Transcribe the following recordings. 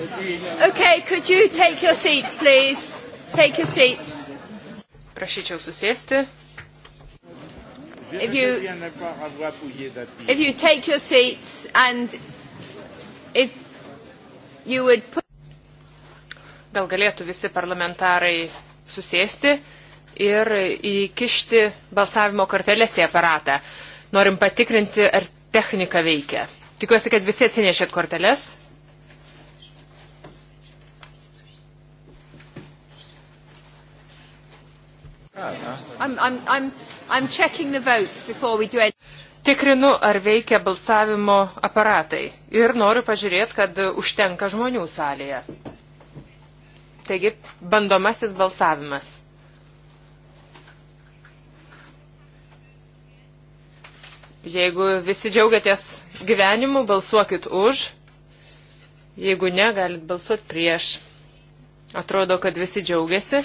Okay, could you take your seats, please? Take your seats. Prašyčiau susėsti. If you, if you take your seats and if you would put... Gal galėtų visi parlamentarai susėsti ir įkišti balsavimo kortelės į aparatą. Norim patikrinti, ar technika veikia. Tikiuosi, kad visi atsinešėt korteles. I'm, I'm, I'm, I'm checking the votes before we do it. Tikrinu, ar veikia balsavimo aparatai ir noriu pažiūrėti, kad užtenka žmonių salėje. Taigi, bandomasis balsavimas. Jeigu visi džiaugiatės gyvenimu, balsuokit už. Jeigu ne, galit balsuoti prieš. Atrodo, kad visi džiaugiasi.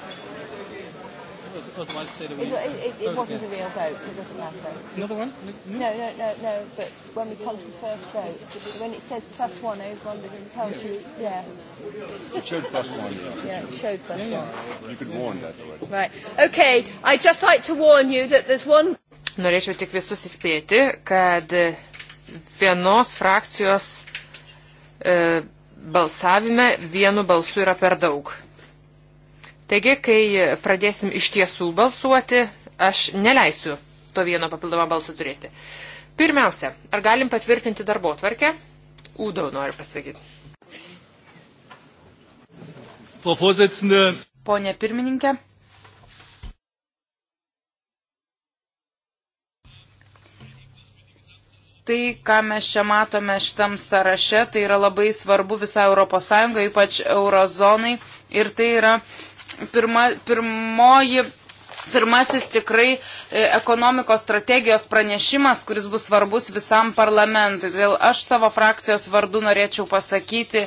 otherwise say that we... It, it, it, it wasn't again. a real vote, so it doesn't matter. Another one? No? no, hmm? no, no, no, but when we come to the first vote, when it says plus one over on the tells yeah. you, yeah. It showed plus one. Yeah, yeah it showed plus yeah, yeah. one. You could warn that already. Right. Okay, I'd just like to warn you that there's one... Norėčiau tik visus įspėti, kad vienos frakcijos e, balsavime vienu balsu yra per daug. Taigi, kai pradėsim iš tiesų balsuoti, aš neleisiu to vieno papildomą balsą turėti. Pirmiausia, ar galim patvirtinti darbo tvarkę? Udo noriu pasakyti. Pone pirmininkė. Tai, ką mes čia matome šitam sąraše, tai yra labai svarbu visai ES, ypač eurozonai. Ir tai yra pirma, pirmoji pirmasis tikrai e, ekonomikos strategijos pranešimas, kuris bus svarbus visam parlamentui. Todėl aš savo frakcijos vardu norėčiau pasakyti,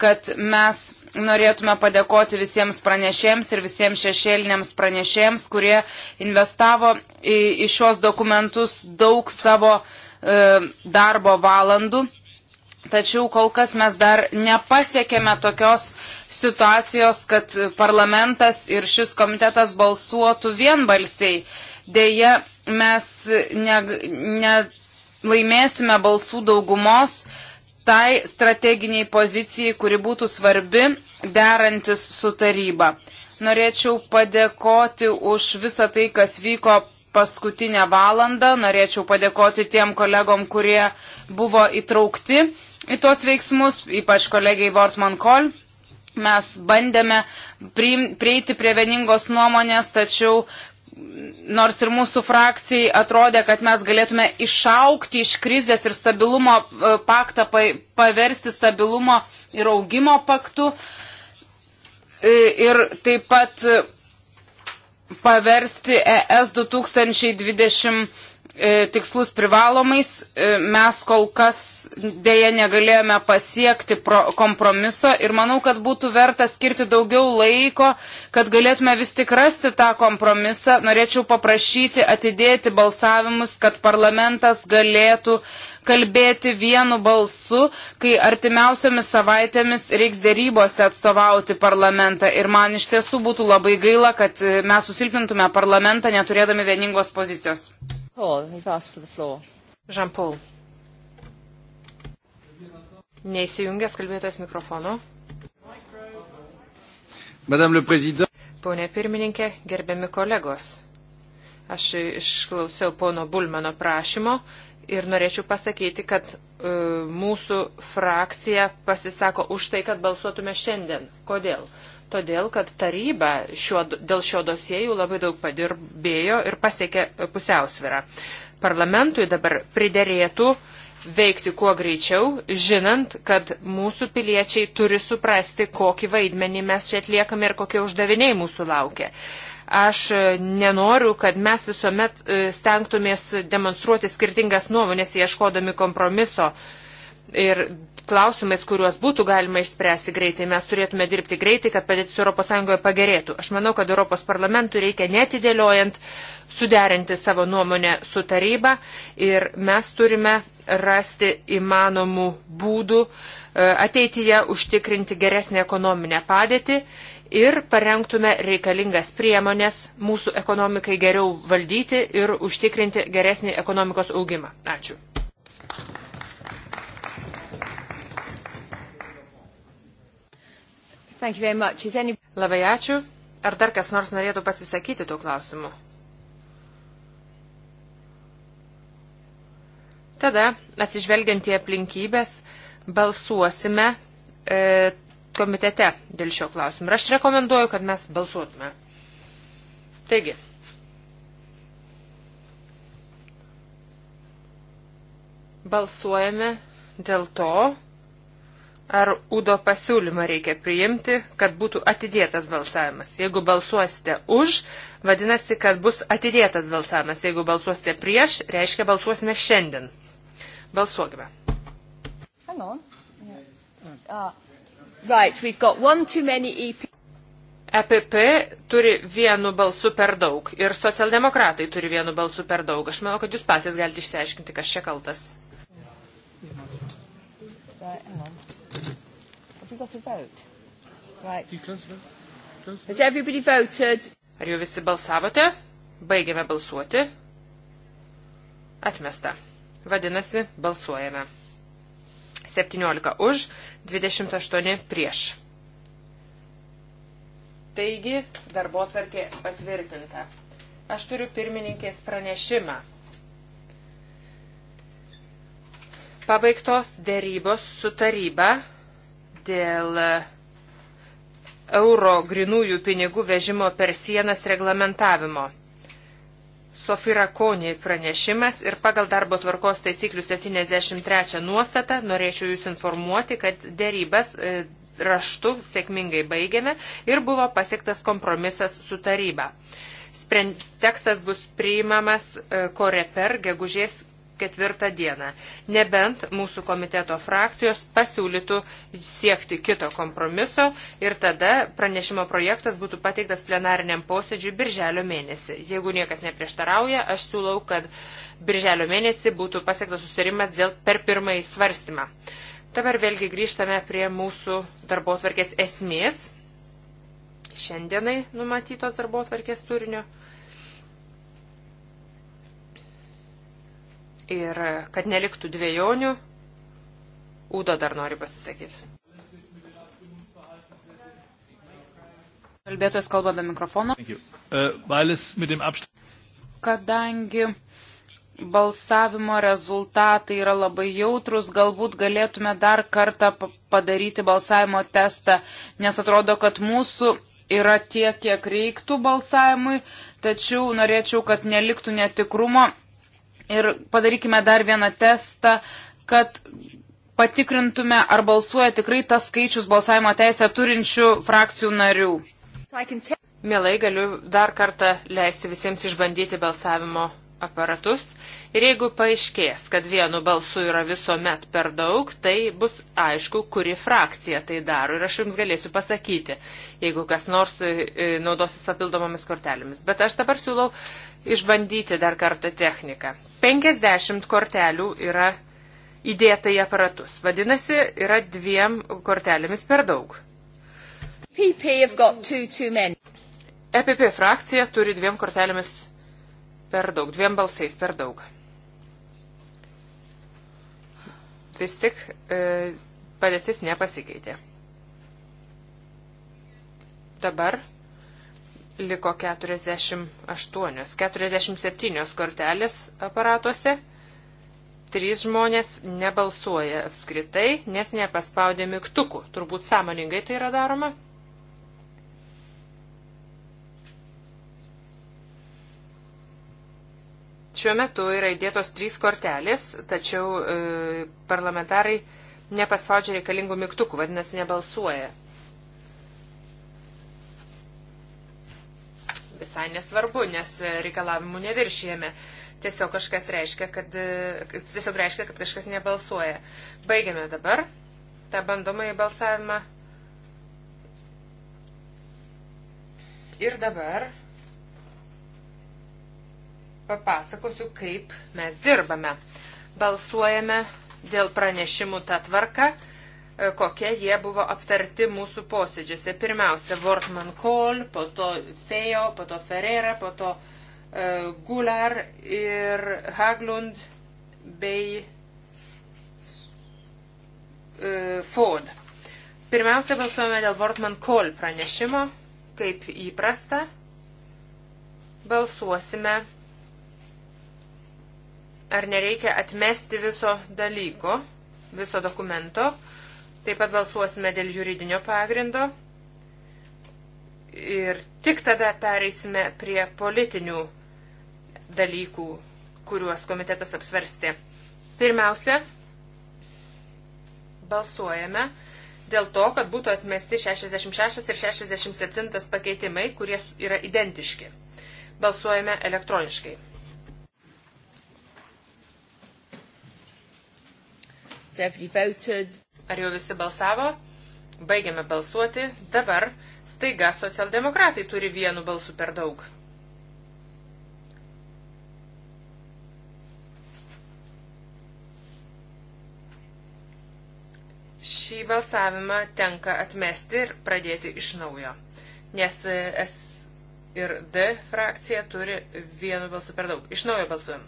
kad mes norėtume padėkoti visiems pranešėjams ir visiems šešėliniams pranešėjams, kurie investavo į, į šios dokumentus daug savo e, darbo valandų. Tačiau kol kas mes dar nepasiekėme tokios situacijos, kad parlamentas ir šis komitetas balsuotų vienbalsiai. Dėja, mes nelaimėsime ne, ne balsų daugumos tai strateginiai pozicijai, kuri būtų svarbi derantis su taryba. Norėčiau padėkoti už visą tai, kas vyko paskutinę valandą. Norėčiau padėkoti tiem kolegom, kurie buvo įtraukti į tuos veiksmus, ypač kolegiai Vortman Kol. Mes bandėme prieiti prie vieningos nuomonės, tačiau nors ir mūsų frakcijai atrodė, kad mes galėtume išaukti iš krizės ir stabilumo e, paktą paversti stabilumo ir augimo paktu e, ir taip pat paversti ES 2020 E, tikslus privalomais e, mes kol kas dėje negalėjome pasiekti kompromiso ir manau, kad būtų verta skirti daugiau laiko, kad galėtume vis tik rasti tą kompromisą. Norėčiau paprašyti atidėti balsavimus, kad parlamentas galėtų kalbėti vienu balsu, kai artimiausiomis savaitėmis reiks dėrybose atstovauti parlamentą. Ir man iš tiesų būtų labai gaila, kad mes susilpintume parlamentą neturėdami vieningos pozicijos. Paul, oh, you've asked for the floor. Jean-Paul. Neįsijungęs kalbėtojas mikrofono. Madame le Président. Pone pirmininkė, gerbiami kolegos. Aš išklausiau pono Bulmano prašymo ir norėčiau pasakyti, kad e, mūsų frakcija pasisako už tai, kad balsuotume šiandien. Kodėl? E, todėl kad taryba šio, dėl šio dosiejų labai daug padirbėjo ir pasiekė pusiausvirą. Parlamentui dabar priderėtų veikti kuo greičiau, žinant, kad mūsų piliečiai turi suprasti, kokį vaidmenį mes čia atliekame ir kokie uždaviniai mūsų laukia. Aš e, nenoriu, kad mes visuomet e, stengtumės demonstruoti skirtingas nuomonės, ieškodami kompromiso ir klausimais, kuriuos būtų galima išspręsti greitai, mes turėtume dirbti greitai, kad padėtis ES pagerėtų. Aš manau, kad Europos parlamentui reikia netidėliojant suderinti savo nuomonę su taryba ir mes turime rasti įmanomų būdų e, ateityje užtikrinti geresnį ekonominę padėtį ir parengtume reikalingas priemonės mūsų ekonomikai geriau valdyti ir užtikrinti geresnį ekonomikos augimą. Ačiū. Any... Labai ačiū. Ar dar kas nors norėtų pasisakyti tuo klausimu? Tada, atsižvelgiant į aplinkybės, balsuosime e, komitete dėl šio klausimo. Ir aš rekomenduoju, kad mes balsuotume. Taigi. Balsuojame dėl to, ar Udo pasiūlymą reikia priimti, kad būtų atidėtas balsavimas. Jeigu balsuosite už, vadinasi, kad bus atidėtas balsavimas. Jeigu balsuosite prieš, reiškia balsuosime šiandien. Balsuokime. Uh, right, EPP e e turi vienu balsu per daug ir socialdemokratai turi vienu balsu per daug. Aš manau, kad jūs patys galite išsiaiškinti, kas čia kaltas. Right, Have we got a vote? Right. Has everybody voted? Ar jau visi balsavote? Baigėme balsuoti. Atmesta. Vadinasi, balsuojame. 17 už, 28 prieš. Taigi, darbo tvarkė patvirtinta. Aš turiu pirmininkės pranešimą. Pabaigtos dėrybos su taryba dėl e, euro grinųjų pinigų vežimo per sienas reglamentavimo. Sofira Konė pranešimas ir pagal darbo tvarkos taisyklių 73 nuostatą norėčiau Jūs informuoti, kad dėrybas e, raštu sėkmingai baigėme ir buvo pasiektas kompromisas su taryba. Sprend... Tekstas bus priimamas e, koreper gegužės ketvirtą dieną, nebent mūsų komiteto frakcijos pasiūlytų siekti kito kompromiso ir tada pranešimo projektas būtų pateiktas plenariniam posėdžiui birželio mėnesį. Jeigu niekas neprieštarauja, aš siūlau, kad birželio mėnesį būtų pasiektas susirimas dėl per pirmąjį svarstymą. Dabar vėlgi grįžtame prie mūsų darbo tvarkės esmės, šiandienai numatytos darbo tvarkės turinio. Ir kad neliktų dviejonių, Udo dar nori pasisakyti. Kalbėtojas kalba be mikrofono. Uh, Kadangi balsavimo rezultatai yra labai jautrus, galbūt galėtume dar kartą padaryti balsavimo testą, nes atrodo, kad mūsų yra tiek, kiek reiktų balsavimui, tačiau norėčiau, kad neliktų netikrumo ir padarykime dar vieną testą, kad patikrintume, ar balsuoja tikrai tas skaičius balsavimo teisę turinčių frakcijų narių. Mielai galiu dar kartą leisti visiems išbandyti balsavimo aparatus ir jeigu paaiškės, kad vienu balsu yra visuomet per daug, tai bus aišku, kuri frakcija tai daro ir aš jums galėsiu pasakyti, jeigu kas nors e, naudosis papildomomis kortelėmis. Bet aš dabar siūlau išbandyti dar kartą techniką. 50 kortelių yra įdėta į aparatus. Vadinasi, yra dviem kortelėmis per daug. EPP e frakcija turi dviem kortelėmis per daug, dviem balsais per daug. Vis tik e, padėtis nepasikeitė. Dabar liko 48, 47 kortelės aparatuose. Trys žmonės nebalsuoja apskritai, nes nepaspaudė mygtukų. Turbūt sąmoningai tai yra daroma. Šiuo metu yra įdėtos trys kortelės, tačiau e, parlamentarai nepaspaudžia reikalingų mygtukų, vadinasi, nebalsuoja. visai nesvarbu, nes reikalavimų neviršijame. Tiesiog kažkas reiškia, kad, tiesiog reiškia, kad kažkas nebalsuoja. Baigiame dabar tą bandomąjį balsavimą. Ir dabar papasakosiu, kaip mes dirbame. Balsuojame dėl pranešimų tą tvarką E, kokie jie buvo aptarti mūsų posėdžiuose. Pirmiausia, Wortman Kohl, po to Fejo, po to Ferreira, po to uh, e, Gular ir Haglund bei uh, Ford. Pirmiausia, balsuojame dėl Wortman Kohl pranešimo, kaip įprasta. Balsuosime, ar nereikia atmesti viso dalyko, viso dokumento Taip pat balsuosime dėl juridinio pagrindo. Ir tik tada pereisime prie politinių dalykų, kuriuos komitetas apsvarstė. Pirmiausia, balsuojame dėl to, kad būtų atmesti 66 ir 67 pakeitimai, kurie yra identiški. Balsuojame elektroniškai. Everybody voted. Ar jau visi balsavo? Baigiame balsuoti. Dabar staiga socialdemokratai turi vienu balsu per daug. šį balsavimą tenka atmesti ir pradėti iš naujo, nes S ir D frakcija turi vienu balsu per daug. Iš naujo balsuojam.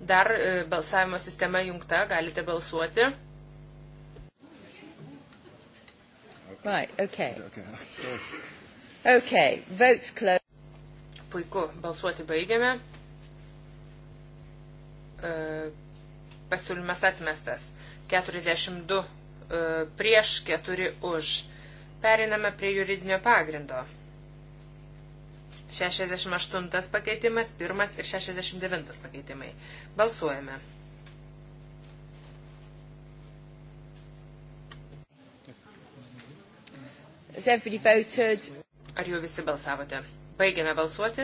Dar e, balsavimo sistema jungta, galite balsuoti. Right, okay. Okay, votes closed. Puiku, balsuoti baigiame. E, pasiūlymas atmestas. 42 e, prieš, 4 už. Periname prie juridinio pagrindo. 68 pakeitimas, 1 ir 69 pakeitimai. Balsuojame. Ar jau visi balsavote? Baigiame balsuoti.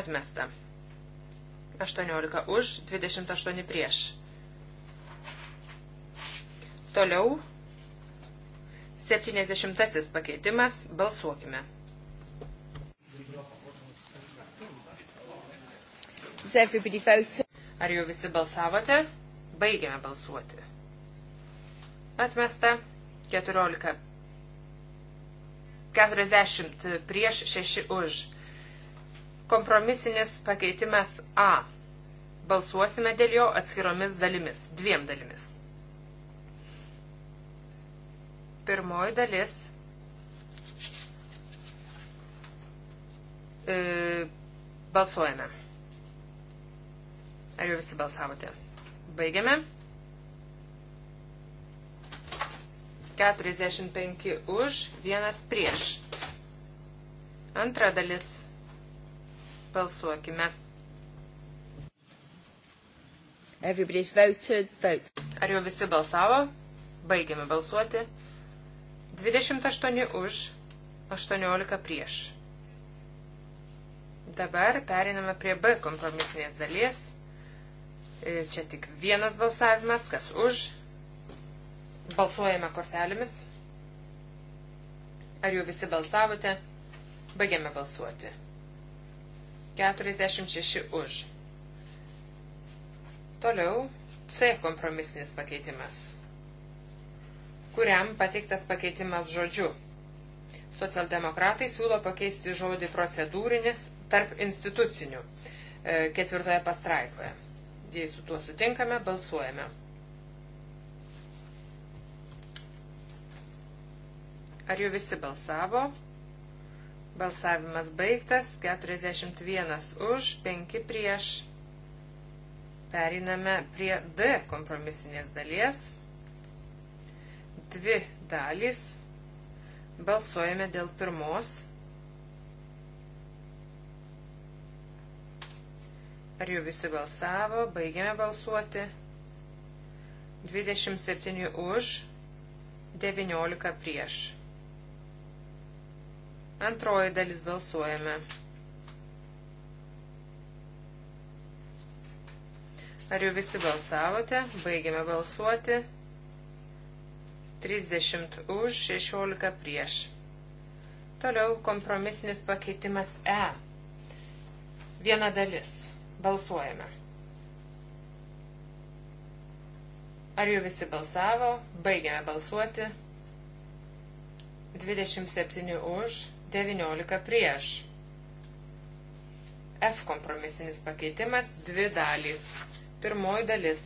Atmesta. 18 už, 28 prieš. Toliau 70 pakeitimas. Balsuokime. Ar jau visi balsavote? Baigiame balsuoti. Atmesta 14. 40 prieš 6 už. Kompromisinis pakeitimas A. Balsuosime dėl jo atskiromis dalimis, dviem dalimis. Pirmoji dalis. E, balsuojame. Ar jau visi balsavote? Baigiame. 45 už, vienas prieš. Antra dalis. Balsuokime. Everybody's voted, votes. Ar jau visi balsavo? Baigiame balsuoti. 28 už, 18 prieš. Dabar periname prie B kompromisinės dalies. E, čia tik vienas balsavimas, kas už. Balsuojame kortelėmis. Ar jau visi balsavote? Baigiame balsuoti. 46 už. Toliau C kompromisinis pakeitimas, kuriam pateiktas pakeitimas žodžiu. Socialdemokratai siūlo pakeisti žodį procedūrinis tarp institucinių e, ketvirtoje pastraipoje. Jei su tuo sutinkame, balsuojame. Ar jau visi balsavo? Balsavimas baigtas, 41 už, 5 prieš. Periname prie D kompromisinės dalies. Dvi dalys. Balsuojame dėl pirmos Ar jau visi balsavo? Baigėme balsuoti. 27 už, 19 prieš. Antroji dalis balsuojame. Ar jau visi balsavote? Baigėme balsuoti. 30 už, 16 prieš. Toliau kompromisinis pakeitimas E. Viena dalis. Balsuojame. Ar jau visi balsavo? Baigiame balsuoti. 27 už, 19 prieš. F kompromisinis pakeitimas – dvi dalys. Pirmoji dalis.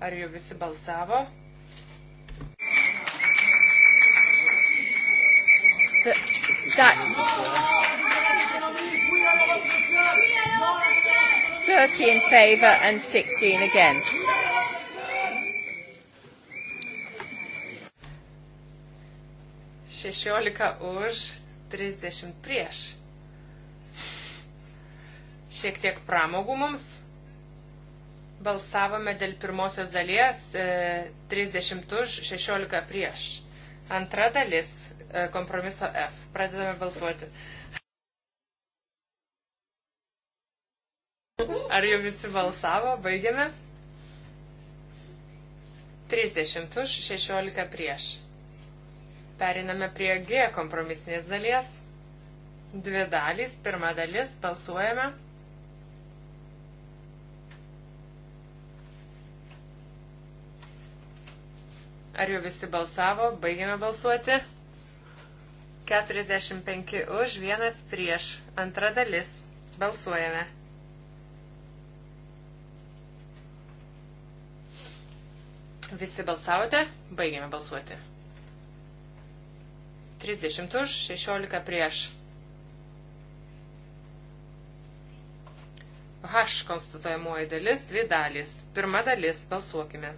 Ar jau visi balsavo? that, that's 30 in favour and 16 against. Šešiolika už, trisdešimt prieš. Šiek tiek pramogų mums. Balsavome dėl pirmosios dalies e, 30 už, 16 prieš. Antra dalis E, kompromiso F. Pradedame balsuoti. Ar jau visi balsavo? Baigiame. 30 už, 16 prieš. Periname prie G kompromisinės dalies. Dvi dalys. Pirma dalis. Balsuojame. Ar jau visi balsavo? Baigiame balsuoti. 45 už, vienas prieš. Antra dalis. Balsuojame. Visi balsavote? Baigėme balsuoti. 30 už, 16 prieš. H konstatuojamoji dalis, dvi dalis. Pirma dalis, balsuokime.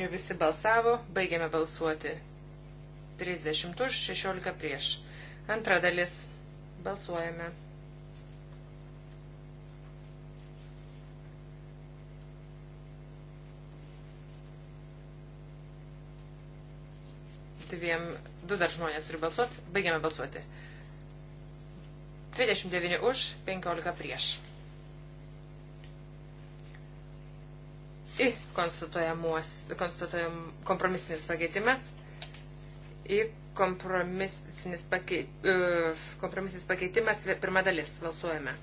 Ar jau visi balsavo? Baigiame balsuoti. 30 už, 16 prieš. Antra dalis. Balsuojame. Dviem, du dar žmonės turi balsuoti. Baigiame balsuoti. 29 už, 15 prieš. I konstatuojam kompromisinis pakeitimas. I kompromisinis, pakei, e, kompromisinis pakeitimas, pirma dalis, balsuojame.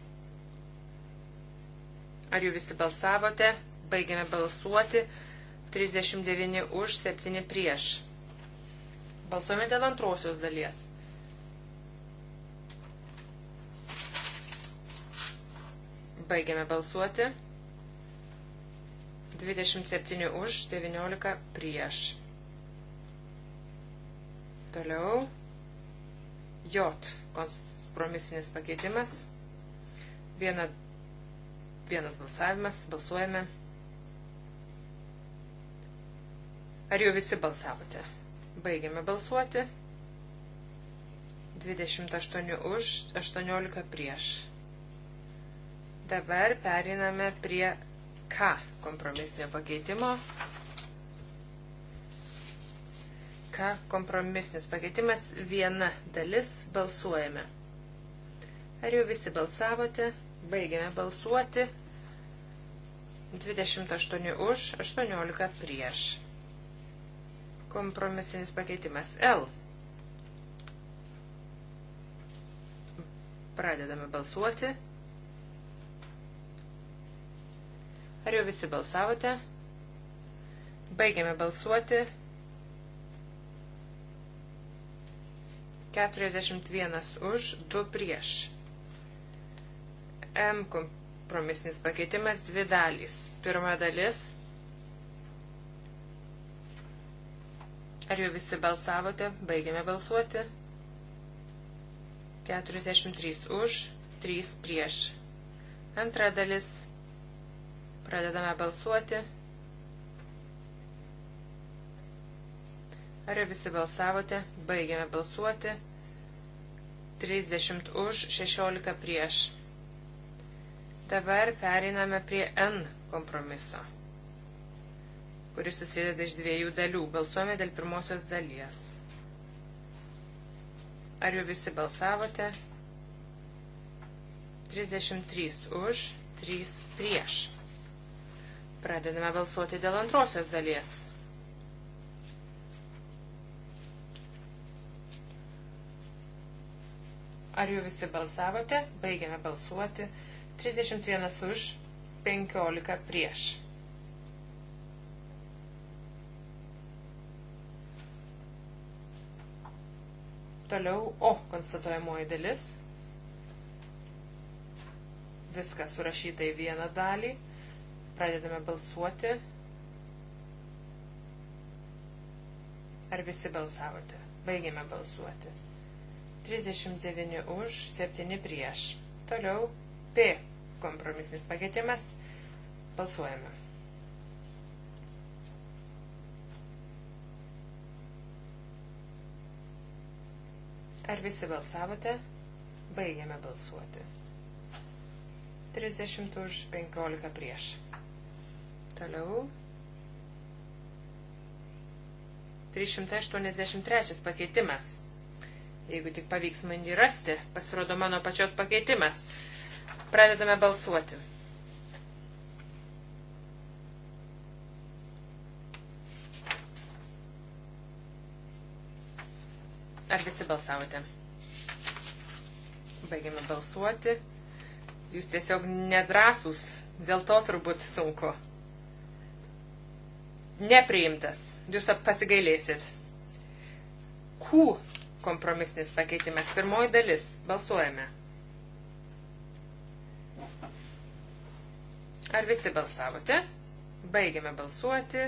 Ar jų visi balsavote? Baigiame balsuoti. 39 už, 7 prieš. Balsuojame dėl antrosios dalies. Baigiame balsuoti. 27 už, 19 prieš. Toliau. J. Kompromisinis pakeitimas. Viena, vienas balsavimas. Balsuojame. Ar jau visi balsavote? Baigiame balsuoti. 28 už, 18 prieš. Dabar periname prie K kompromisinio pakeitimo. K kompromisinis pakeitimas viena dalis balsuojame. Ar jau visi balsavote? Baigiame balsuoti. 28 už, 18 prieš. Kompromisinis pakeitimas L. Pradedame balsuoti. Ar jau visi balsavote? Baigiame balsuoti. 41 už, 2 prieš. M kompromisinis pakeitimas dvi dalys. Pirma dalis. Ar jau visi balsavote? Baigiame balsuoti. 43 už, 3 prieš. Antra dalis. Pradedame balsuoti. Ar visi balsavote? Baigiame balsuoti. 30 už, 16 prieš. Dabar pereiname prie N kompromiso, kuris susideda iš dviejų dalių. Balsuojame dėl pirmosios dalies. Ar jau visi balsavote? 33 už, 3 prieš. Pradedame balsuoti dėl antrosios dalies. Ar jau visi balsavote? Baigiame balsuoti. 31 už, 15 prieš. Toliau O konstatuojamoji dalis. Viskas surašyta į vieną dalį. Pradedame balsuoti. Ar visi balsavote? Baigėme balsuoti. 39 už, 7 prieš. Toliau P kompromisinis pakeitimas. Balsuojame. Ar visi balsavote? Baigėme balsuoti. 30 už 15 prieš. Toliau. 383 pakeitimas. Jeigu tik pavyks man jį rasti, pasirodo mano pačios pakeitimas. Pradedame balsuoti. Ar visi balsavote? Baigiame balsuoti. Jūs tiesiog nedrasus, dėl to turbūt sunku. Nepriimtas. Jūs pasigailėsit. Q kompromisinis pakeitimas. Pirmoji dalis. Balsuojame. Ar visi balsavote? Baigiame balsuoti.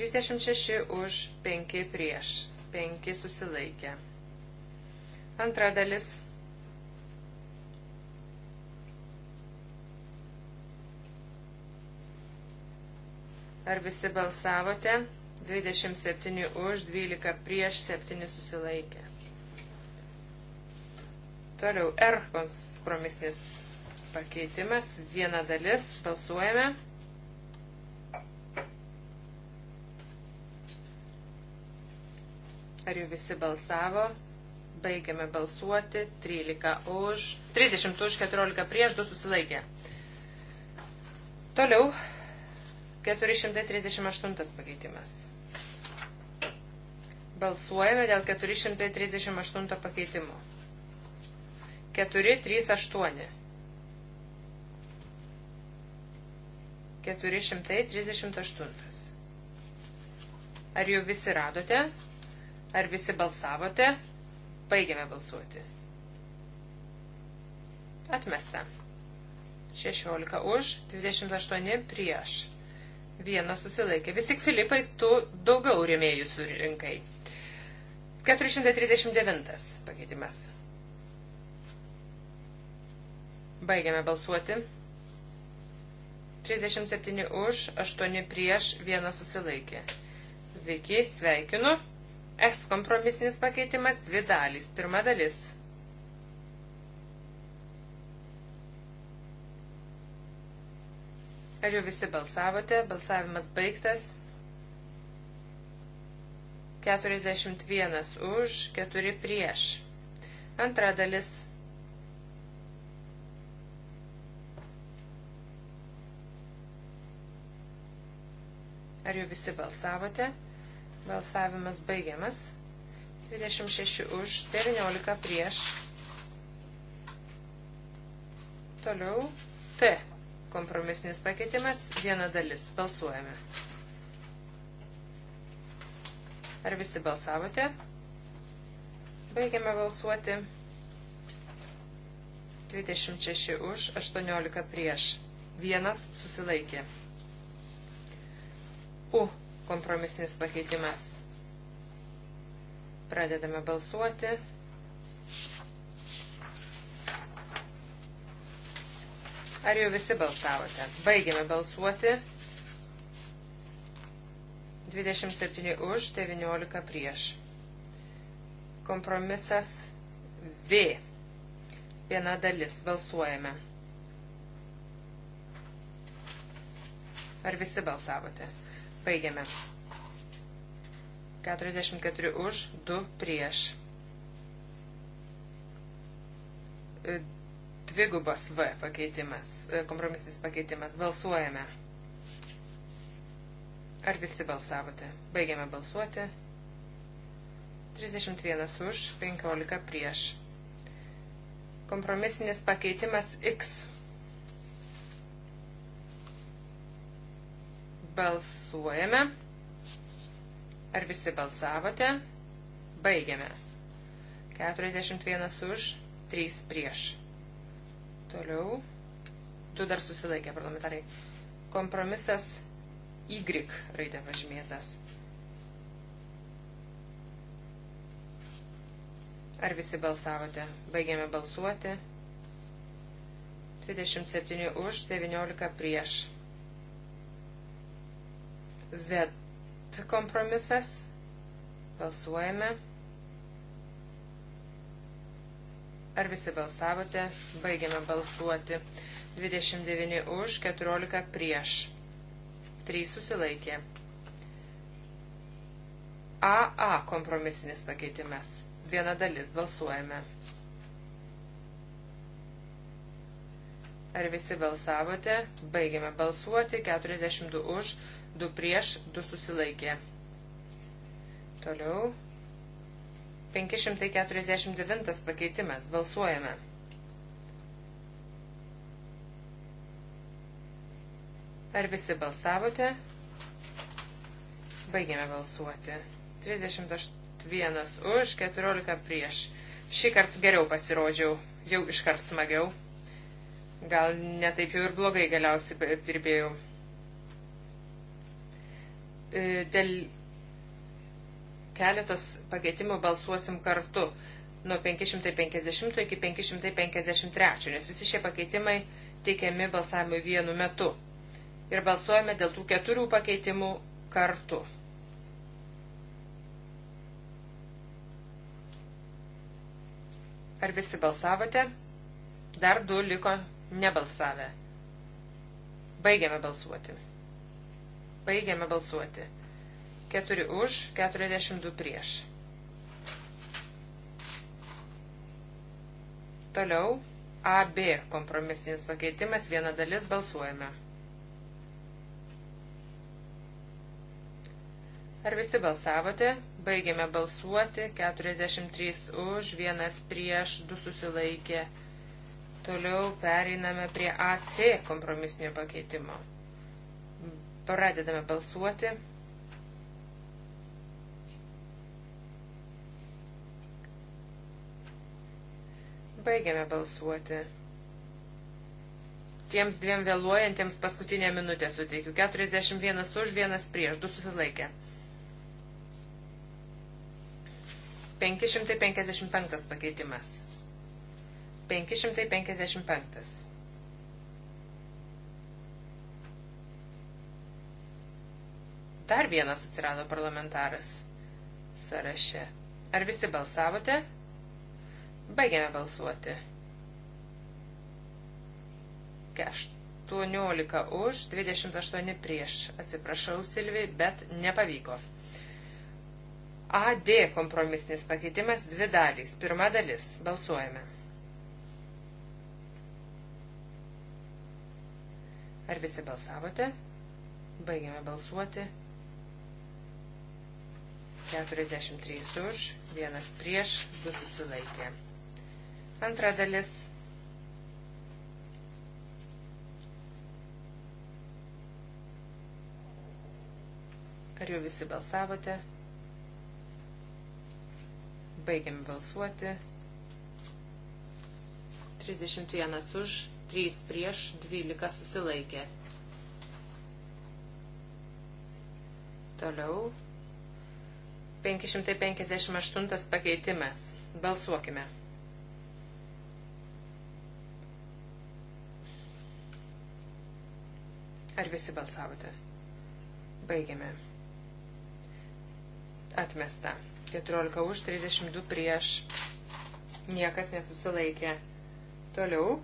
36 už, 5 prieš, 5 susilaikė. Antra dalis. Ar visi balsavote? 27 už, 12 prieš, 7 susilaikė. Toliau R kompromisinis pakeitimas. Viena dalis. Balsuojame. Ar jau visi balsavo? Baigiame balsuoti. 13 už. 30 už, 14 prieš, 2 susilaikė. Toliau 438 pakeitimas. Balsuojame dėl 438 pakeitimo. 438. 438. Ar jau visi radote? Ar visi balsavote? Baigiame balsuoti. Atmesta. 16 už, 28 prieš. Vienas susilaikė. Vis tik, Filipai, tu daugiau rėmėjų surinkai. 439 pakeitimas. Baigiame balsuoti. 37 už, 8 prieš, 1 susilaikė. Viki, sveikinu. S kompromisinis pakeitimas, dvi dalys. Pirma dalis. Ar jau visi balsavote? Balsavimas baigtas. 41 už, 4 prieš. Antra dalis. Ar jau visi balsavote? Balsavimas baigiamas. 26 už, 19 prieš. Toliau T. Kompromisinis pakeitimas, viena dalis. Balsuojame. Ar visi balsavote? Baigiame balsuoti. 26 už, 18 prieš. Vienas susilaikė. U. Kompromisinis pakeitimas. Pradedame balsuoti. Ar jau visi balsavote? Baigėme balsuoti. 27 už, 19 prieš. Kompromisas V. Viena dalis. Balsuojame. Ar visi balsavote? Baigiame. 44 už, 2 prieš. Dvigubas V pakeitimas, e, kompromisinis pakeitimas. Balsuojame. Ar visi balsavote? Baigiame balsuoti. 31 už, 15 prieš. Kompromisinis pakeitimas X. Balsuojame. Ar visi balsavote? Baigiame. 41 už, 3 prieš. Toliau. Tu dar susilaikė, parlamentarai. Kompromisas Y raidė pažymėtas. Ar visi balsavote? Baigėme balsuoti. 27 už, 19 prieš. Z kompromisas. Balsuojame. Ar visi balsavote? Baigiame balsuoti. 29 už, 14 prieš. 3 susilaikė. AA kompromisinis pakeitimas. Viena dalis. Balsuojame. Ar visi balsavote? Baigiame balsuoti. 42 už, 2 prieš, 2 susilaikė. Toliau. 549 pakeitimas. Balsuojame. Ar visi balsavote? Baigėme balsuoti. 31 už, 14 prieš. Šį kartą geriau pasirodžiau, jau iškart smagiau. Gal netaip jau ir blogai galiausiai dirbėjau. E, dėl Keletos pakeitimų balsuosim kartu nuo 550 iki 553, nes visi šie pakeitimai teikiami balsavimui vienu metu. Ir balsuojame dėl tų keturių pakeitimų kartu. Ar visi balsavote? Dar du liko nebalsavę. Baigiame balsuoti. Baigiame balsuoti. 4 už, 42 prieš. Toliau AB kompromisinis pakeitimas, viena dalis balsuojame. Ar visi balsavote? Baigėme balsuoti, 43 už, vienas prieš, du susilaikė. Toliau pereiname prie AC kompromisinio pakeitimo. Pradedame balsuoti. Baigiame balsuoti. Tiems dviem vėluojantiems paskutinę minutę suteikiu. 41 už, 1 prieš, 2 susilaikė. 555 pakeitimas. 555. Dar vienas atsirado parlamentaras sąraše. Ar visi balsavote? Baigiame balsuoti. 18 už, 28 prieš. Atsiprašau, Silvijai, bet nepavyko. AD kompromisinis pakeitimas dvi dalys. Pirma dalis. Balsuojame. Ar visi balsavote? Baigiame balsuoti. 43 už, vienas prieš, du susilaikė. Antra dalis. Ar jau visi balsavote? Baigiam balsuoti. 31 už, 3 prieš, 12 susilaikė. Toliau. 558 pakeitimas. Balsuokime. Ar visi balsavote? Baigiame. Atmesta. 14 už, 32 prieš. Niekas nesusilaikė. Toliau.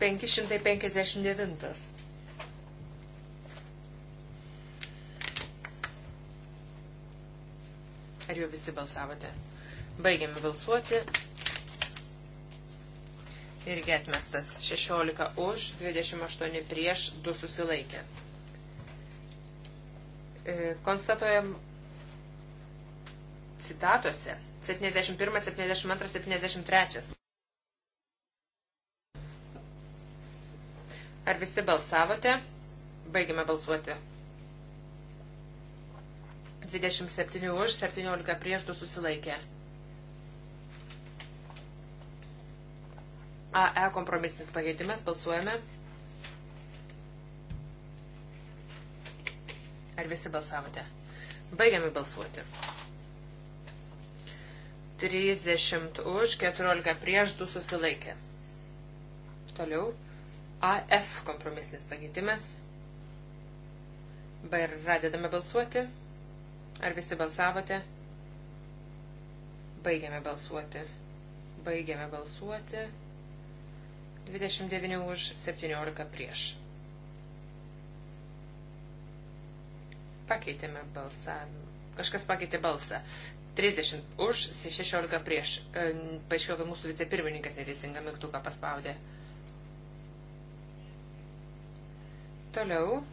559. Ar jau visi balsavote? Baigiame balsuoti irgi atmestas. 16 už, 28 prieš, 2 susilaikė. E, konstatuojam citatose 71, 72, 73. Ar visi balsavote? Baigime balsuoti. 27 už, 17 prieš 2 susilaikė. AE kompromisinis pakeitimas. Balsuojame. Ar visi balsavote? Baigiame balsuoti. 30 už, 14 prieš, 2 susilaikė. Toliau. AF kompromisinis pakeitimas. B ir radedame balsuoti. Ar visi balsavote? Baigiame balsuoti. Baigiame balsuoti. 29 už, 17 prieš. Pakeitėme balsą. Kažkas pakeitė balsą. 30 už, 16 prieš. E, paaiškėjo, kad mūsų vicepirmininkas neteisingą mygtuką paspaudė. Toliau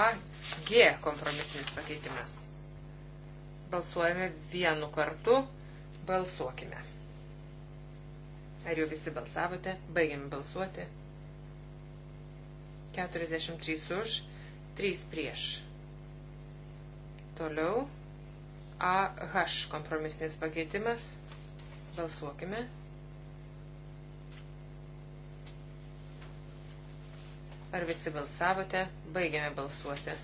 AG kompromisinis pakeitimas. Balsuojame vienu kartu. Balsuokime. Ar jau visi balsavote? Baigiam balsuoti. 43 už, 3 prieš. Toliau. AH kompromisinis pakeitimas. Balsuokime. Ar visi balsavote? Baigiame balsuoti.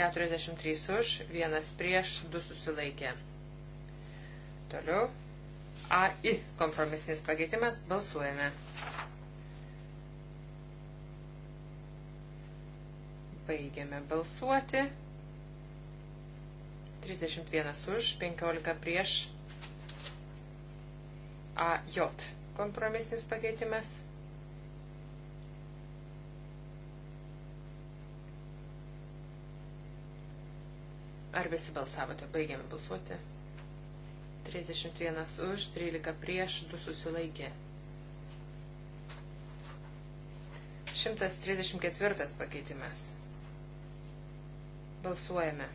43 už, 1 prieš, 2 susilaikė. Toliau. AI kompromisinis pakeitimas. Balsuojame. Baigiame balsuoti. 31 už, 15 prieš AJ kompromisinis pakeitimas. Ar visi balsavote? Baigiame balsuoti. 31 už, 13 prieš, 2 susilaikė. 134 pakeitimas. Balsuojame.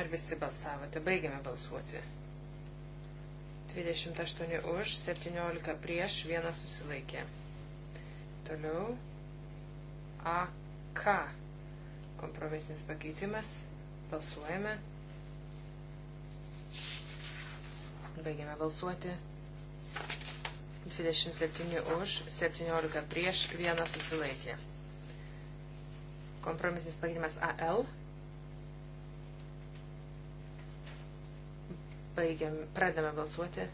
Ar visi balsavote? Baigiame balsuoti. 28 už, 17 prieš, 1 susilaikė. Toliau. AK Kompromisinis pakeitimas. Balsuojame. Baigiame balsuoti. 27 už, 17 prieš, 1 susilaikė. Kompromisinis pakeitimas AL. Baigiam, pradame balsuoti.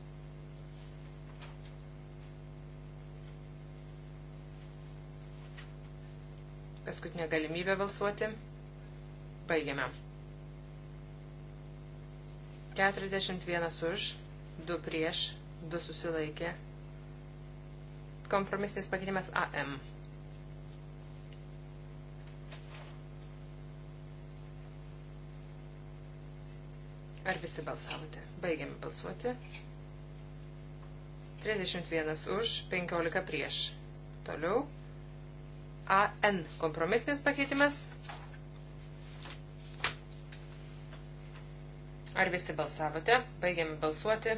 Paskutinė galimybė balsuoti. Baigiame. 41 už, 2 prieš, 2 susilaikė. Kompromisinis pakeitimas AM. Ar visi balsavote? Baigiame balsuoti. 31 už, 15 prieš. Toliau. AN kompromisinis pakeitimas. Ar visi balsavote? Baigiame balsuoti.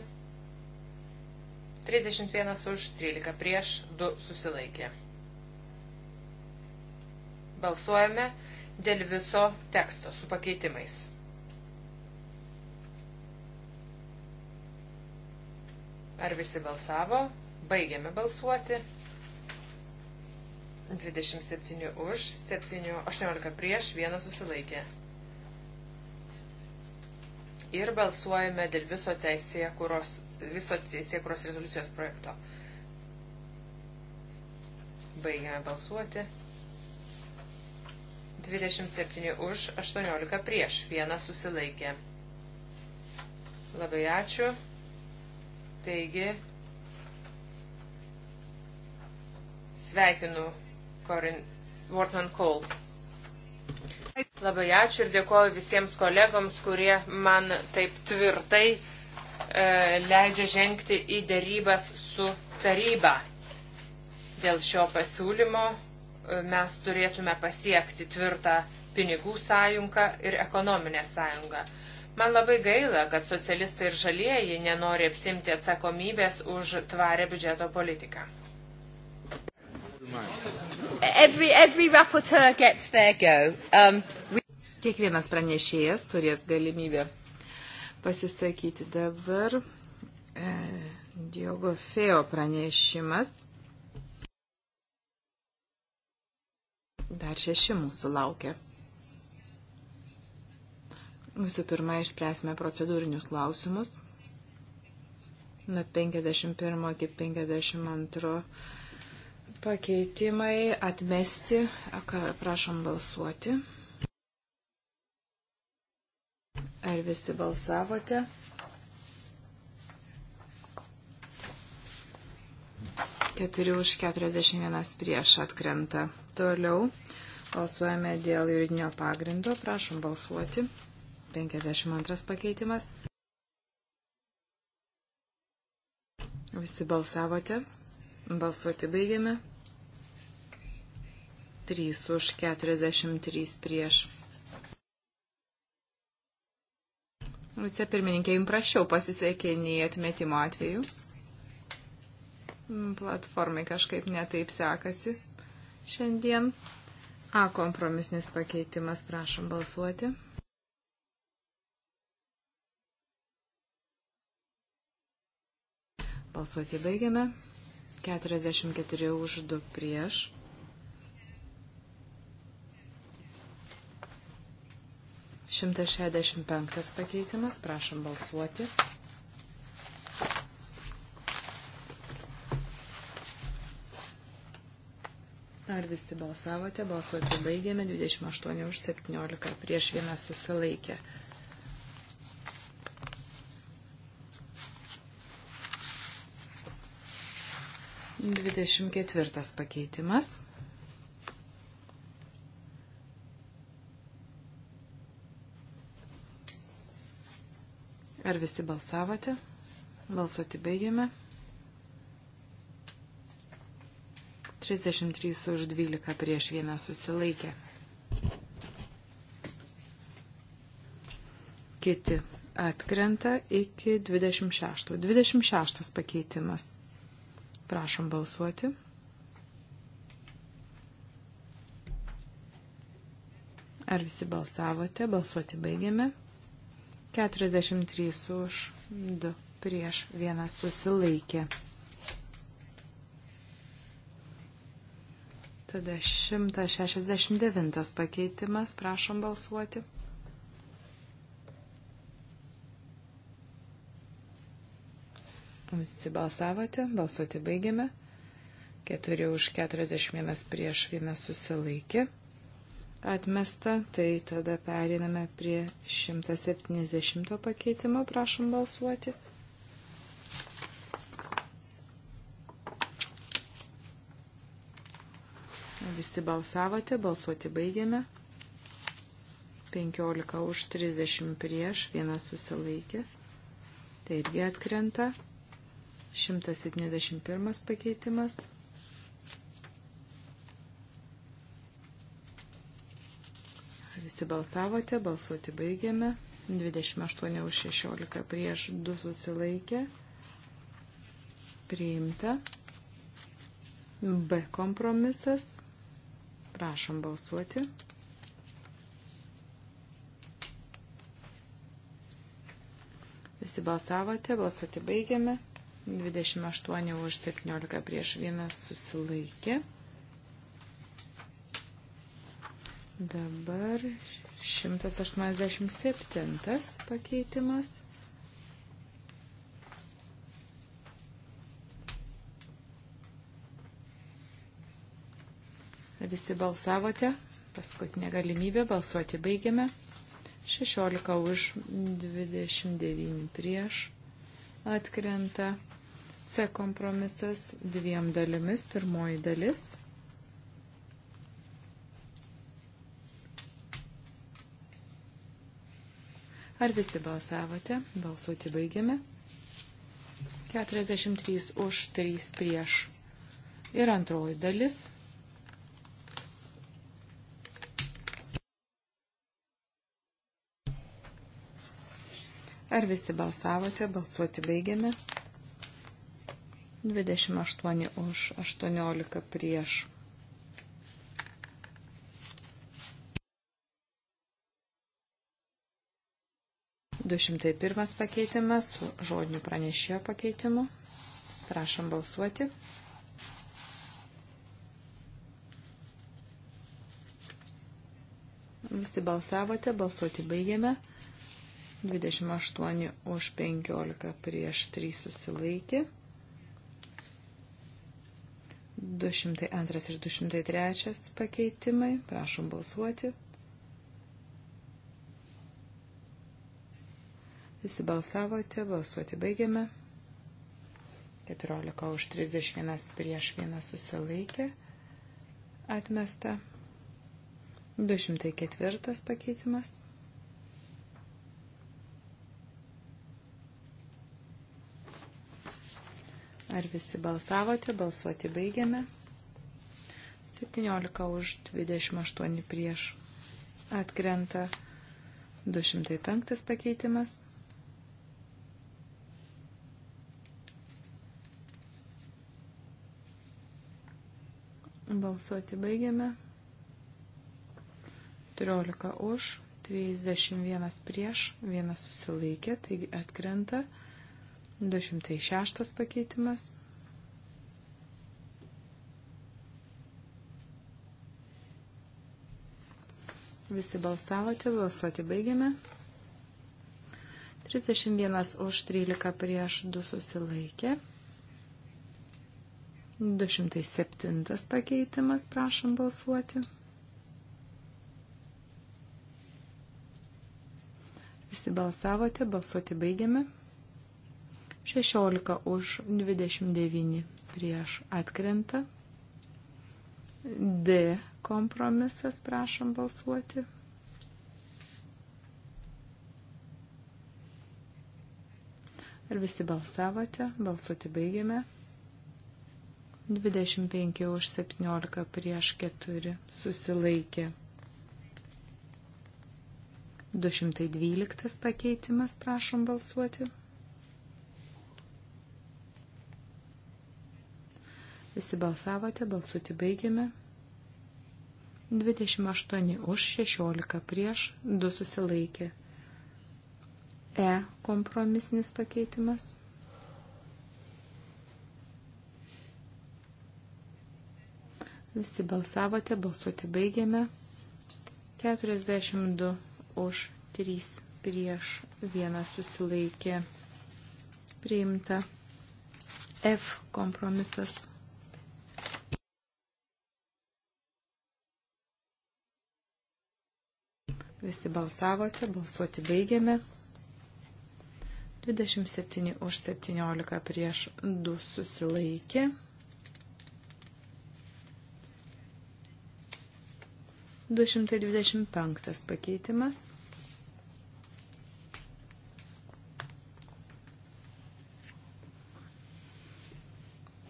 31 už, 13 prieš, 2 susilaikė. Balsuojame dėl viso teksto su pakeitimais. Ar visi balsavo? Baigiame balsuoti. 27 už, 7, 18 prieš, 1 susilaikė. Ir balsuojame dėl viso teisėkuros, viso teisėkuros rezoliucijos projekto. Baigiame balsuoti. 27 už, 18 prieš, 1 susilaikė. Labai ačiū. Taigi, sveikinu Corin Wortman Cole. Labai ačiū ir dėkoju visiems kolegoms, kurie man taip tvirtai e, leidžia žengti į dėrybas su taryba. Dėl šio pasiūlymo e, mes turėtume pasiekti tvirtą pinigų sąjungą ir ekonominę sąjungą. Man labai gaila, kad socialistai ir žalieji nenori apsimti atsakomybės už tvarę biudžeto politiką. Every, every rapporteur gets their go. Um, we... Kiekvienas pranešėjas turės galimybę pasisakyti dabar. E, Diogo Feo pranešimas. Dar šeši mūsų laukia. Visų pirma, išspręsime procedūrinius klausimus. Nuo 51 iki 52 Pakeitimai atmesti. Prašom balsuoti. Ar visi balsavote? Keturi už 41 prieš atkrenta. Toliau balsuojame dėl juridinio pagrindo. Prašom balsuoti. 52 pakeitimas. Visi balsavote. Balsuoti baigiame. 3 už 43 prieš. Vicepirmininkė, jums prašiau pasisekė nei atmetimo atveju. Platformai kažkaip netaip sekasi šiandien. A kompromisnis pakeitimas, prašom balsuoti. Balsuoti baigiame. 44 už 2 prieš. Šimtas šešiasdešimt penktas pakeitimas, prašom balsuoti. Ar visi balsavote? Balsuoti baigėme 28 už 17, prieš vieną susilaikė. 24 pakeitimas. Ar visi balsavote? Balsuoti baigėme. 33 už 12 prieš vieną susilaikė. Kiti atkrenta iki 26. 26 pakeitimas. Prašom balsuoti. Ar visi balsavote? Balsuoti baigiame. 43 už 2 prieš 1 susilaikė. Tada 169 pakeitimas. Prašom balsuoti. Visi balsavote, balsuoti baigiame. 4 už 41 prieš 1 susilaikė. Atmesta, tai tada periname prie 170 pakeitimo, prašom balsuoti. Visi balsavote, balsuoti baigiame. 15 už 30 prieš, vienas susilaikė. Tai irgi atkrenta. 171 pakeitimas. Visi balsavote, balsuoti baigėme. 28 už 16 prieš 2 susilaikė. Priimta. B kompromisas. Prašom balsuoti. Visi balsavote, balsuoti baigėme. 28 už 17 prieš 1 susilaikė. Dabar 187 pakeitimas. Visi balsavote. Paskutinė galimybė balsuoti baigiame. 16 už 29 prieš atkrenta. C kompromisas dviem dalimis. Pirmoji dalis. Ar visi balsavote? Balsuoti baigiame. 43 už 3 prieš. Ir antroji dalis. Ar visi balsavote? Balsuoti baigiame. 28 už, 18 prieš. Du šimtai pirmas pakeitimas su žodiniu pranešėjo pakeitimu. Prašom balsuoti. Visi balsavote, balsuoti baigėme. 28 už 15 prieš 3 susilaikė. 202 ir 203 pakeitimai. Prašom balsuoti. Visi balsavote, balsuoti baigiame. 14 už 31 prieš 1 susilaikė. Atmesta. 204 pakeitimas. Ar visi balsavote? Balsuoti baigiame. 17 už 28 prieš. Atkrenta 205 pakeitimas. Balsuoti baigiame. 13 už, 31 prieš, 1 susilaikė, taigi atkrenta 205. 206 pakeitimas. Visi balsavote, balsuoti baigiame. 31 už 13 prieš 2 susilaikė. 207 pakeitimas, prašom balsuoti. Visi balsavote, balsuoti baigiame. 16 už 29 prieš atkrenta. D kompromisas, prašom balsuoti. Ar visi balsavote? Balsuoti baigėme. 25 už 17 prieš 4 susilaikė. 212 pakeitimas, prašom balsuoti. Visi balsavote, balsuoti baigėme. 28 už 16 prieš 2 susilaikė. E kompromisinis pakeitimas. Visi balsavote, balsuoti baigėme. 42 už 3 prieš 1 susilaikė. Priimta F kompromisas. Visi balsavote, balsuoti baigiame. 27 už 17 prieš 2 susilaikė. Du šimtai dvidešimt penktas pakeitimas.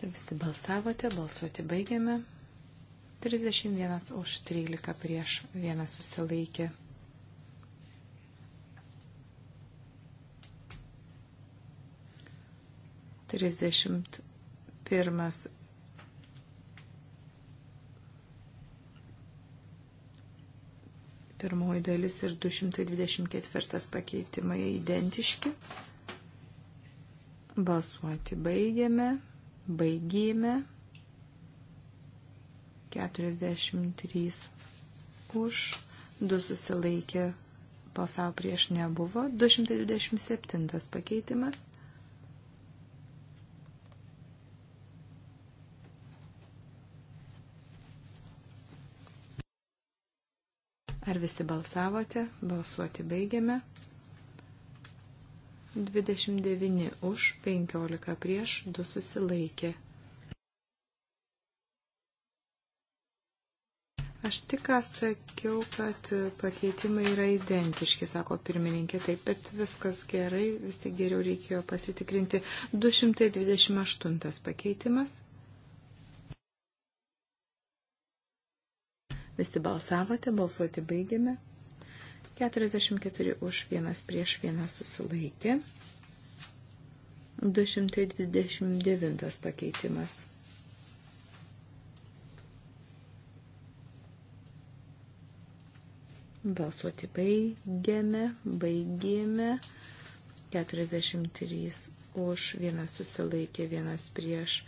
Visi balsavote, balsuoti baigiame. 31 už 13 prieš 1 susilaikė. 31. Pirmoji dalis ir 224 pakeitimai identiški. Balsuoti baigėme, baigėme. 43 už, 2 susilaikė, balsavo prieš nebuvo. 227 pakeitimas. Ar visi balsavote? Balsuoti baigiame. 29 už, 15 prieš, 2 susilaikė. Aš tik sakiau, kad pakeitimai yra identiški, sako pirmininkė, taip, bet viskas gerai, vis tik geriau reikėjo pasitikrinti. 228 pakeitimas. Visi balsavote, balsuoti baigėme. 44 už, vienas prieš, vienas susilaikė. 229 pakeitimas. Balsuoti baigėme, baigėme. 43 už, vienas susilaikė, vienas prieš.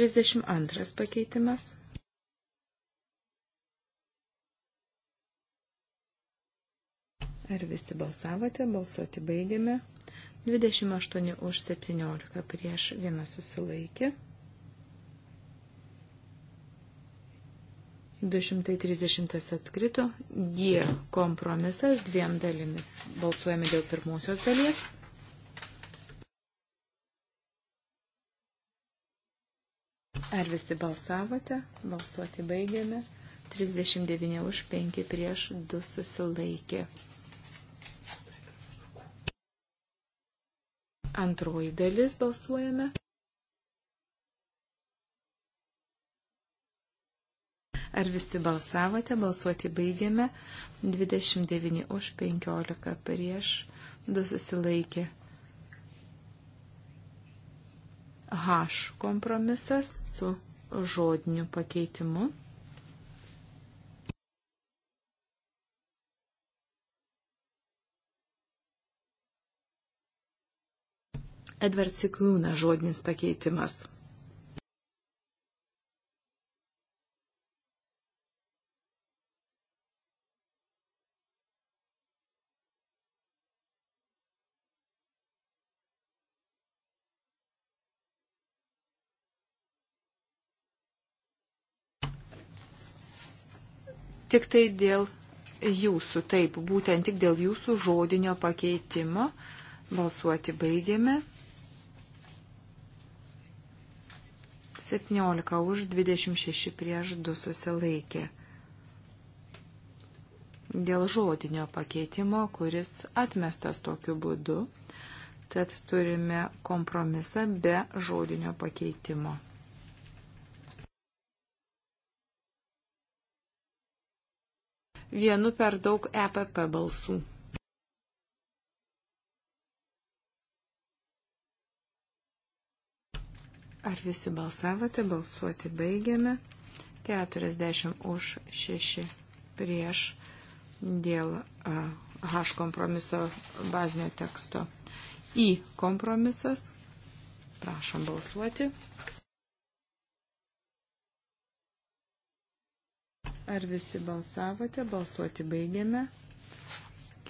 32 pakeitimas. Ar visi balsavote? Balsuoti baigėme. 28 už 17 prieš vieną susilaikė. 230 atkrito. G kompromisas dviem dalimis. Balsuojame dėl pirmosios dalies. Ar visi balsavote? Balsuoti baigėme. 39 už 5 prieš 2 susilaikė. Antroji dalis balsuojame. Ar visi balsavote? Balsuoti baigiame. 29 už 15 prieš 2 susilaikė. H kompromisas su žodiniu pakeitimu. Edvard Siklūna žodinis pakeitimas. Tik tai dėl jūsų, taip, būtent tik dėl jūsų žodinio pakeitimo balsuoti baigėme. 17 už 26 prieš 2 susilaikė. Dėl žodinio pakeitimo, kuris atmestas tokiu būdu, tad turime kompromisą be žodinio pakeitimo. Vienu per daug EPP balsų. Ar visi balsavote? Balsuoti baigiame. 40 už 6 prieš dėl H kompromiso bazinio teksto. Į kompromisas. Prašom balsuoti. Ar visi balsavote? Balsuoti baigiame.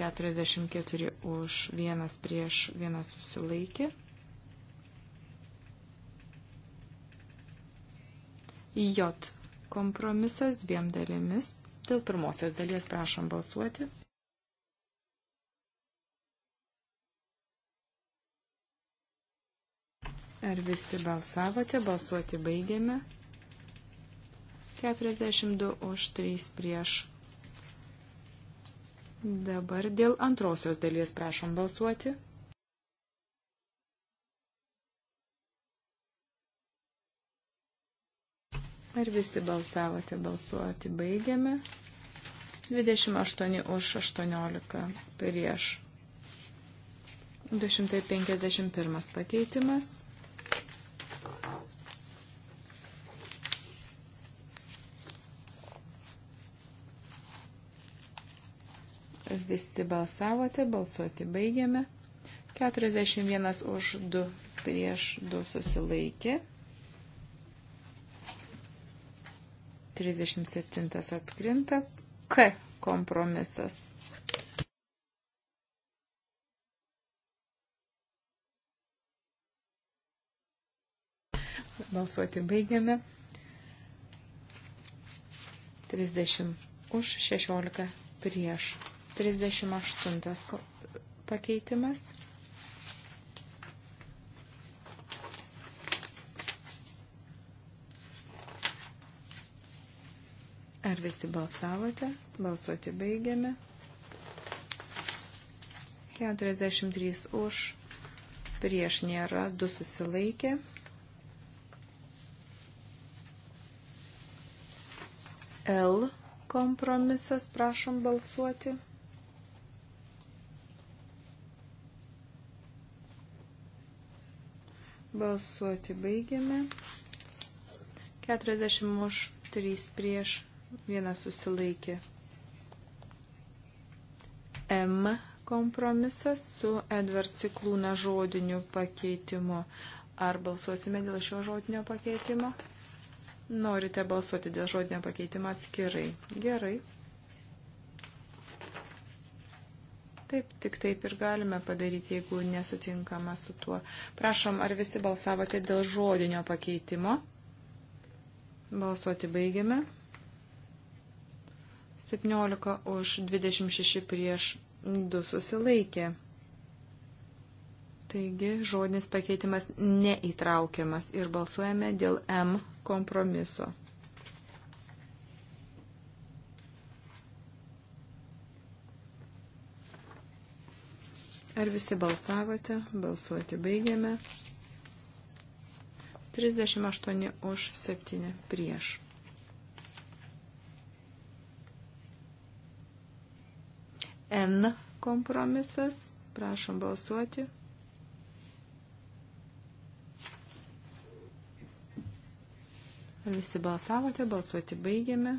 44 už, vienas prieš, vienas susilaikė. J. Kompromisas dviem dalimis. Dėl pirmosios dalies prašom balsuoti. Ar visi balsavote? Balsuoti baigiame. 42 už 3 prieš. Dabar dėl antrosios dalies prašom balsuoti. Ar visi balsavote? Balsuoti baigiame. 28 už 18 prieš. 251 pakeitimas. Visi balsavote, balsuoti baigiame. 41 už 2 prieš 2 susilaikė. 37 atkrinta. K kompromisas. Balsuoti baigiame. 30 už 16 prieš. 38 pakeitimas. Ar visi balsavote? Balsuoti baigiame. 43 už, prieš nėra, 2 susilaikė. L kompromisas, prašom balsuoti. Balsuoti baigiame. 40 už, 3 prieš, vienas susilaikė. M kompromisas su Edward Ciklūna žodiniu pakeitimu. Ar balsuosime dėl šio žodinio pakeitimo? Norite balsuoti dėl žodinio pakeitimo atskirai. Gerai. Taip, tik taip ir galime padaryti, jeigu nesutinkama su tuo. Prašom, ar visi balsavote dėl žodinio pakeitimo? Balsuoti baigiame. 17 už 26 prieš 2 susilaikė. Taigi žodinis pakeitimas neįtraukiamas ir balsuojame dėl M kompromiso. Ar visi balsavote? Balsuoti baigėme. 38 už 7 prieš. N kompromisas. Prašom balsuoti. Ar visi balsavote? Balsuoti baigėme.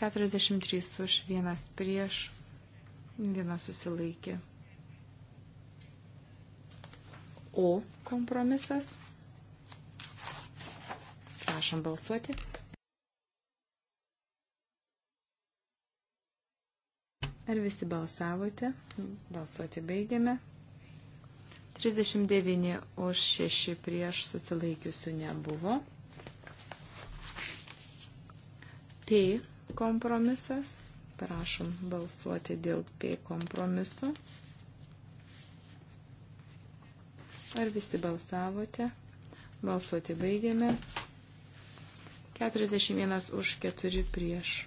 43 už, vienas prieš, vienas susilaikė. O kompromisas. Prašom balsuoti. Ar visi balsavote? Balsuoti baigiame. 39 už 6 prieš susilaikiusių nebuvo. P kompromisas. Prašom balsuoti dėl P kompromiso. Ar visi balsavote? Balsuoti baigėme. 41 už 4 prieš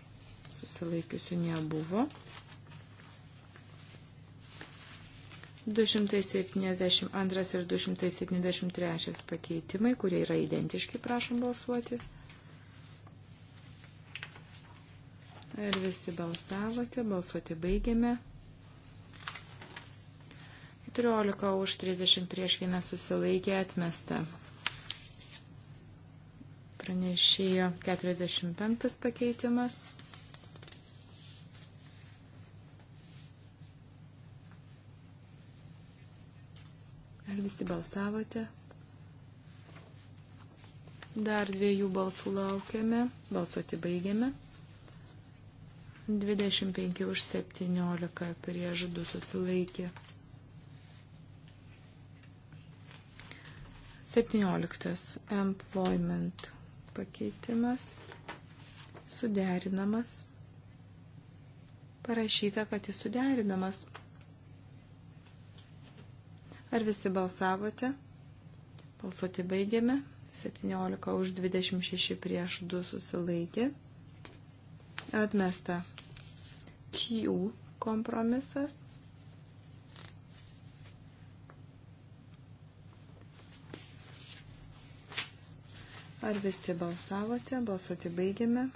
susilaikiusių nebuvo. 272 ir 273 pakeitimai, kurie yra identiški, prašom balsuoti. Ir visi balsavote, balsuoti baigėme. 14 už 30 prieš vieną susilaikė atmesta. Pranešėjo 45 pakeitimas. Ar visi balsavote? Dar dviejų balsų laukiame. Balsuoti baigiame. 25 už 17 prieš 2 susilaikė. 17. Employment pakeitimas suderinamas. Parašyta, kad jis suderinamas. Ar visi balsavote? Balsuoti baigėme. 17 už 26 prieš 2 susilaikė. Atmesta Q kompromisas. Ar visi balsavote? Balsuoti baigėme.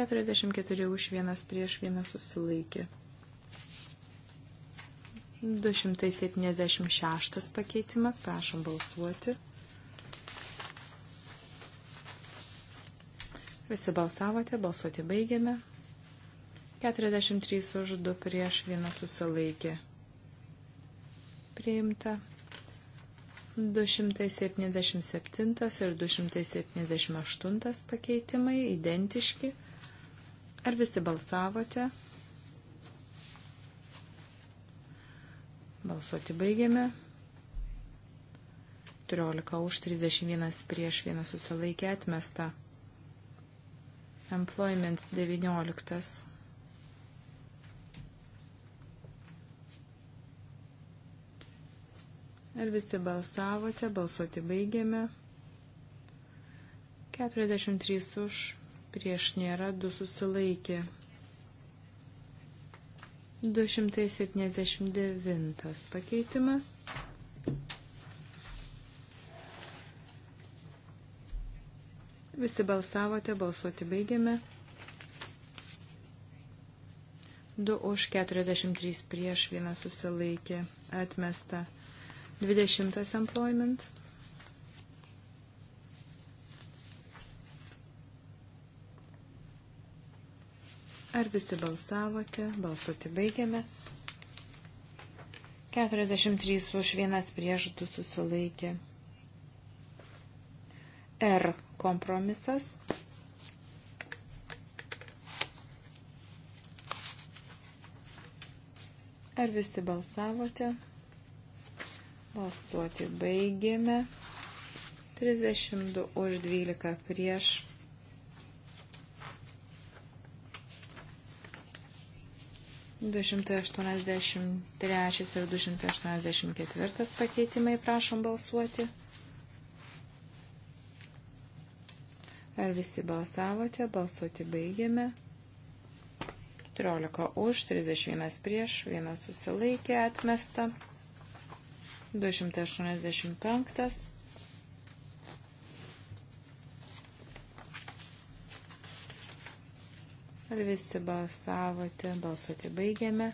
44 už vienas prieš vieną susilaikė. 276 pakeitimas, prašom balsuoti. Visi balsavote, balsuoti baigėme. 43 už 2 prieš 1 susilaikė. Priimta. 277 ir 278 pakeitimai identiški. Ar visi balsavote? Balsuoti baigėme. 14 už 31 prieš 1 susilaikė atmesta. Employment 19. Ar visi balsavote, balsuoti baigėme. 43 už, prieš nėra, 2 susilaikė, 279 pakeitimas. Visi balsavote, balsuoti baigėme. 2 už 43 prieš, vienas susilaikė, atmesta. 20 employment. Ar visi balsavote? Balsuoti baigiame. 43 už vienas prieš du susilaikė. R kompromisas. Ar visi balsavote? Balsuoti baigėme. 32 už 12 prieš 283 ir 284 pakeitimai prašom balsuoti. Ar visi balsavote? Balsuoti baigėme. 14 už, 31 prieš, 1 susilaikė atmesta. 285. Ar visi balsavote? Balsuoti baigėme.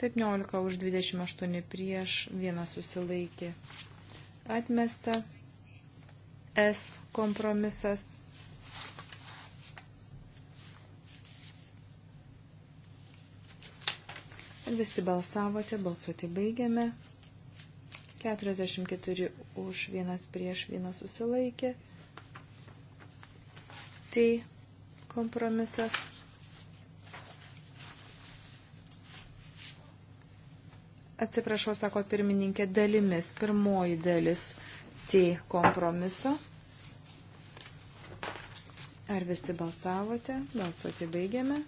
17 už 28 prieš, vienas susilaikė. Atmesta. S kompromisas. Ar visi balsavote, balsuoti baigiame. 44 už vienas prieš, vienas susilaikė. Tai kompromisas. Atsiprašau, sako pirmininkė, dalimis. Pirmoji dalis T kompromiso. Ar visi balsavote? Balsuoti baigiame.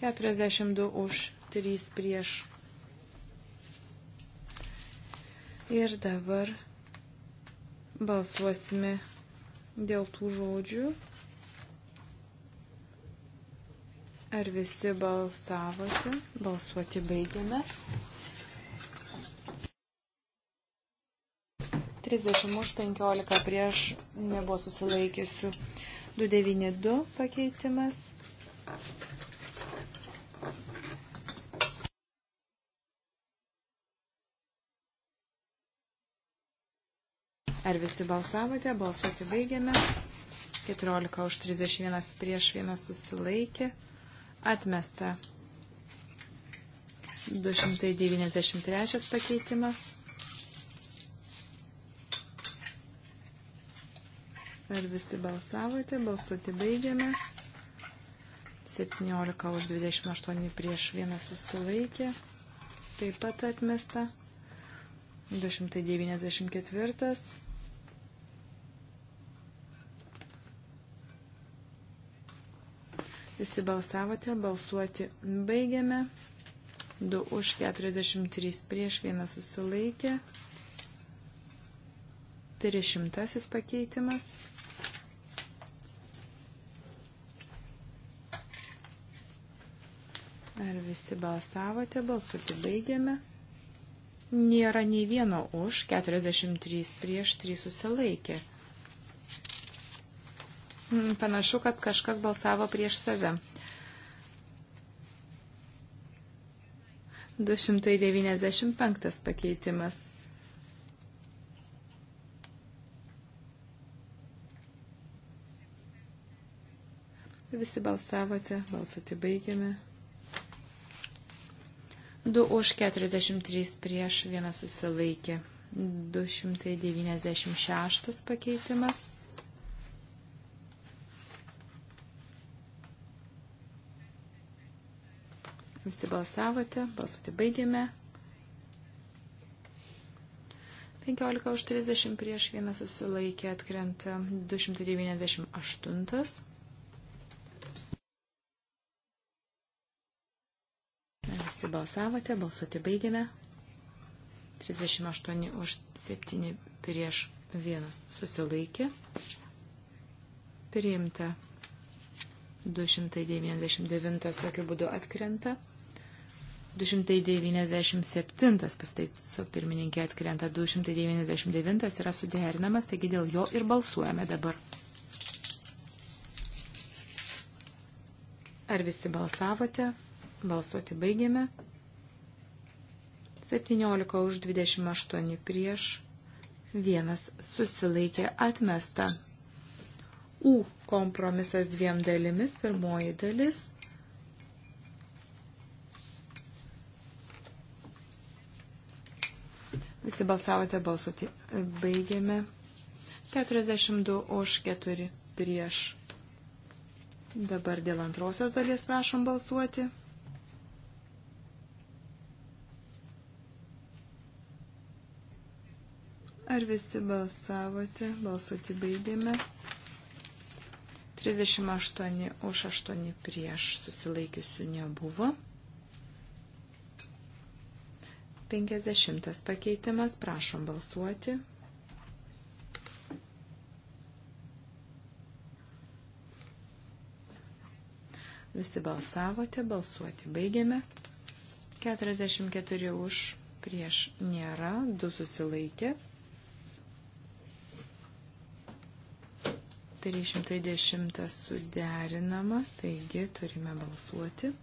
42 už, 3 prieš. Ir dabar balsuosime dėl tų žodžių. Ar visi balsavote? Balsuoti baigiame. 30 už 15 prieš nebuvo susilaikysiu. 292 pakeitimas. Ar visi balsavote? Balsuoti baigiame. 14 už 31 prieš 1 susilaikė. Atmesta. 293 pakeitimas. Ar visi balsavote? Balsuoti baigiame. 17 už 28 prieš 1 susilaikė. Taip pat atmesta. 294. Visi balsavote, balsuoti baigiame. 2 už 43 prieš vieną susilaikė. 300 pakeitimas. Ar visi balsavote, balsuoti baigiame. Nėra nei vieno už, 43 prieš 3 susilaikė. Mm, panašu, kad kažkas balsavo prieš save. 295 pakeitimas. Visi balsavote, balsuoti baigiame. 2 už 43 prieš, vienas susilaikė. 296 pakeitimas. Visi balsavote, balsuoti baigėme. 15 už 30 prieš vieną susilaikė atkrenta 298. Visi balsavote, balsuoti baigėme. 38 už 7 prieš 1 susilaikė. Priimta 299 tokiu būdu atkrenta. 297 pasitaiso pirmininkė atkrenta, 299 yra suderinamas, taigi dėl jo ir balsuojame dabar. Ar visi balsavote? Balsuoti baigėme. 17 už 28 prieš, vienas susilaikė atmesta. U kompromisas dviem dalimis, pirmoji dalis – Visi balsavote balsuoti. Baigėme. 42 už 4 prieš. Dabar dėl antrosios dalies prašom balsuoti. Ar visi balsavote? Balsuoti baigėme. 38 už 8 prieš susilaikiusių nebuvo. 50 pakeitimas, prašom balsuoti. Visi balsavote, balsuoti baigėme. 44 už, prieš nėra, 2 susilaikė. 310 suderinamas, taigi turime balsuoti.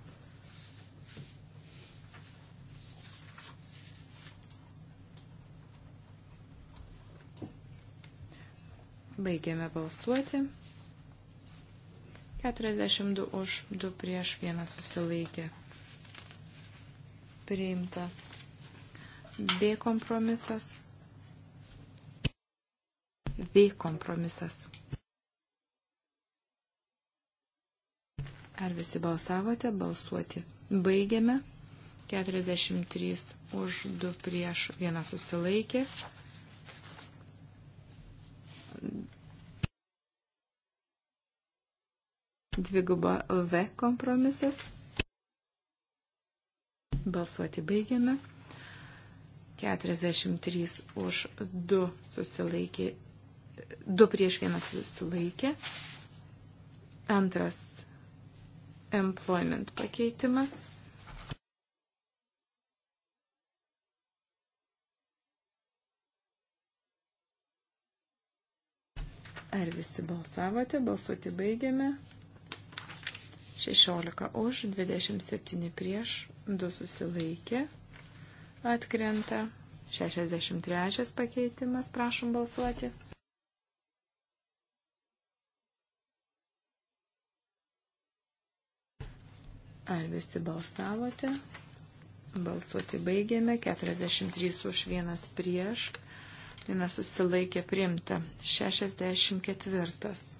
Baigėme balsuoti. 42 už, 2 prieš, 1 susilaikė. Priimta. B kompromisas. V kompromisas. Ar visi balsavote? Balsuoti. Baigėme. 43 už, 2 prieš, 1 susilaikė. dviguba V kompromisas. Balsuoti baigiame. 43 už 2 susilaikė, 2 prieš 1 susilaikė. Antras employment pakeitimas. Ar visi balsavote? Balsuoti baigiame. 16 už, 27 prieš, 2 susilaikė, atkrenta. 63 pakeitimas, prašom balsuoti. Ar visi balsavote? Balsuoti baigėme. 43 už vienas prieš. Vienas susilaikė priimta. 64.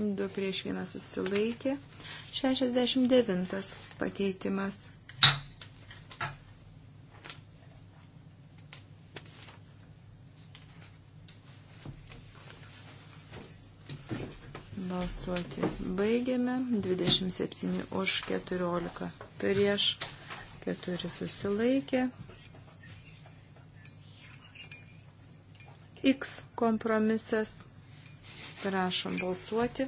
2 prieš 1 susilaikė. 69 pakeitimas. Balsuoti baigiame. 27 už 14 prieš 4 susilaikė. X kompromisas Prašom balsuoti.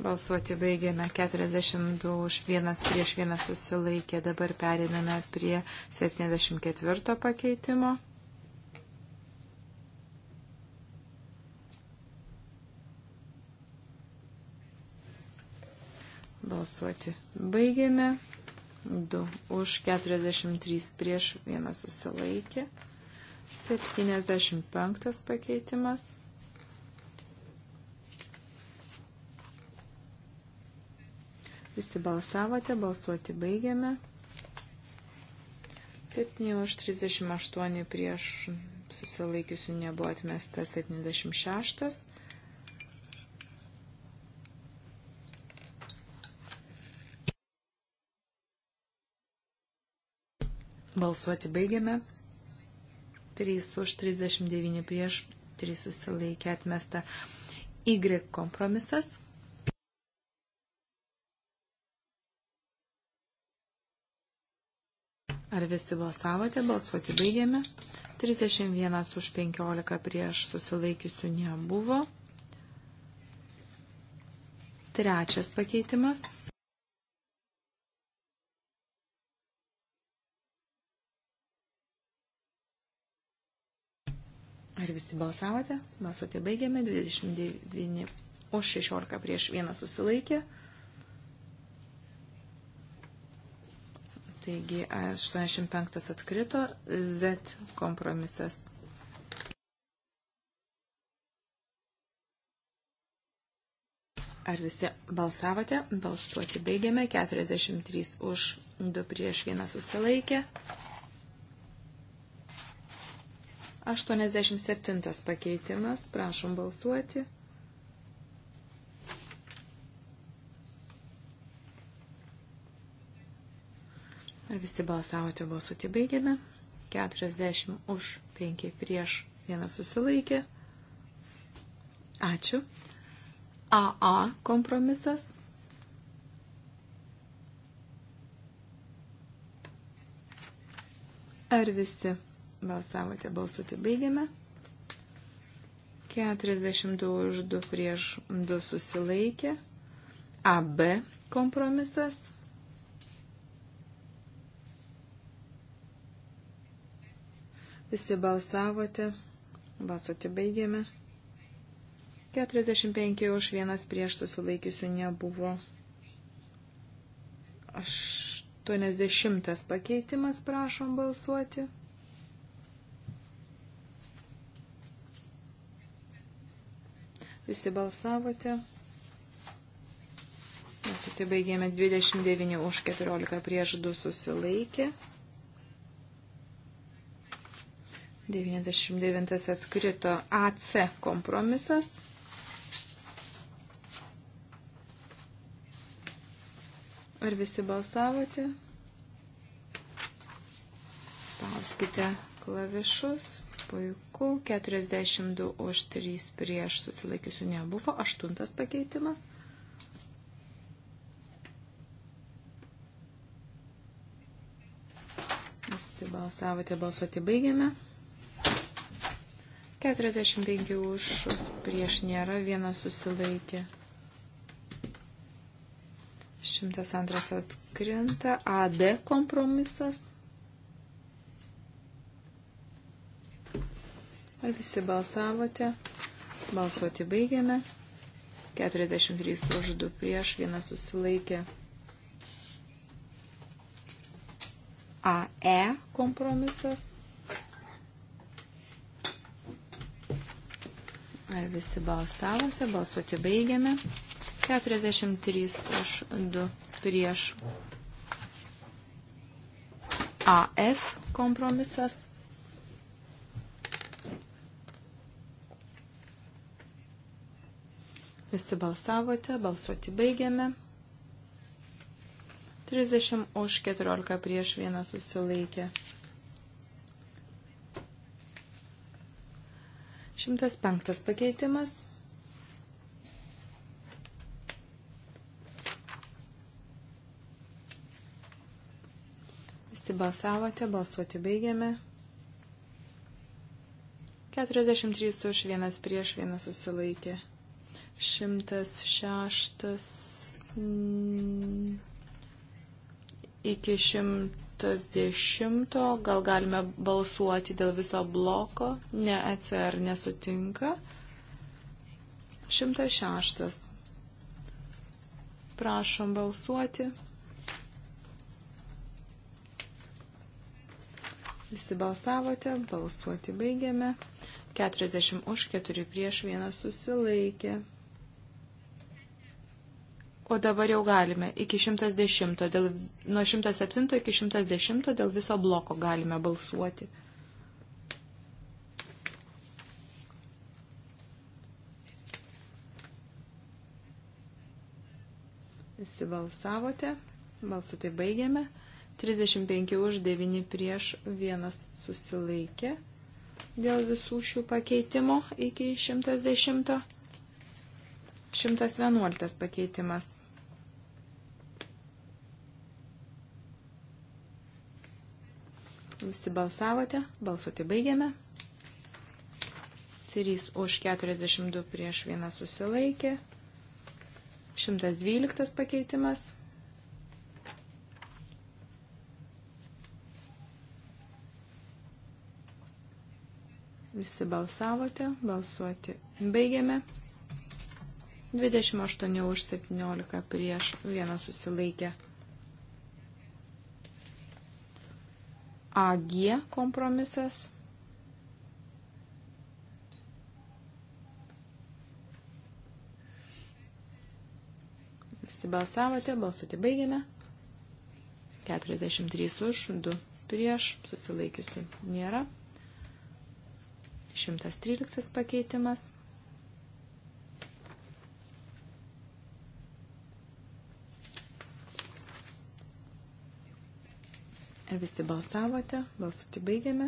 Balsuoti baigėme 42 už 1 prieš 1 susilaikė. Dabar periname prie 74 pakeitimo. Balsuoti baigėme. 2 už 43 prieš 1 susilaikė. 75 pakeitimas. Visi balsavote, balsuoti baigėme. 7 už 38 prieš susilaikiusių nebuvo atmesta 76. Balsuoti baigiame. 3 už 39 prieš, 3 susilaikė atmesta. Y kompromisas. Ar visi balsavote? Balsuoti baigėme. 31 už 15 prieš susilaikiusių nebuvo. Trečias pakeitimas. Ar visi balsavote? Balsuoti baigėme. 29 už 16 prieš vieną susilaikė. Taigi 85 atkrito. Z kompromisas. Ar visi balsavote? Balsuoti baigėme. 43 už 2 prieš 1 susilaikė. 87 pakeitimas. Prašom balsuoti. Ar visi balsavote balsuoti baigėme? 40 už, 5 prieš, 1 susilaikė. Ačiū. AA kompromisas. Ar visi balsavote, balsuoti baigiame. 42 už 2 prieš 2 susilaikė. AB kompromisas. Visi balsavote, balsuoti baigėme. 45 už vienas prieš susilaikysiu nebuvo. 80 pakeitimas prašom balsuoti. Visi balsavote. Mes atibaigėme 29 už 14 prieš 2 susilaikė. 99 atkrito AC kompromisas. Ar visi balsavote? Spauskite klavišus puiku, 42 už 3 prieš susilaikiusių nebuvo, 8 pakeitimas. Visi balsavote, balsuoti baigiame. 45 už, prieš nėra, vienas susilaikė. 102 atkrinta, AD kompromisas. Ar visi balsavote? Balsuoti baigiame. 43 už 2 prieš, vienas susilaikė. AE kompromisas. Ar visi balsavote? Balsuoti baigiame. 43 už 2 prieš. AF kompromisas. Visi balsavote, balsuoti baigiame. 30 už 14 prieš vieną susilaikė. 105 pakeitimas. Visi balsavote, balsuoti baigiame. 43 už vienas prieš vieną susilaikė. 106 iki 110. Gal galime balsuoti dėl viso bloko? Ne, ECR nesutinka. 106. Prašom balsuoti. Visi balsavote, balsuoti baigiame. 40 už, 4 prieš, 1 susilaikė o dabar jau galime iki 110, dėl, nuo 107 iki 110 dėl viso bloko galime balsuoti. Visi balsavote, balsų tai baigėme. 35 už 9 prieš 1 susilaikė dėl visų šių pakeitimų iki 110. 111 pakeitimas. Visi balsavote, balsuoti baigiame. 3 už 42 prieš 1 susilaikė. 112 pakeitimas. Visi balsavote, balsuoti baigiame. 28 už 17 prieš 1 susilaikė. AG kompromisas. Visi balsavote, balsuoti baigėme. 43 už, 2 prieš, susilaikiusių nėra. 113 pakeitimas. Visi balsavote, balsuti baigiame.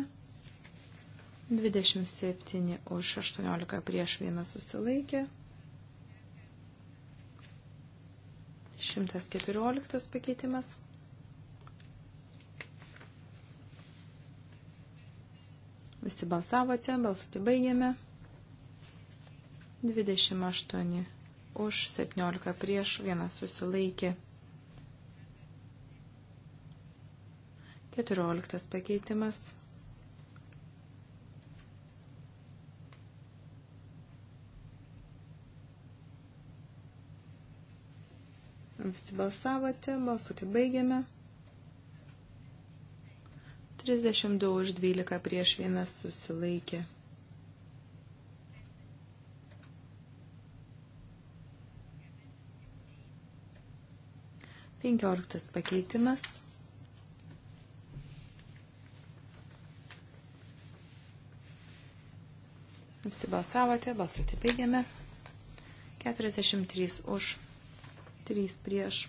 27 už 18 prieš vieną susilaikė. 114 pakeitimas. Visi balsavote, balsuti baigiame. 28 už 17 prieš vieną susilaikė. Keturioliktas pakeitimas. Visi balsavote, balsuoti baigiame. 32 už 12 prieš vieną susilaikė. Penkioliktas pakeitimas. Visi balsavote, balsuoti baigiame. 43 už, 3 prieš,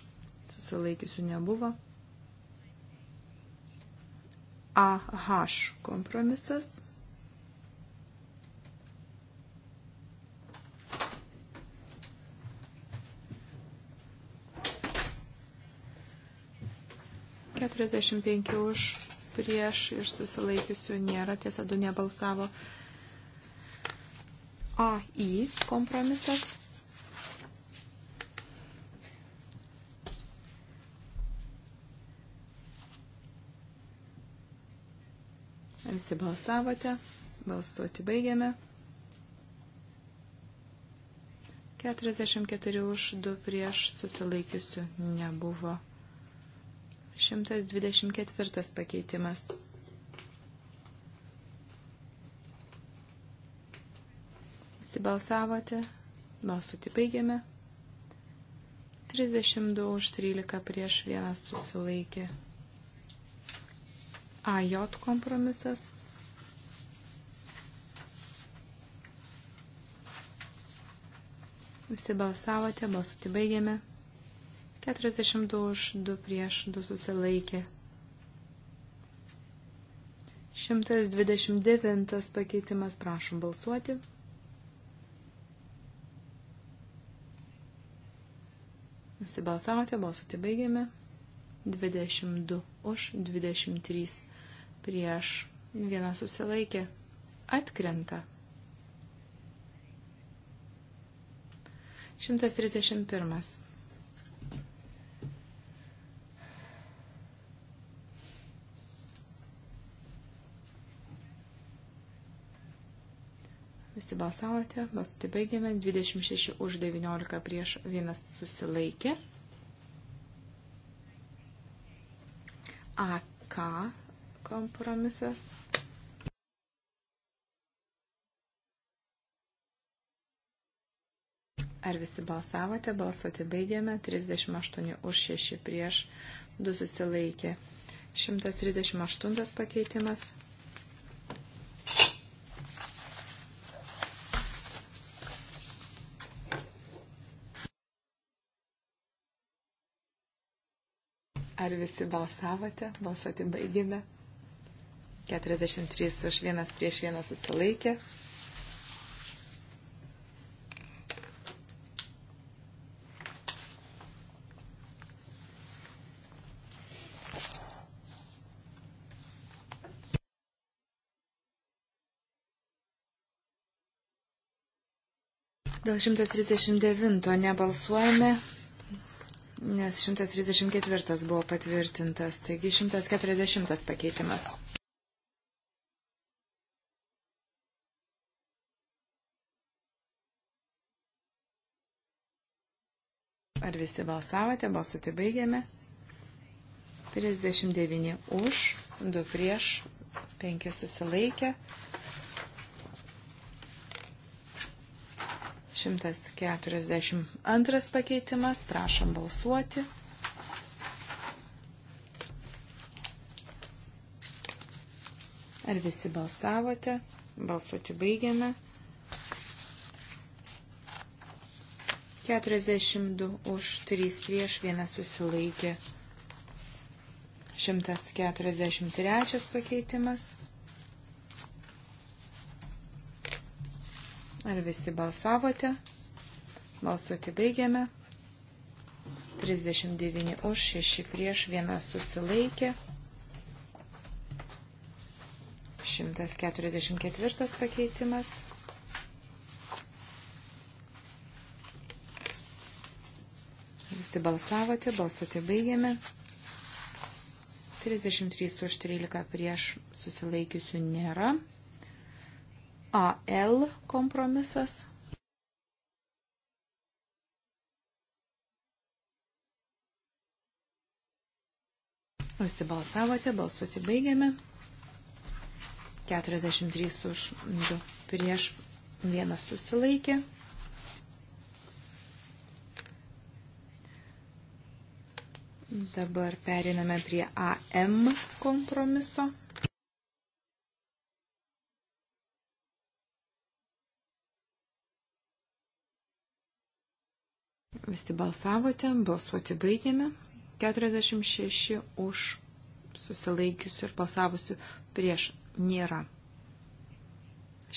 susilaikysiu nebuvo. AH kompromisas. Keturiasdešimt penki už prieš ir susilaikiusių nėra, tiesa du nebalsavo. AI kompromisas. Visi balsavote, balsuoti baigiame. 44 už 2 prieš susilaikiusių nebuvo. 124 pakeitimas. Visi balsavote. Balsutį baigėme. 32 už 13 prieš vienas susilaikė. AJ kompromisas. Visi balsavote, balsutį baigėme. 42 už 2 prieš 2 susilaikė. 129 pakeitimas, prašom balsuoti. Visi balsavote, balsuoti baigėme. 22 už, 23 prieš, viena susilaikė, atkrenta. 131. Visi balsavote, balsuoti baigėme, 26 už 19 prieš vienas susilaikė. AK kompromisas. Ar visi balsavote, balsuoti baigėme, 38 už 6 prieš 2 susilaikė. 138 pakeitimas. Ar visi balsavote? Balsuoti baigėme. 43 už vienas prieš vieną susilaikė. Dėl 139 nebalsuojame, nes 134 buvo patvirtintas, taigi 140 pakeitimas. Ar visi balsavote? Balsuoti baigėme. 39 už, 2 prieš, 5 susilaikė. 142 pakeitimas. Prašom balsuoti. Ar visi balsavote? Balsuoti baigiame. 42 už 3 prieš 1 susilaikė. 143 pakeitimas. Ar visi balsavote? Balsuoti baigiame. 39 už, 6 prieš, 1 susilaikė. 144 pakeitimas. Visi balsavote, balsuoti baigiame. 33 už 13 prieš susilaikiusių nėra. AL kompromisas. Visi balsavote, balsuoti baigiame. 43 už 2 prieš vienas susilaikė. Dabar periname prie AM kompromiso. Visi balsavote, balsuoti baigėme. 46 už susilaikiusių ir balsavusių prieš nėra.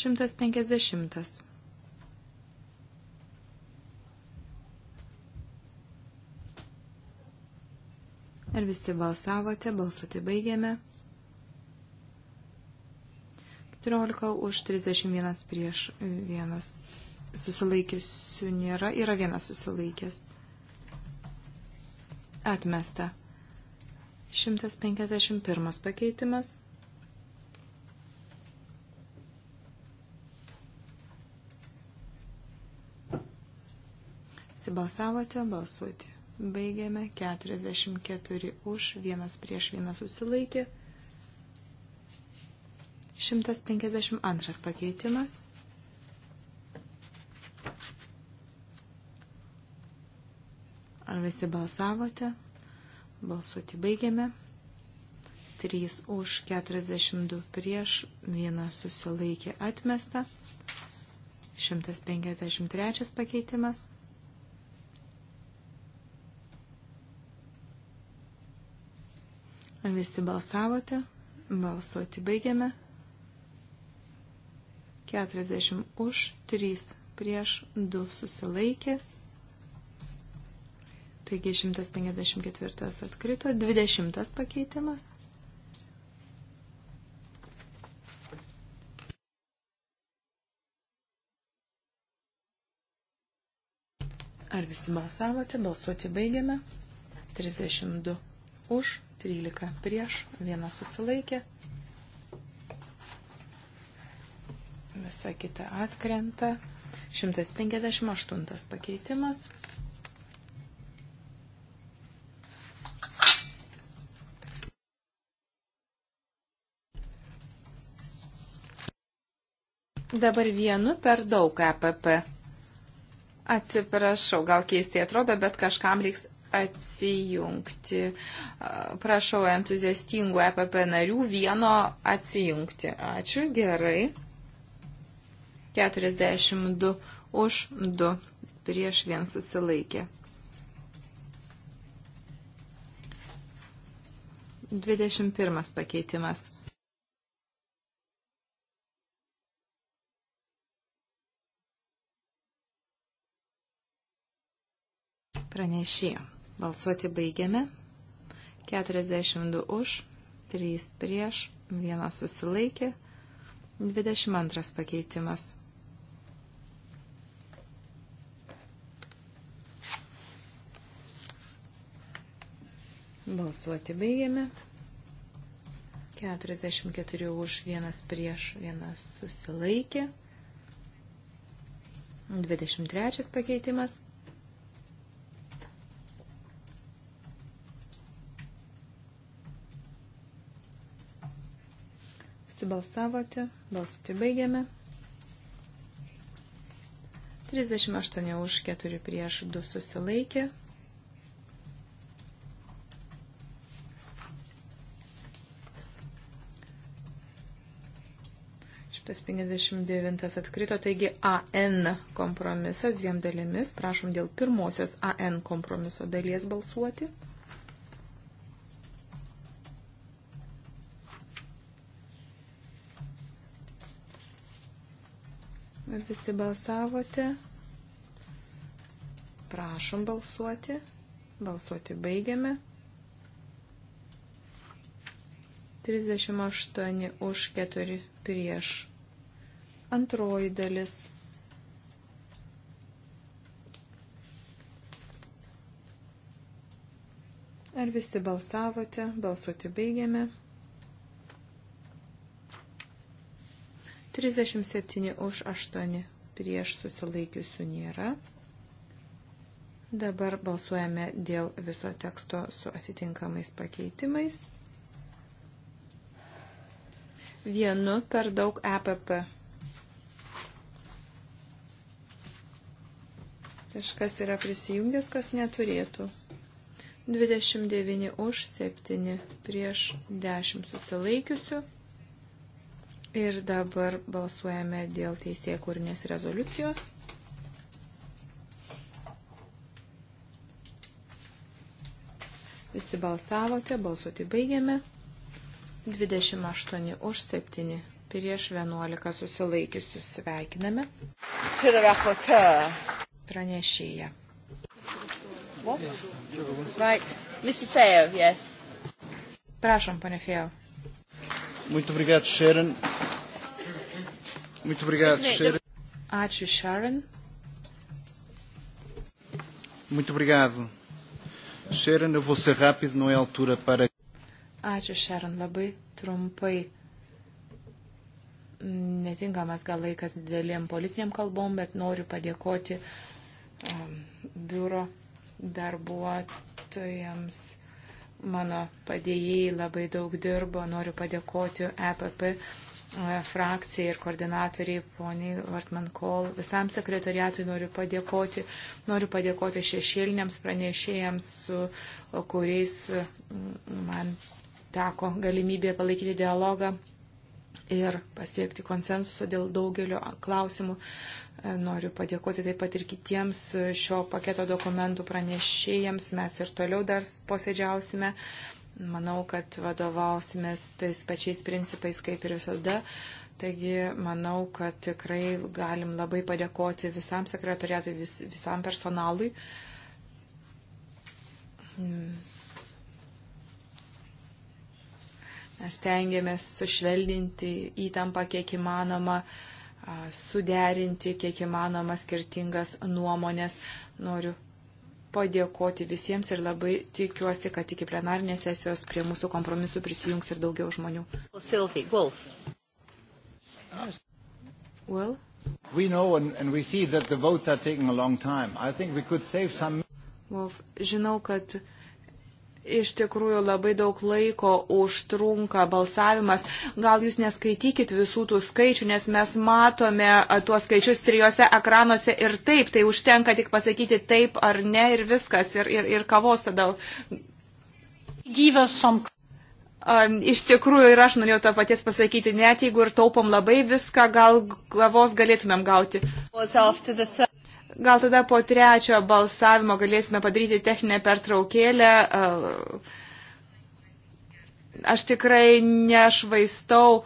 150. Ar visi balsavote, balsuoti baigėme. 14 už 31 prieš 1 susilaikiusių nėra, yra vienas susilaikęs. Atmesta. 151 pakeitimas. Sibalsavote, balsuoti. Baigėme 44 už, vienas prieš vieną susilaikė. 152 pakeitimas. Ar visi balsavote? Balsuoti baigiame. 3 už 42 prieš, 1 susilaikė atmesta. 153 pakeitimas. Ar visi balsavote? Balsuoti baigiame. 40 už, 3 prieš, 2 susilaikė Taigi 154 atkrito, 20 pakeitimas. Ar visi balsavote? Balsuoti baigiame. 32 už, 13 prieš, vienas susilaikė. Visa kita atkrenta. 158 pakeitimas. Dabar vienu per daug EPP. Atsiprašau, gal keistai atrodo, bet kažkam reiks atsijungti. Prašau entuziastingų EPP narių vieno atsijungti. Ačiū, gerai. 42 už 2 prieš vien susilaikė. 21 pakeitimas. pranešėjo. Balsuoti baigiame. 42 už, 3 prieš, 1 susilaikė, 22 pakeitimas. Balsuoti baigiame. 44 už, 1 prieš, 1 susilaikė. 23 pakeitimas. Visi balsavote, balsuoti baigiame. 38 už 4 prieš 2 susilaikė. Šitas 59 atkrito, taigi AN kompromisas dviem dalimis. Prašom dėl pirmosios AN kompromiso dalies balsuoti. Balsuoti. Visi balsavote. Prašom balsuoti. Balsuoti baigiame. 38 už 4 prieš. Antroji dalis. Ar visi balsavote? Balsuoti baigiame. 37 už 8 prieš susilaikiusių nėra. Dabar balsuojame dėl viso teksto su atitinkamais pakeitimais. Vienu per daug EPP. Kažkas yra prisijungęs, kas neturėtų. 29 už 7 prieš 10 susilaikiusių. Ir dabar balsuojame dėl teisėjų kūrinės rezoliucijos. Visi balsavote, balsuoti baigiame. 28 už 7 prieš 11 susilaikiusius sveikiname. Pranešėja. Right. Mr. Feo, yes. Prašom, pane Feo. Muito obrigado, Sharon. Muito obrigado, Sharon. Ačiū, Sharon. Muito obrigado. Sharon, eu vou ser rápido, não é altura para. Ačiū, Sharon, labai trumpai. Netinkamas gal laikas didelėm politiniam kalbom, bet noriu padėkoti um, biuro darbuotojams. Mano padėjėjai labai daug dirbo, noriu padėkoti EPP E, frakcijai ir koordinatoriai, poniai Vartman Kol, visam sekretoriatui noriu padėkoti, noriu padėkoti šešėliniams pranešėjams, su kuriais e, man teko galimybė palaikyti dialogą ir pasiekti konsensuso dėl daugelio klausimų. E, noriu padėkoti taip pat ir kitiems šio paketo dokumentų pranešėjams. Mes ir toliau dar posėdžiausime. Uh, Manau, kad vadovausimės tais pačiais principais kaip ir visada. Taigi, manau, kad tikrai galim labai padėkoti visam sekretoriatui, vis, visam personalui. Mes tengiamės sušveldinti įtampą kiek įmanoma, suderinti kiek įmanoma skirtingas nuomonės. Noriu padėkoti visiems ir labai tikiuosi, kad iki plenarinės sesijos prie mūsų kompromisų prisijungs ir daugiau žmonių. Sylvie, Wolf. Well? We know and, and we see that the votes are taking a long time. I think we could save some... Wolf, žinau, kad iš tikrųjų labai daug laiko užtrunka balsavimas. Gal jūs neskaitykit visų tų skaičių, nes mes matome tuos skaičius trijose ekranuose ir taip, tai užtenka tik pasakyti taip ar ne ir viskas, ir, ir, ir kavos tada. Iš tikrųjų ir aš norėjau to paties pasakyti, net jeigu ir taupom labai viską, gal kavos galėtumėm gauti. Gal tada po trečio balsavimo galėsime padaryti techninę pertraukėlę. Aš tikrai nešvaistau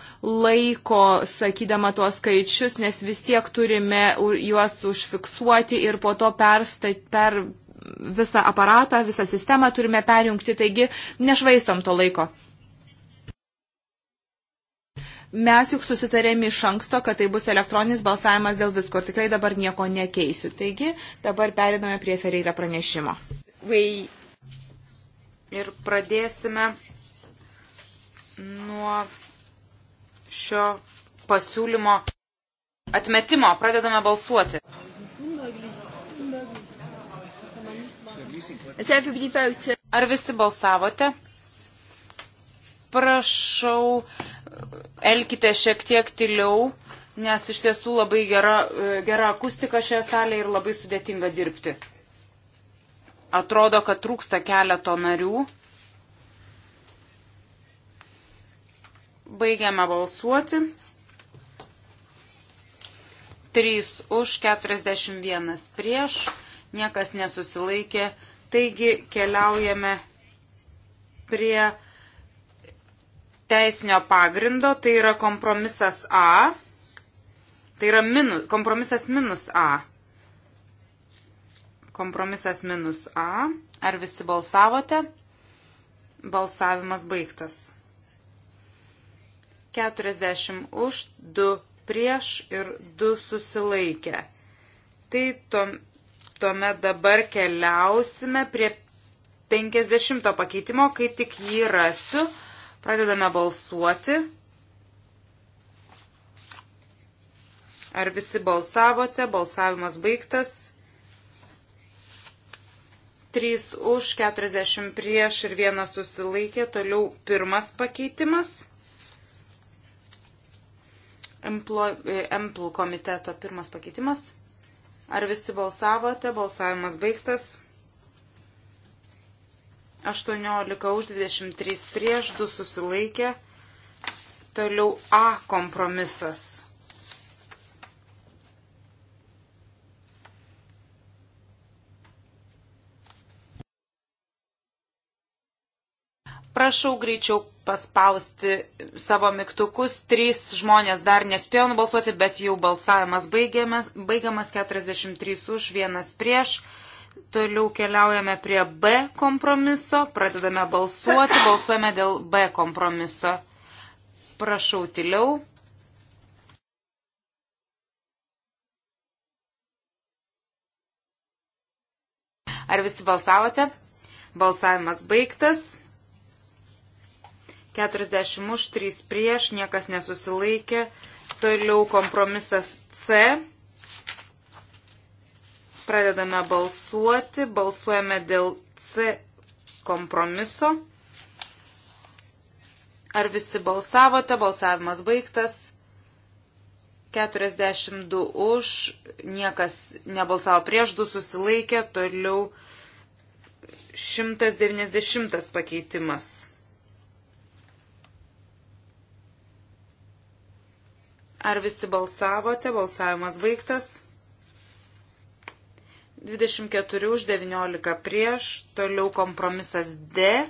laiko sakydama tuos skaičius, nes vis tiek turime juos užfiksuoti ir po to perstat, per visą aparatą, visą sistemą turime perjungti, taigi nešvaistom to laiko. Mes juk susitarėme iš anksto, kad tai bus elektroninis balsavimas dėl visko ir tikrai dabar nieko nekeisiu. Taigi dabar periname prie Ferreira pranešimo. Vai. Ir pradėsime nuo šio pasiūlymo atmetimo. Pradedame balsuoti. Ar visi balsavote? Prašau elkite šiek tiek tyliau, nes iš tiesų labai gera, e, gera akustika šioje salėje ir labai sudėtinga dirbti. Atrodo, kad trūksta keleto narių. Baigiame balsuoti. 3 už 41 prieš, niekas nesusilaikė. Taigi keliaujame prie teisinio pagrindo, tai yra kompromisas A, tai yra minu, kompromisas minus A. Kompromisas minus A. Ar visi balsavote? Balsavimas baigtas. 40 už, 2 prieš ir 2 susilaikę. Tai tuom, tuomet dabar keliausime prie 50 pakeitimo, kai tik jį rasiu. Pradedame balsuoti. Ar visi balsavote? Balsavimas baigtas. 3 už, 40 prieš ir vienas susilaikė. Toliau pirmas pakeitimas. E, Empl komiteto pirmas pakeitimas. Ar visi balsavote? Balsavimas baigtas. 18 už 23 prieš 2 susilaikė. Toliau A kompromisas. Prašau greičiau paspausti savo mygtukus. Trys žmonės dar nespėjo nubalsuoti, bet jau balsavimas baigiamas, baigiamas 43 už, vienas prieš. Toliau keliaujame prie B kompromiso, pradedame balsuoti, balsuojame dėl B kompromiso. Prašau tyliau. Ar visi balsavote? Balsavimas baigtas. 40 už 3 prieš, niekas nesusilaikė. Toliau kompromisas C. Pradedame balsuoti. Balsuojame dėl C kompromiso. Ar visi balsavote? Balsavimas baigtas. 42 už, niekas nebalsavo prieš, du susilaikė, toliau 190 pakeitimas. Ar visi balsavote? Balsavimas baigtas. 24 už 19 prieš, toliau kompromisas D.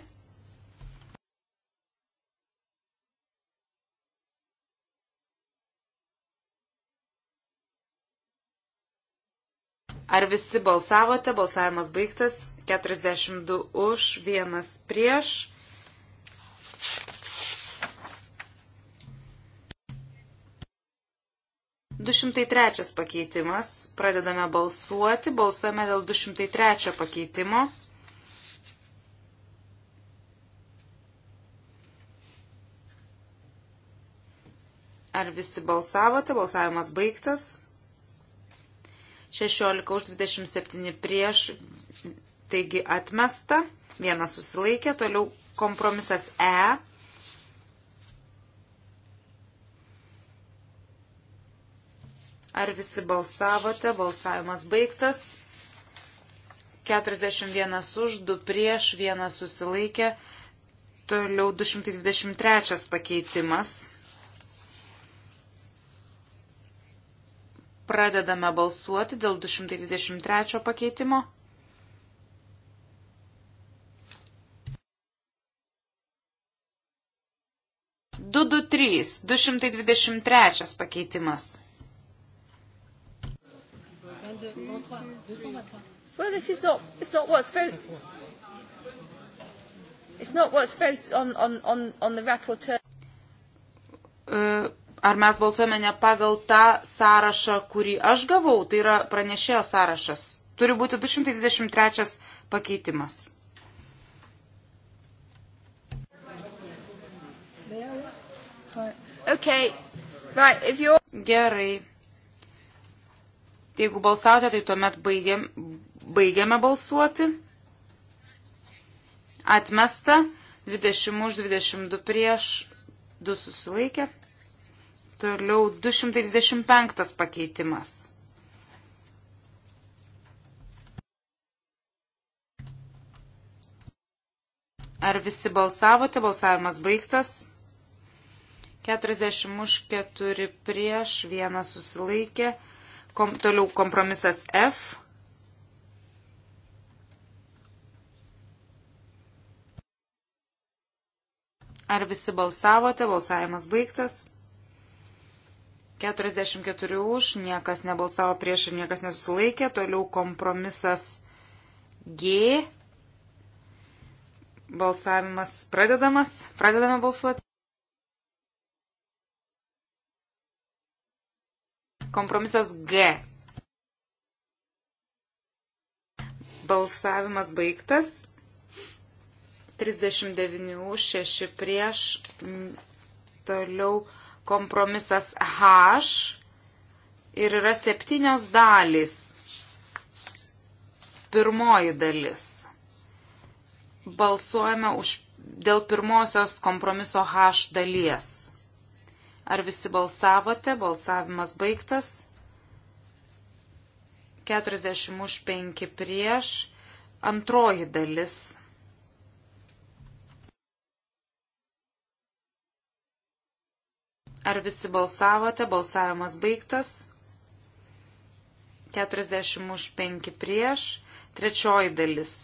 Ar visi balsavote? Balsavimas baigtas. 42 už, 1 prieš. 203 pakeitimas. Pradedame balsuoti. Balsuojame dėl 203 pakeitimo. Ar visi balsavote? Balsavimas baigtas. 16 už 27 prieš, taigi atmesta, vienas susilaikė, toliau kompromisas E, Ar visi balsavote? Balsavimas baigtas. 41 už, 2 prieš, 1 susilaikė. Toliau 223 pakeitimas. Pradedame balsuoti dėl 223 pakeitimo. Du du trys, du šimtai dvidešimt trečias pakeitimas. Well, this is not, it's not what's voted. It's not what's voted on, on, on, on the rapporteur. E, ar mes balsuojame ne pagal tą sąrašą, kurį aš gavau, tai yra pranešėjo sąrašas. Turi būti 223 pakeitimas. Okay. Right, Gerai. Tai jeigu balsavote, tai tuomet baigiam, baigiame balsuoti. Atmesta. 20 už 22 prieš 2 susilaikė. Toliau 225 pakeitimas. Ar visi balsavote? Balsavimas baigtas. 40 už 4 prieš 1 susilaikė. Kom, toliau kompromisas F. Ar visi balsavote? Balsavimas baigtas. 44 už, niekas nebalsavo prieš ir niekas nesusilaikė. Toliau kompromisas G. Balsavimas pradedamas. Pradedame balsuoti. Kompromisas G. Balsavimas baigtas. 39 už 6 prieš. Mm, toliau kompromisas H. Ir yra septynios dalys. Pirmoji dalis. Balsuojame už, dėl pirmosios kompromiso H dalies. Ar visi balsavote? Balsavimas baigtas. 40 už 5 prieš. Antroji dalis. Ar visi balsavote? Balsavimas baigtas. 40 už 5 prieš. Trečioji dalis.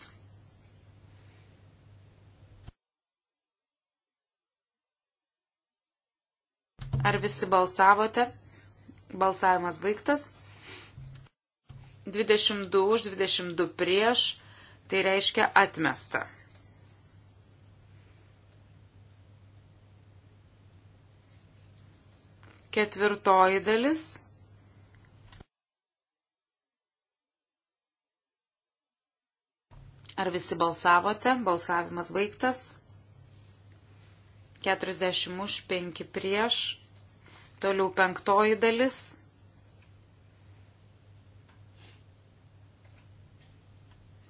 Ar visi balsavote? Balsavimas baigtas. 22 už, 22 prieš, tai reiškia atmesta. Ketvirtoji dalis. Ar visi balsavote? Balsavimas baigtas. 40 už, 5 prieš, Toliau penktoji dalis.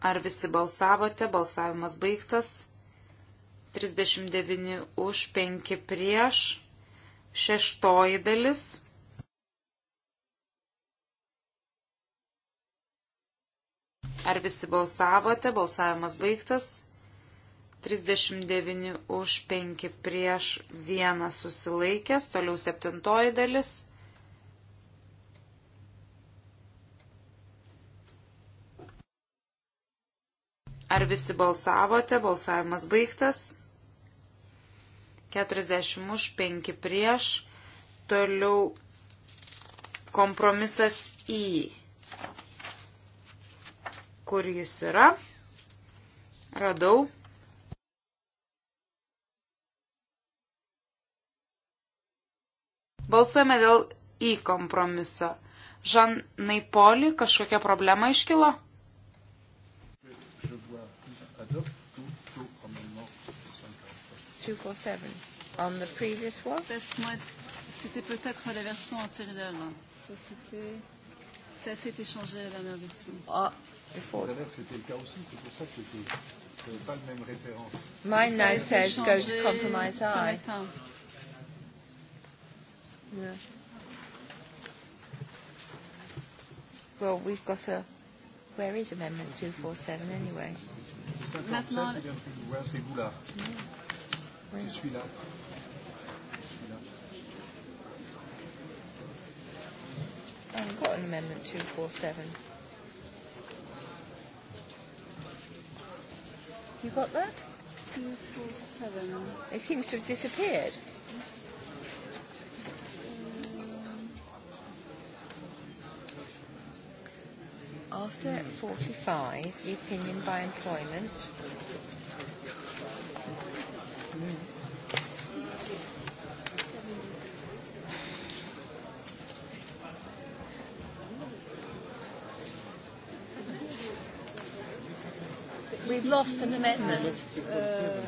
Ar visi balsavote? Balsavimas baigtas. 39 už 5 prieš. Šeštoji dalis. Ar visi balsavote? Balsavimas baigtas. 39 už 5 prieš 1 susilaikęs, toliau septintoji dalis. Ar visi balsavote? Balsavimas baigtas. 40 už 5 prieš. Toliau kompromisas į. Kur jis yra? Radau. Balsuojame dėl į kompromiso. Žanai Poli, kažkokia problema iškilo? On the previous one? C'était peut-être la version antérieure. Ça, c'était. Ça s'est échangé la dernière version. Ah, il faut. Tout à l'heure, c'était le cas aussi, c'est pour ça que c'était pas la même référence. Mine now says go to compromise I. Yeah. Well, we've got a. Where is Amendment 247 anyway? Maintenant. Ouais, c'est vous là. Ouais. Je suis là. I haven't got an Amendment 247. You got that? 247. It seems to have disappeared. after 45, the opinion by employment. We've lost an amendment. Uh,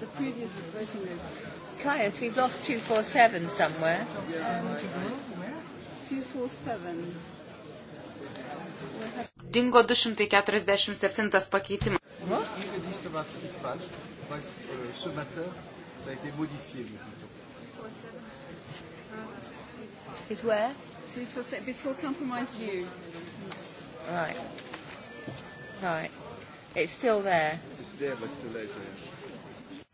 the previous voting list. Caius, we've lost 247 somewhere. Um, 247 dingo 247 pakeitimas. Is euh, where? So before, before compromise you. Right. Right. It's still there. It's there, but too late.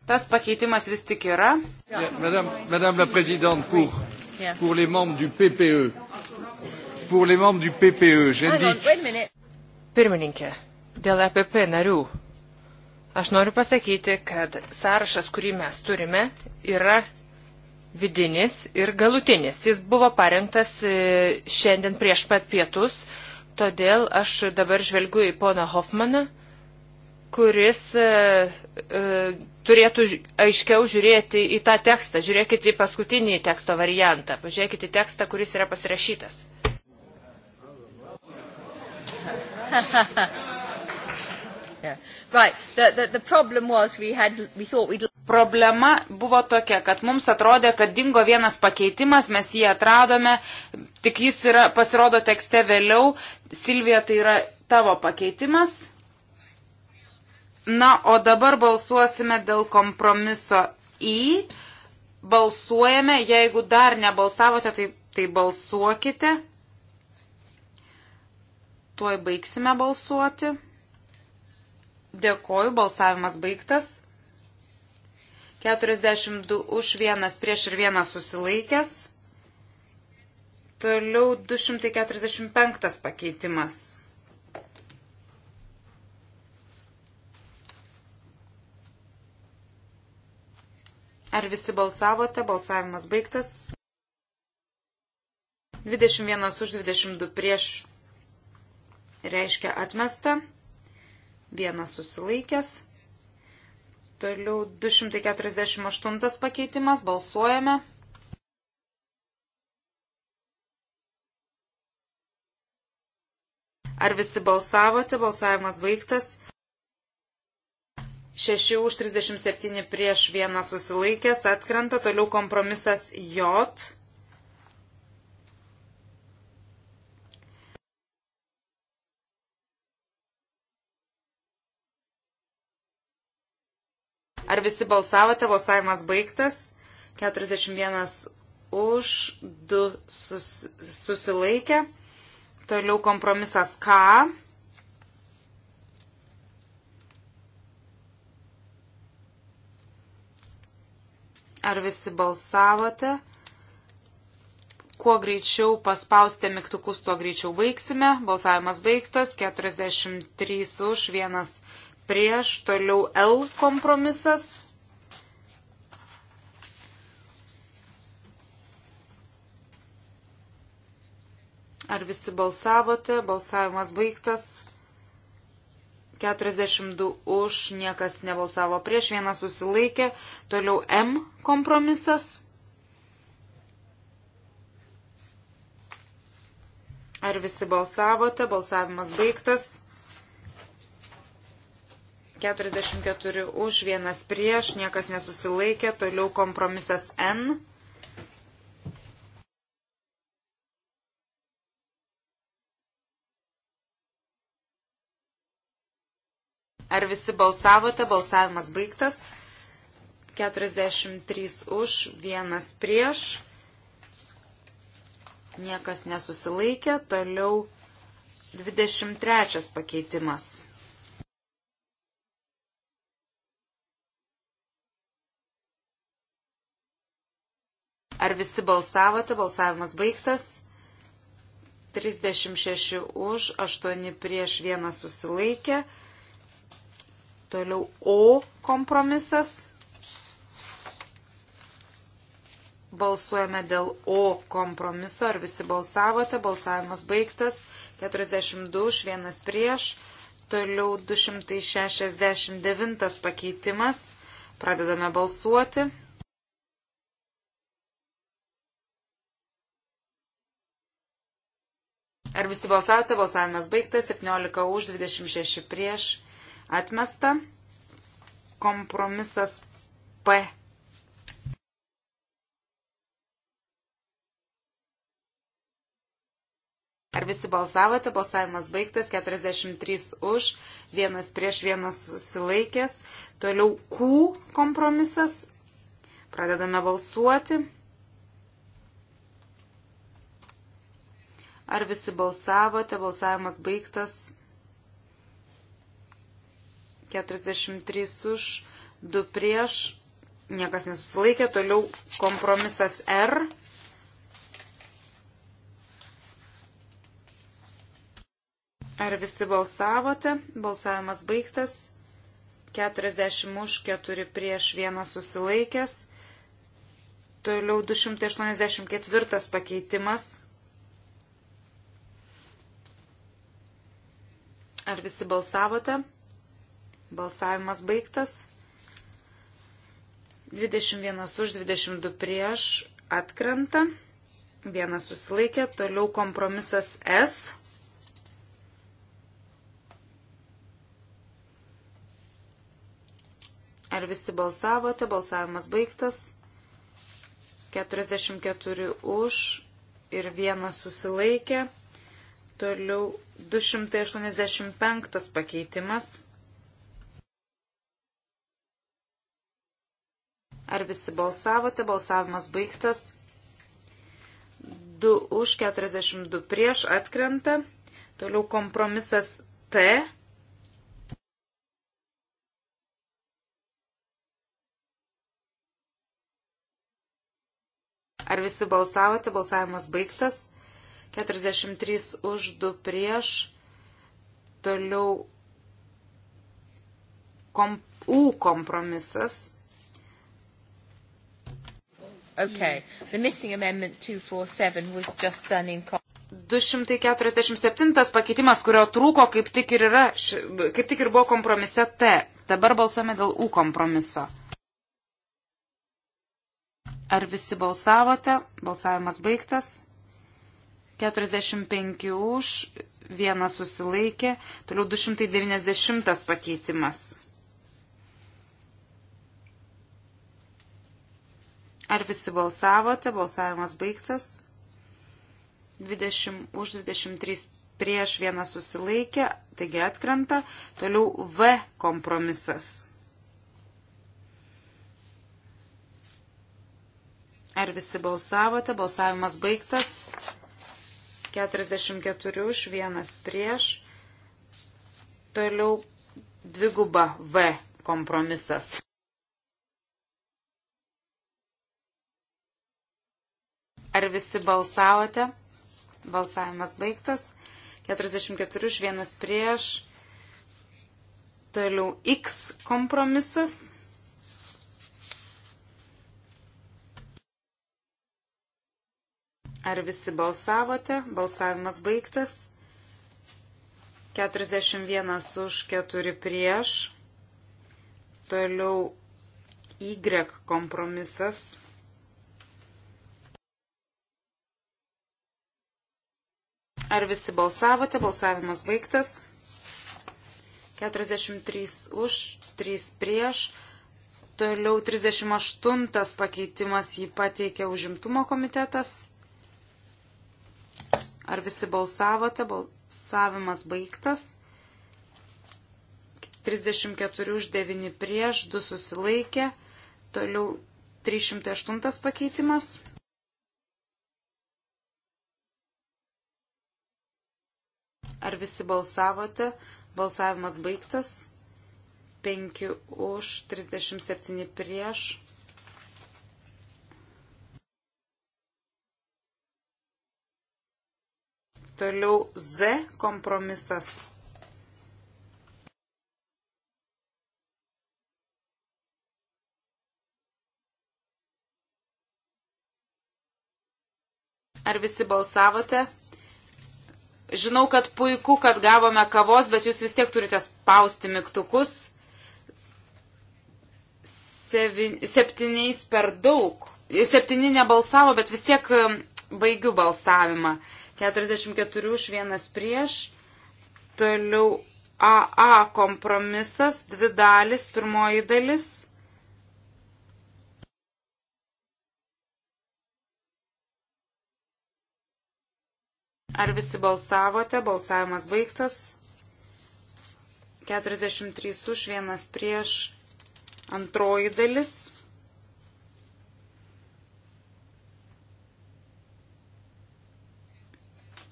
Tas pakeitimas vis tik yra. Yeah, Madame, Madame la Présidente, pour, yeah. pour les membres du PPE, pour les membres du PPE, j'indique Pirmininkė, dėl EPP narių. Aš noriu pasakyti, kad sąrašas, kurį mes turime, yra vidinis ir galutinis. Jis buvo parengtas e, šiandien prieš pat pietus, todėl aš dabar žvelgiu į poną Hoffmaną, kuris e, e, turėtų aiškiau žiūrėti į tą tekstą. Žiūrėkite į paskutinį teksto variantą. Pažiūrėkite į tekstą, kuris yra pasirašytas. yeah. right. the, the, the problem was we had, we thought we'd... Problema buvo tokia, kad mums atrodė, kad dingo vienas pakeitimas, mes jį atradome, tik jis yra, pasirodo tekste vėliau. Silvija, tai yra tavo pakeitimas. Na, o dabar balsuosime dėl kompromiso į. Balsuojame, jeigu dar nebalsavote, tai, tai balsuokite. Tuoj baigsime balsuoti. Dėkoju, balsavimas baigtas. 42 už vienas prieš ir vienas susilaikęs. Toliau 245 pakeitimas. Ar visi balsavote? Balsavimas baigtas. 21 už 22 prieš reiškia atmesta, vienas susilaikęs. Toliau 248 pakeitimas, balsuojame. Ar visi balsavote? Balsavimas baigtas. 6 už 37 prieš vieną susilaikęs atkrenta, toliau kompromisas J. Ar visi balsavote? Balsavimas baigtas. 41 už, 2 sus, susilaikė. Toliau kompromisas K. Ar visi balsavote? Kuo greičiau paspausite mygtukus, tuo greičiau baigsime. Balsavimas baigtas. 43 už, 1 prieš, toliau L kompromisas. Ar visi balsavote? Balsavimas baigtas. 42 už, niekas nebalsavo prieš, vienas susilaikė. Toliau M kompromisas. Ar visi balsavote? Balsavimas baigtas. 44 už, vienas prieš, niekas nesusilaikė, toliau kompromisas N. Ar visi balsavote? Balsavimas baigtas. 43 už, vienas prieš, niekas nesusilaikė, toliau 23 pakeitimas. Ar visi balsavote? Balsavimas baigtas. 36 už, 8 prieš, 1 susilaikė. Toliau O kompromisas. Balsuojame dėl O kompromiso. Ar visi balsavote? Balsavimas baigtas. 42 už, 1 prieš. Toliau 269 pakeitimas. Pradedame balsuoti. Ar visi balsavote? Balsavimas baigtas. 17 už, 26 prieš. Atmesta. Kompromisas P. Ar visi balsavote? Balsavimas baigtas. 43 už, vienas prieš, vienas susilaikęs. Toliau Q kompromisas. Pradedame balsuoti. Ar visi balsavote? Balsavimas baigtas. 43 už, 2 prieš, niekas nesusilaikė. Toliau kompromisas R. Ar visi balsavote? Balsavimas baigtas. 40 už, 4 prieš, 1 susilaikęs. Toliau 284 pakeitimas. Ar visi balsavote? Balsavimas baigtas. 21 už, 22 prieš atkrenta. Vienas susilaikė. Toliau kompromisas S. Ar visi balsavote? Balsavimas baigtas. 44 už ir vienas susilaikė. Toliau 285 pakeitimas. Ar visi balsavote? Balsavimas baigtas. 2 už 42 prieš atkrenta. Toliau kompromisas T. Ar visi balsavote? Balsavimas baigtas. 43 už 2 prieš. Toliau kom, U kompromisas. Okay. The missing amendment 247 was just done in 247 pakeitimas, kurio trūko, kaip tik ir, yra, kaip tik ir buvo kompromise T. Dabar balsuojame dėl U kompromiso. Ar visi balsavote? Balsavimas baigtas. 45 už, vienas susilaikė, toliau 290 pakeitimas. Ar visi balsavote? Balsavimas baigtas. 20 už 23 prieš vieną susilaikė, taigi atkrenta. Toliau V kompromisas. Ar visi balsavote? Balsavimas baigtas. 44 už, vienas prieš. Toliau dviguba V kompromisas. Ar visi balsavote? Balsavimas baigtas. 44 už, vienas prieš. Toliau X kompromisas. Ar visi balsavote? Balsavimas baigtas. 41 už 4 prieš. Toliau Y kompromisas. Ar visi balsavote? Balsavimas baigtas. 43 už, 3 prieš. Toliau 38 pakeitimas jį pateikė užimtumo komitetas. Ar visi balsavote? Balsavimas baigtas. 34 už 9 prieš, 2 susilaikė. Toliau 308 pakeitimas. Ar visi balsavote? Balsavimas baigtas. 5 už, 37 prieš, Toliau Z kompromisas. Ar visi balsavote? Žinau, kad puiku, kad gavome kavos, bet jūs vis tiek turite spausti mygtukus. Sevin, septyniais per daug. Septyni nebalsavo, bet vis tiek um, baigiu balsavimą. 44 už vienas prieš. Toliau AA kompromisas, dvi dalis, pirmoji dalis. Ar visi balsavote? Balsavimas baigtas. 43 už vienas prieš antroji dalis.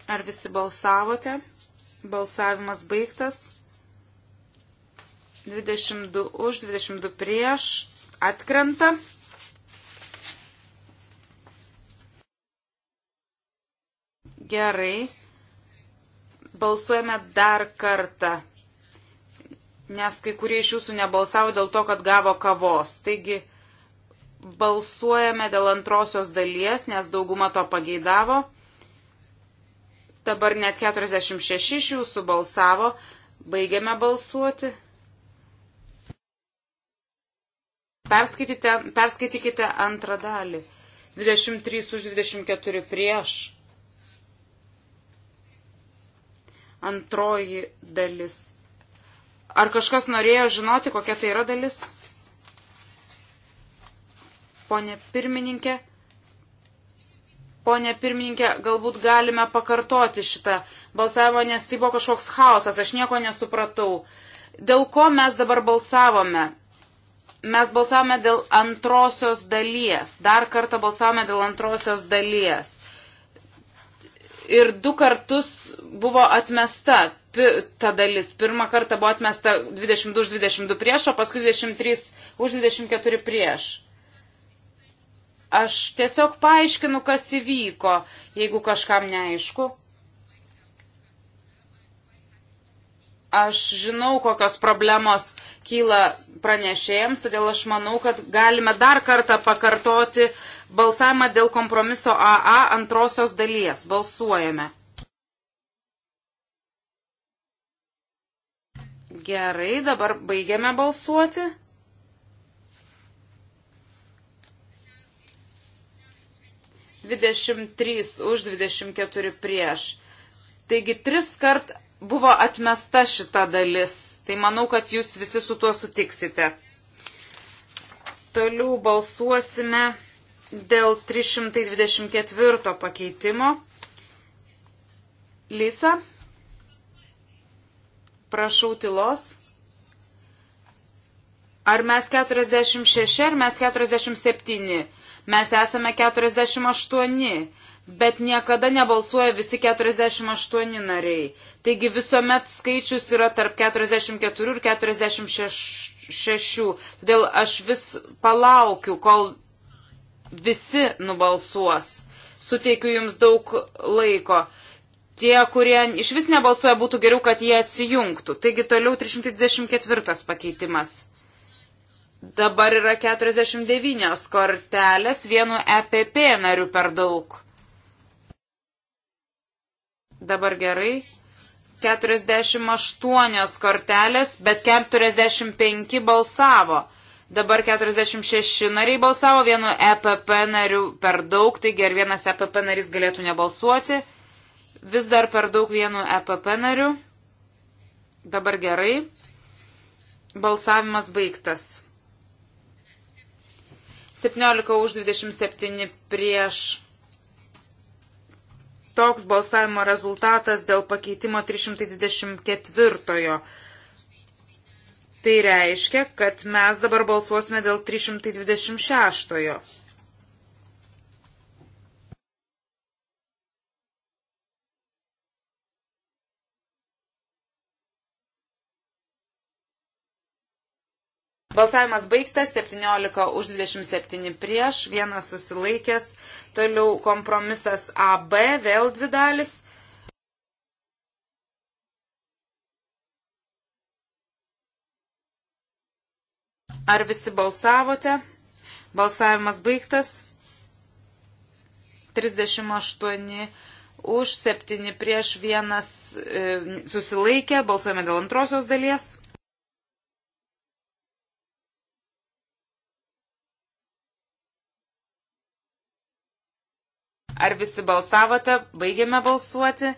Ar visi balsavote? Balsavimas baigtas. 22 už, 22 prieš. Atkrenta. Gerai. Balsuojame dar kartą. Nes kai kurie iš jūsų nebalsavo dėl to, kad gavo kavos. Taigi balsuojame dėl antrosios dalies, nes dauguma to pageidavo. Dabar net 46 iš jūsų balsavo. Baigiame balsuoti. Perskaitykite antrą dalį. 23 už 24 prieš. Antroji dalis. Ar kažkas norėjo žinoti, kokia tai yra dalis? Pone pirmininkė. Pone pirmininkė, galbūt galime pakartoti šitą balsavimą, nes tai buvo kažkoks chaosas, aš nieko nesupratau. Dėl ko mes dabar balsavome? Mes balsavome dėl antrosios dalies. Dar kartą balsavome dėl antrosios dalies. Ir du kartus buvo atmesta ta dalis. Pirmą kartą buvo atmesta 22 už 22 prieš, o paskui 23 už 24 prieš. Aš tiesiog paaiškinu, kas įvyko, jeigu kažkam neaišku. Aš žinau, kokios problemos kyla pranešėjams, todėl aš manau, kad galime dar kartą pakartoti balsavimą dėl kompromiso AA antrosios dalies. Balsuojame. Gerai, dabar baigiame balsuoti. 23 už 24 prieš. Taigi tris kart buvo atmesta šita dalis. Tai manau, kad jūs visi su tuo sutiksite. Toliau balsuosime dėl 324 pakeitimo. Lisa, prašau tylos. Ar mes 46, ar mes 47? Mes esame 48, bet niekada nebalsuoja visi 48 nariai. Taigi visuomet skaičius yra tarp 44 ir 46. Todėl aš vis palaukiu, kol visi nubalsuos. Suteikiu jums daug laiko tie, kurie iš vis nebalsuoja, būtų geriau, kad jie atsijungtų. Taigi toliau 324 pakeitimas. Dabar yra 49 kortelės, vienu EPP nariu per daug. Dabar gerai. 48 kortelės, bet 45 balsavo. Dabar 46 nariai balsavo, vienu EPP nariu per daug, taigi ar vienas EPP narys galėtų nebalsuoti. Vis dar per daug vienu EPP nariu. Dabar gerai. Balsavimas baigtas. 17 už 27 prieš. Toks balsavimo rezultatas dėl pakeitimo 324. Tai reiškia, kad mes dabar balsuosime dėl 326. Balsavimas baigtas, 17 už 27 prieš, vienas susilaikęs, toliau kompromisas AB, vėl dvi dalis. Ar visi balsavote? Balsavimas baigtas. 38 už, 7 prieš, 1 e, susilaikė. Balsuojame dėl antrosios dalies. Ar visi balsavote? Baigėme balsuoti.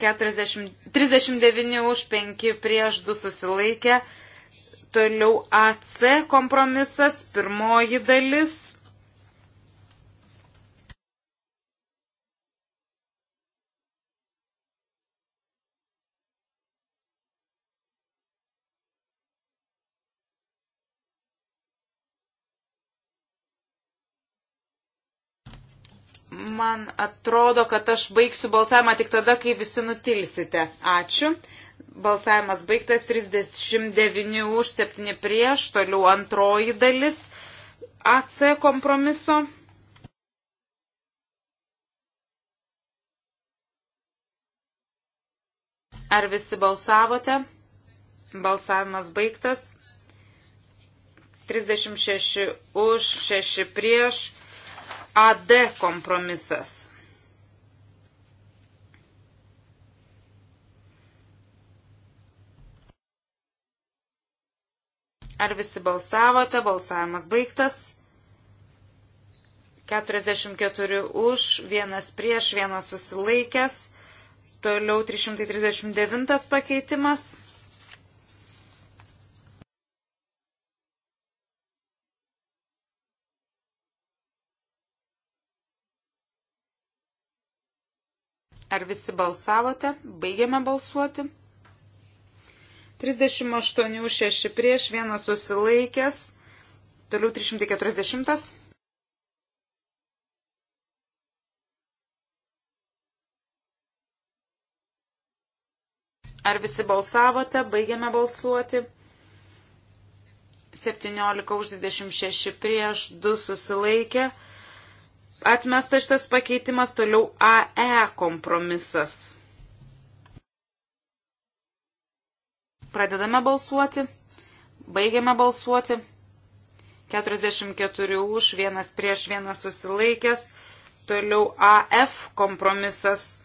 40, 39 už 5 prieš 2 susilaikė. Toliau AC kompromisas, pirmoji dalis. Man atrodo, kad aš baigsiu balsavimą tik tada, kai visi nutilsite. Ačiū. Balsavimas baigtas 39 už 7 prieš, toliau antroji dalis AC kompromiso. Ar visi balsavote? Balsavimas baigtas. 36 už, 6 prieš, AD kompromisas. Ar visi balsavote? Balsavimas baigtas. 44 už, vienas prieš, vienas susilaikęs. Toliau 339 pakeitimas. Ar visi balsavote? Baigiame balsuoti. 38 6 prieš, vienas susilaikęs. Toliau 340. Ar visi balsavote? Baigiame balsuoti. 17 už 26 prieš, 2 susilaikė atmestas šitas pakeitimas, toliau AE kompromisas. Pradedame balsuoti, baigiame balsuoti. 44 už, vienas prieš, vienas susilaikęs. Toliau AF kompromisas.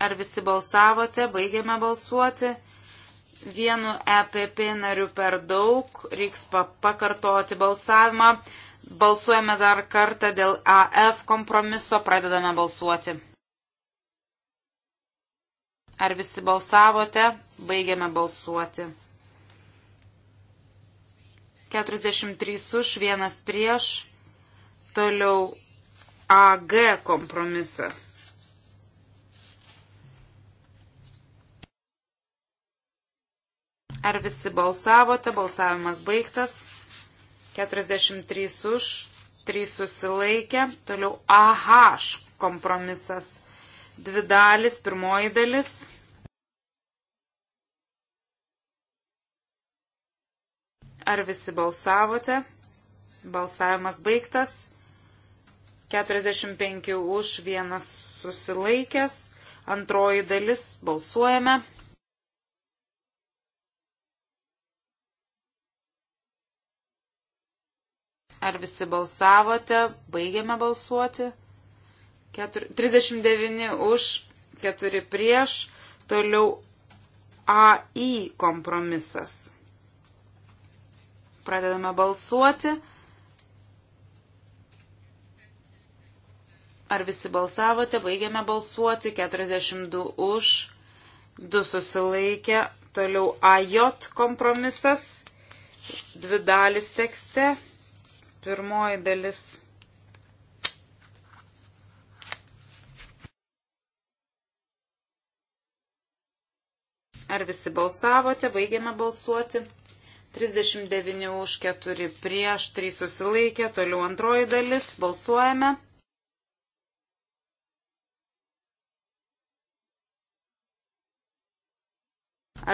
Ar visi balsavote, baigiame balsuoti. Vienu EPP nariu per daug, reiks pakartoti balsavimą. Balsuojame dar kartą dėl AF kompromiso, pradedame balsuoti. Ar visi balsavote? Baigiame balsuoti. 43 už, vienas prieš. Toliau AG kompromisas. Ar visi balsavote? Balsavimas baigtas. 43 už, 3 susilaikė. Toliau AH kompromisas. Dvi dalis, pirmoji dalis. Ar visi balsavote? Balsavimas baigtas. 45 už, vienas susilaikęs. Antroji dalis, balsuojame. Ar visi balsavote? Baigiame balsuoti. 4, 39 už, 4 prieš. Toliau AI kompromisas. Pradedame balsuoti. Ar visi balsavote? Baigiame balsuoti. 42 už, 2 susilaikė. Toliau AJ kompromisas. Dvi dalis tekste Pirmoji dalis. Ar visi balsavote? Baigėme balsuoti. 39 už 4 prieš 3 susilaikė. Toliau antroji dalis. Balsuojame.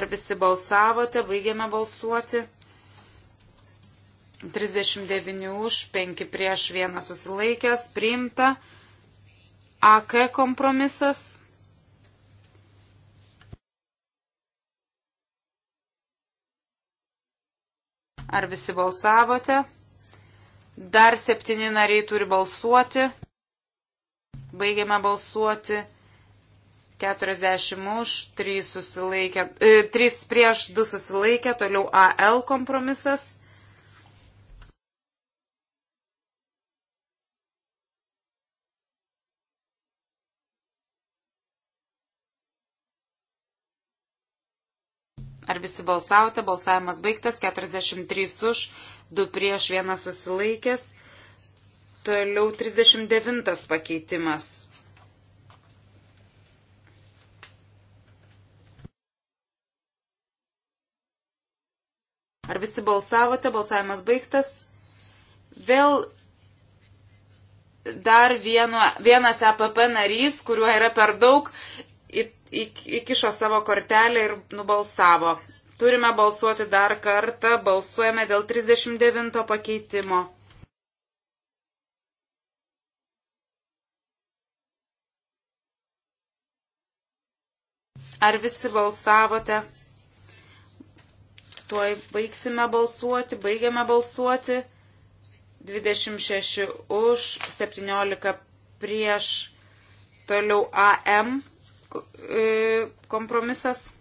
Ar visi balsavote? Baigėme balsuoti. 39 už, 5 prieš, 1 susilaikęs, priimta. AK kompromisas. Ar visi balsavote? Dar septyni nariai turi balsuoti. Baigiame balsuoti. 40 už, 3, susilaikė, 3 e, prieš, 2 susilaikė, toliau AL kompromisas. Ar visi balsavote? Balsavimas baigtas. 43 už, 2 prieš, 1 susilaikęs. Toliau 39 pakeitimas. Ar visi balsavote? Balsavimas baigtas. Vėl dar vieno, vienas EPP narys, kuriuo yra per daug, įkišo savo kortelę ir nubalsavo. Turime balsuoti dar kartą. Balsuojame dėl 39 pakeitimo. Ar visi balsavote? Tuoj baigsime balsuoti, baigiame balsuoti. 26 už, 17 prieš, toliau AM E, kompromisas.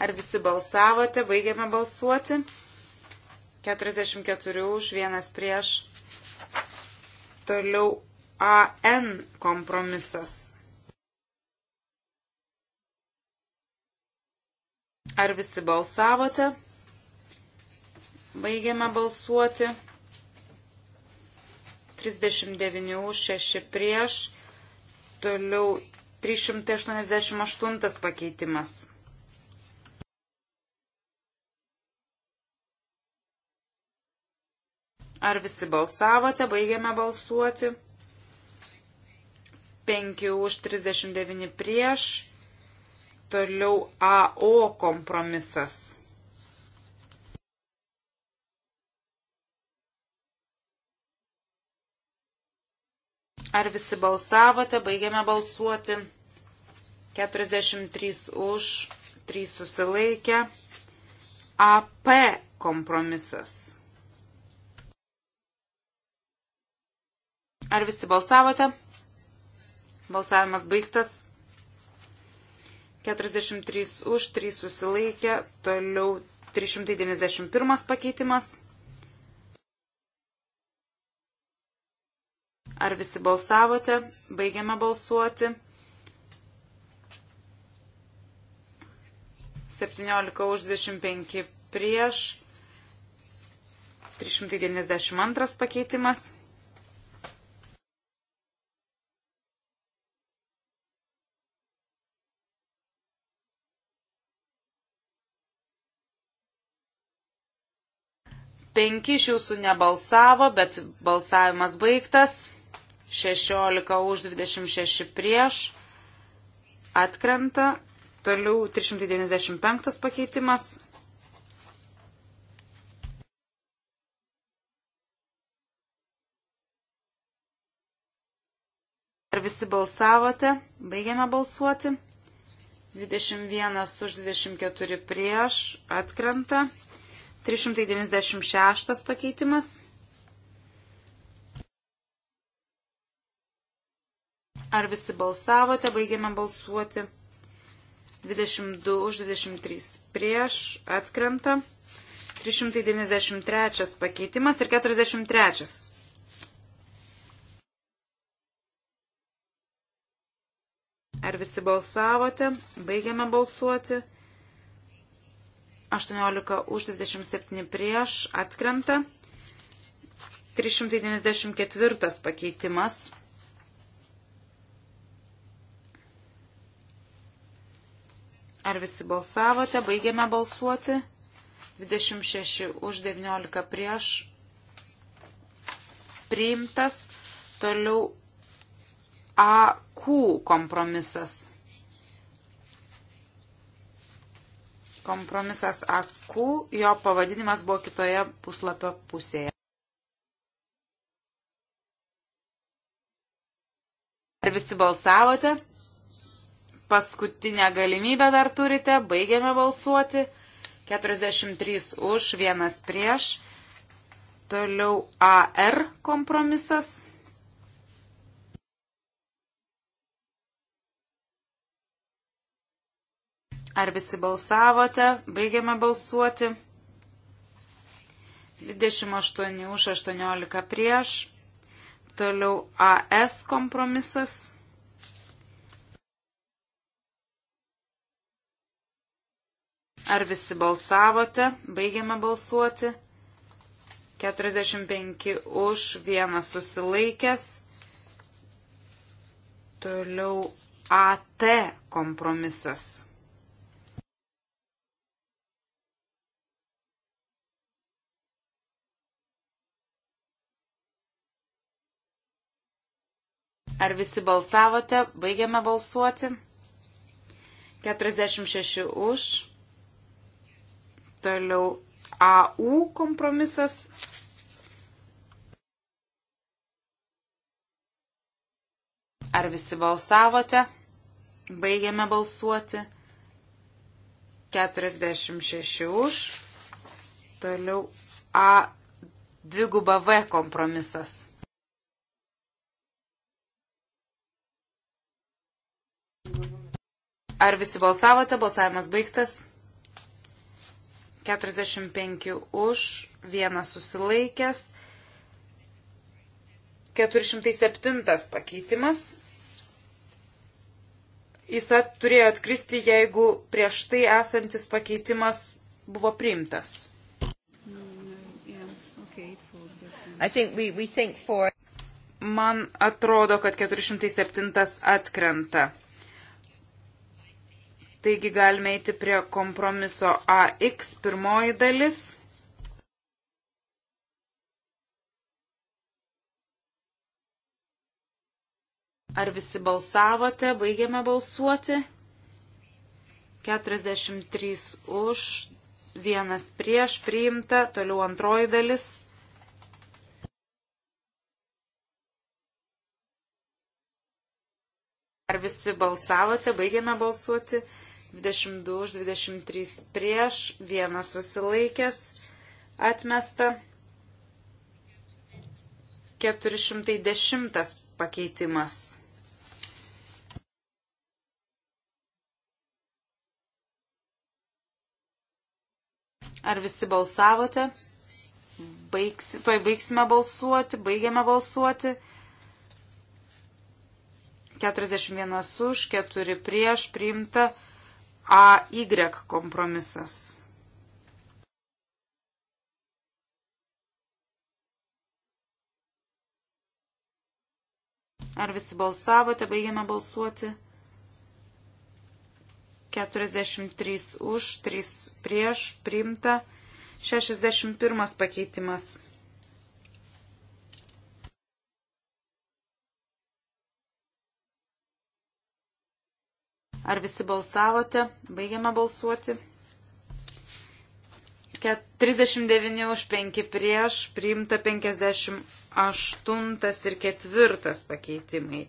Ar visi balsavote? Baigiame balsuoti. 44 už, vienas prieš. Toliau AN kompromisas. Ar visi balsavote? Baigiame balsuoti. 39 už 6 prieš. Toliau 388 pakeitimas. Ar visi balsavote? Baigiame balsuoti. 5 už 39 prieš. Toliau AO kompromisas. Ar visi balsavote? Baigėme balsuoti. 43 už, 3 susilaikę. AP kompromisas. Ar visi balsavote? Balsavimas baigtas. 43 už, 3 susilaikė. Toliau 391 pakeitimas. Ar visi balsavote? Baigiame balsuoti. 17 už 25 prieš. 392 pakeitimas. Penki iš jūsų nebalsavo, bet balsavimas baigtas. 16 už 26 prieš atkrenta. Toliau 395 pakeitimas. Ar visi balsavote? Baigiame balsuoti. 21 už 24 prieš atkrenta. 396 pakeitimas. Ar visi balsavote? Baigėme balsuoti. 22 už 23 prieš atkrenta. 393 pakeitimas ir 43. Ar visi balsavote? Baigėme balsuoti. 18 už 27 prieš atkrenta. 394 pakeitimas. Ar visi balsavote? Baigėme balsuoti. 26 už 19 prieš. Priimtas. Toliau AQ kompromisas. Kompromisas AQ, jo pavadinimas buvo kitoje puslapio pusėje. Ar visi balsavote? paskutinę galimybę dar turite, baigiame balsuoti. 43 už, 1 prieš. Toliau AR kompromisas. Ar visi balsavote? Baigiame balsuoti. 28 už, 18 prieš. Toliau AS kompromisas. Ar visi balsavote? Baigiame balsuoti. 45 už, vienas susilaikęs. Toliau AT kompromisas. Ar visi balsavote? Baigiame balsuoti. 46 už, Toliau AU kompromisas. Ar visi balsavote? Baigiame balsuoti. 46 už. Toliau A dviguba V kompromisas. Ar visi balsavote? Balsavimas baigtas. 45 už, vienas susilaikęs. 407 pakeitimas. Jis at, turėjo atkristi, jeigu prieš tai esantis pakeitimas buvo priimtas. We, we for... Man atrodo, kad 407 atkrenta. Taigi galime eiti prie kompromiso AX pirmoji dalis. Ar visi balsavote? Baigiame balsuoti. 43 už, vienas prieš priimta, toliau antroji dalis. Ar visi balsavote? Baigiame balsuoti. 22 už 23 prieš, vienas susilaikęs, atmesta 410 pakeitimas. Ar visi balsavote? Baigsi, toj baigsime balsuoti, baigiame balsuoti. 41 už, 4 prieš, priimta AY kompromisas. Ar visi balsavote, baigėme balsuoti? 43 už, 3 prieš, priimta. 61 pakeitimas. Ar visi balsavote? Baigiame balsuoti. 39 už 5 prieš, priimta 58 ir 4 pakeitimai.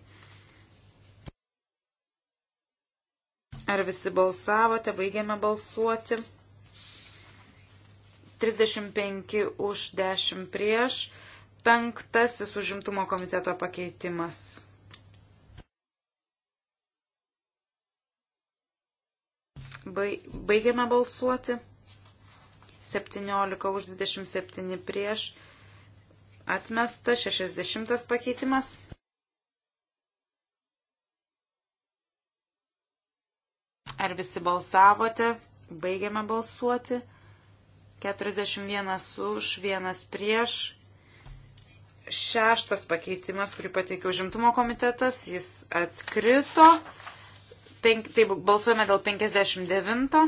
Ar visi balsavote? Baigiame balsuoti. 35 už 10 prieš, penktasis užimtumo komiteto pakeitimas. Baigiame balsuoti. 17 už 27 prieš. Atmesta 60 pakeitimas. Ar visi balsavote? Baigiame balsuoti. 41 už, 1 prieš. Šeštas pakeitimas, kurį pateikė užimtumo komitetas, jis atkrito. Penk, taip, balsuojame dėl 59.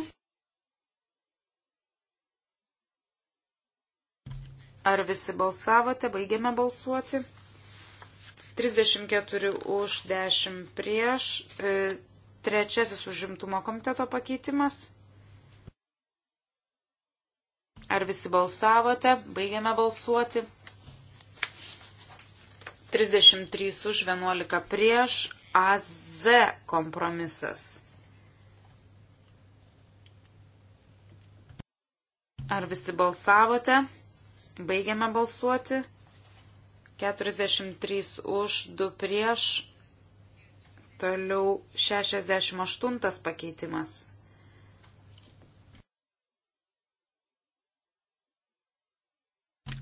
Ar visi balsavote? Baigėme balsuoti. 34 už 10 prieš. E, trečiasis užimtumo komiteto pakeitimas. Ar visi balsavote? Baigėme balsuoti. 33 už 11 prieš. AZ Z kompromisas. Ar visi balsavote? Baigiame balsuoti. 43 už, 2 prieš. Toliau 68 pakeitimas.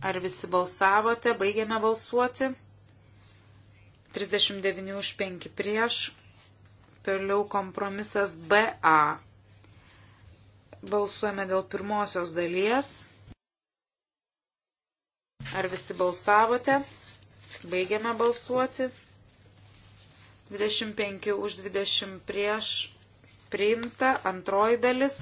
Ar visi balsavote? Baigiame balsuoti. 39 už 5 prieš. Toliau kompromisas BA. Balsuojame dėl pirmosios dalies. Ar visi balsavote? Baigiame balsuoti. 25 už 20 prieš priimta antroji dalis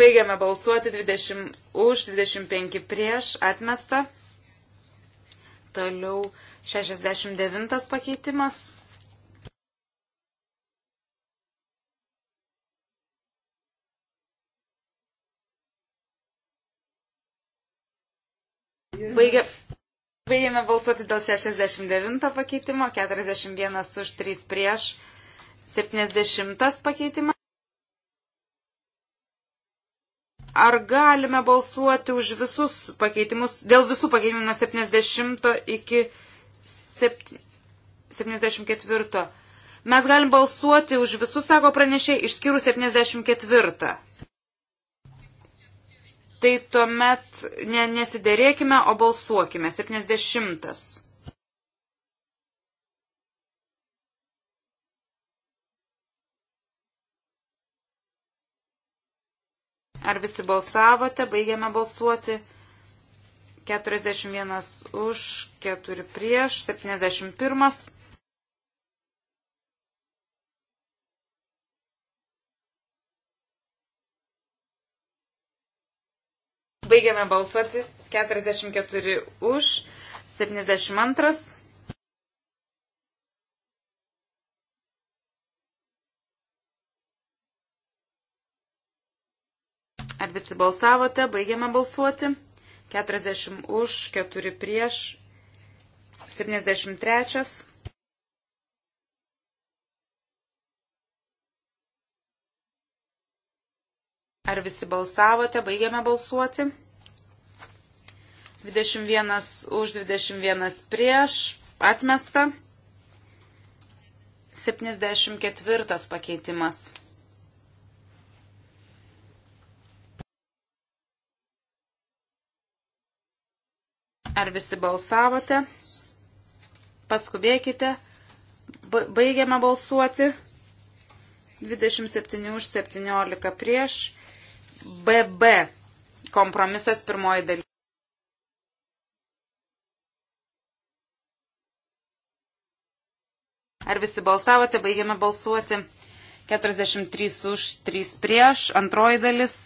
Baigiame balsuoti 20 už, 25 prieš, atmesta. Toliau 69 pakeitimas. Baigia, baigėme balsuoti dėl 69 pakeitimo, 41 už 3 prieš, 70 pakeitimas. Ar galime balsuoti už visus pakeitimus, dėl visų pakeitimų nuo 70 iki 74? Mes galim balsuoti už visus, sako pranešė, išskyrus 74. Tai tuomet ne, nesiderėkime, o balsuokime. 70. Ar visi balsavote? Baigiame balsuoti. 41 už, 4 prieš, 71. Baigiame balsuoti. 44 už, 72 Ar visi balsavote? Baigiame balsuoti. 40 už, 4 prieš, 73. Ar visi balsavote? Baigiame balsuoti. 21 už, 21 prieš, atmesta. 74 pakeitimas. Ar visi balsavote? Paskubėkite. Baigiame balsuoti. 27 už 17 prieš. BB. Kompromisas pirmoji dalyje. Ar visi balsavote? Baigiame balsuoti. 43 už 3 prieš. Antroji dalis.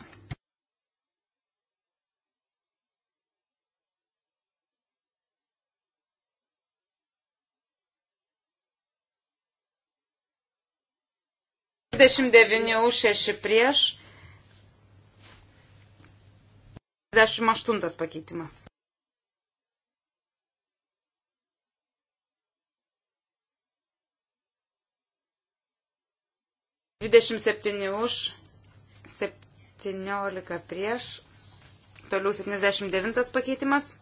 29 už 6 prieš. 28 pakeitimas. Dvidešimt septyni už, septyniolika prieš, toliau septyniasdešimt devintas pakeitimas.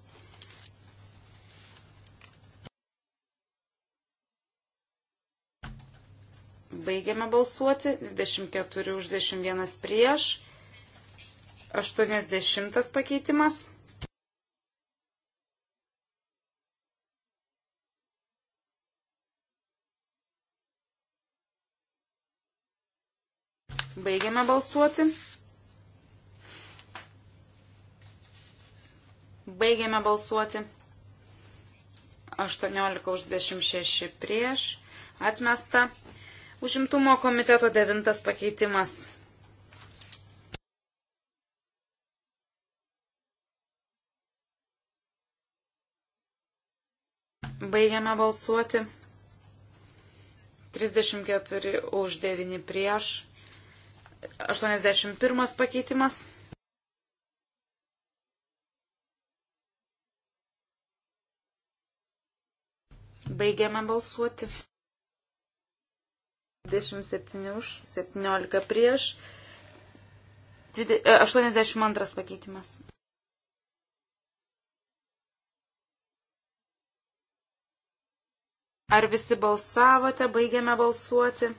Baigiame balsuoti. 24 už 21 prieš. 80 pakeitimas. Baigiame balsuoti. Baigiame balsuoti. 18 už 26 prieš. Atmesta. Užimtumo komiteto devintas pakeitimas. Baigiame balsuoti. 34 už 9 prieš. 81 pakeitimas. Baigiame balsuoti. 27 už, 17 prieš, 82 e, pakeitimas. Ar visi balsavote, baigėme balsuoti?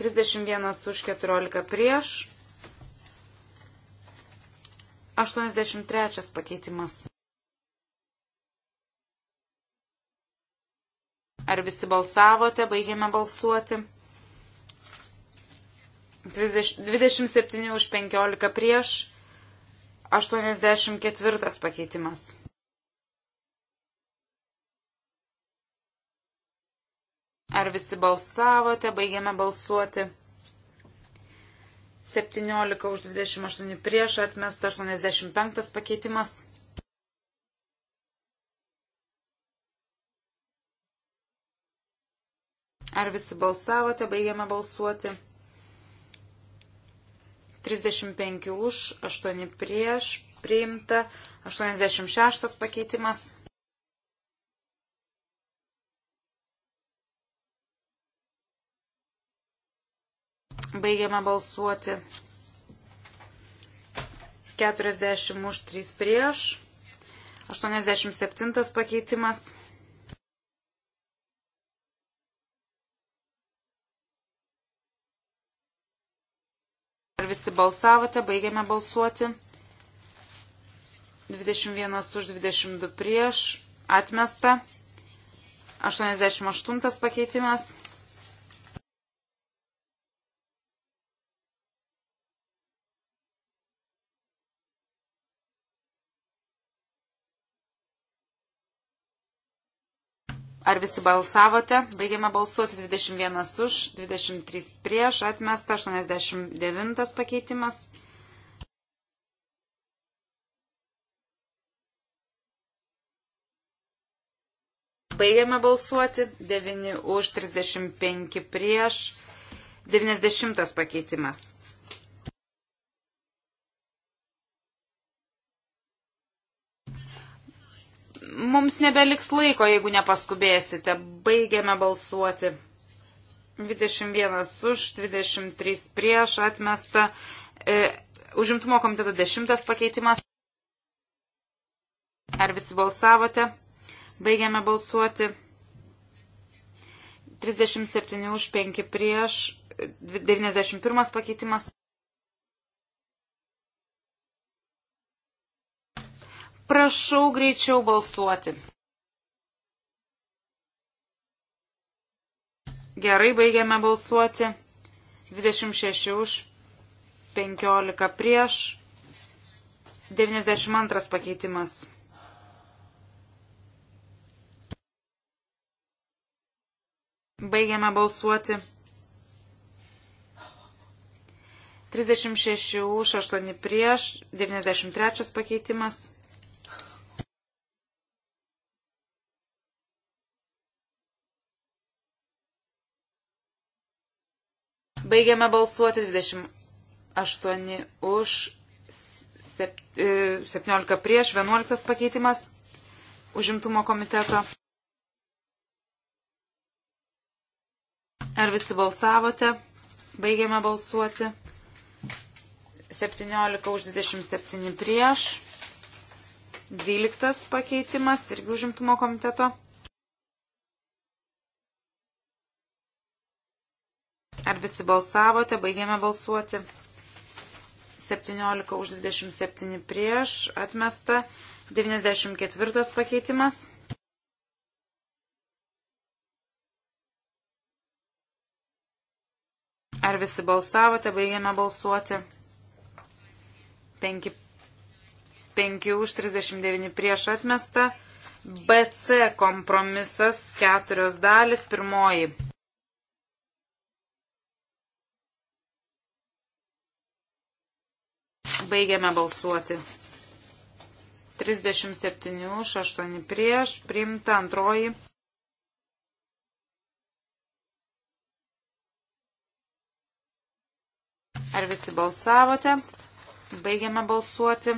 31 už 14 prieš. 83 pakeitimas. Ar visi balsavote? Baigėme balsuoti. 20, 27 už 15 prieš. 84 pakeitimas. Ar visi balsavote? Baigėme balsuoti. 17 už 28 prieš atmesta 85 pakeitimas. Ar visi balsavote? Baigiame balsuoti. 35 už, 8 prieš, priimta, 86 pakeitimas. Baigiame balsuoti. 40 už, 3 prieš, 87 pakeitimas. visi balsavote? Baigiame balsuoti. 21 už 22 prieš. Atmesta. 88 pakeitimas. Ar visi balsavote? Baigiame balsuoti 21 už, 23 prieš, atmesta 89 pakeitimas. Baigiame balsuoti 9 už, 35 prieš, 90 pakeitimas. Mums nebeliks laiko, jeigu nepaskubėsite. Baigiame balsuoti. 21 už, 23 prieš atmesta. E, užimtumo komiteto 10 pakeitimas. Ar visi balsavote? Baigiame balsuoti. 37 už, 5 prieš. 91 pakeitimas. Prašau greičiau balsuoti. Gerai, baigiame balsuoti. 26 už, 15 prieš, 92 pakeitimas. Baigiame balsuoti. 36 už, 8 prieš, 93 pakeitimas. Baigiame balsuoti 28 už, 17 e, prieš, 11 pakeitimas užimtumo komiteto. Ar visi balsavote? Baigiame balsuoti. 17 už 27 prieš. 12 pakeitimas irgi užimtumo komiteto. Ar visi balsavote? Baigėme balsuoti. 17 už 27 prieš atmesta. 94 pakeitimas. Ar visi balsavote? Baigėme balsuoti. 5, 5 už 39 prieš atmestą. BC kompromisas keturios dalis. Pirmoji. Baigiame balsuoti. 37 už, 8 prieš, priimta antroji. Ar visi balsavote? Baigiame balsuoti.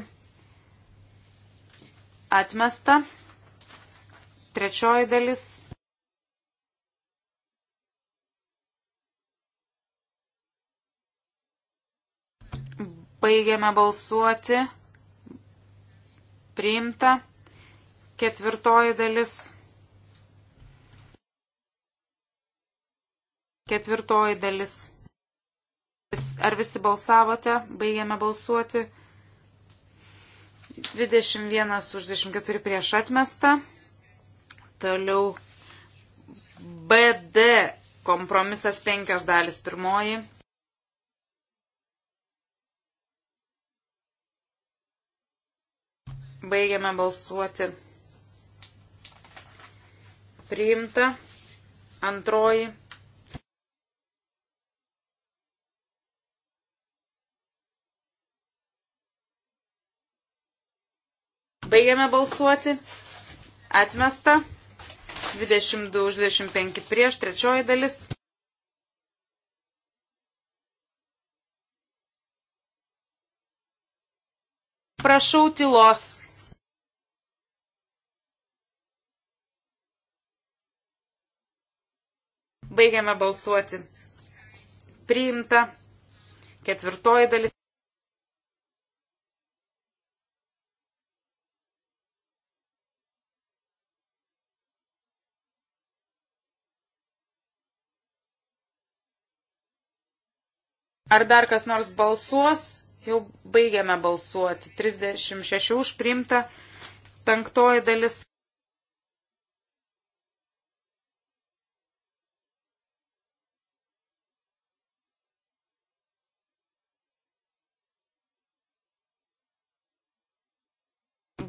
Atmesta. Trečioji dalis Baigiame balsuoti. Priimta. Ketvirtoji dalis. Ketvirtoji dalis. Ar visi balsavote? Baigiame balsuoti. 21 už 24 prieš atmestą. Toliau BD kompromisas penkios dalis pirmoji. Baigiame balsuoti. Priimta. Antroji. Baigiame balsuoti. Atmesta. 22 už 25 prieš. Trečioji dalis. Prašau tylos. Baigiame balsuoti. Priimta. Ketvirtoji dalis. Ar dar kas nors balsuos? Jau baigiame balsuoti. 36 už priimta. Penktoji dalis.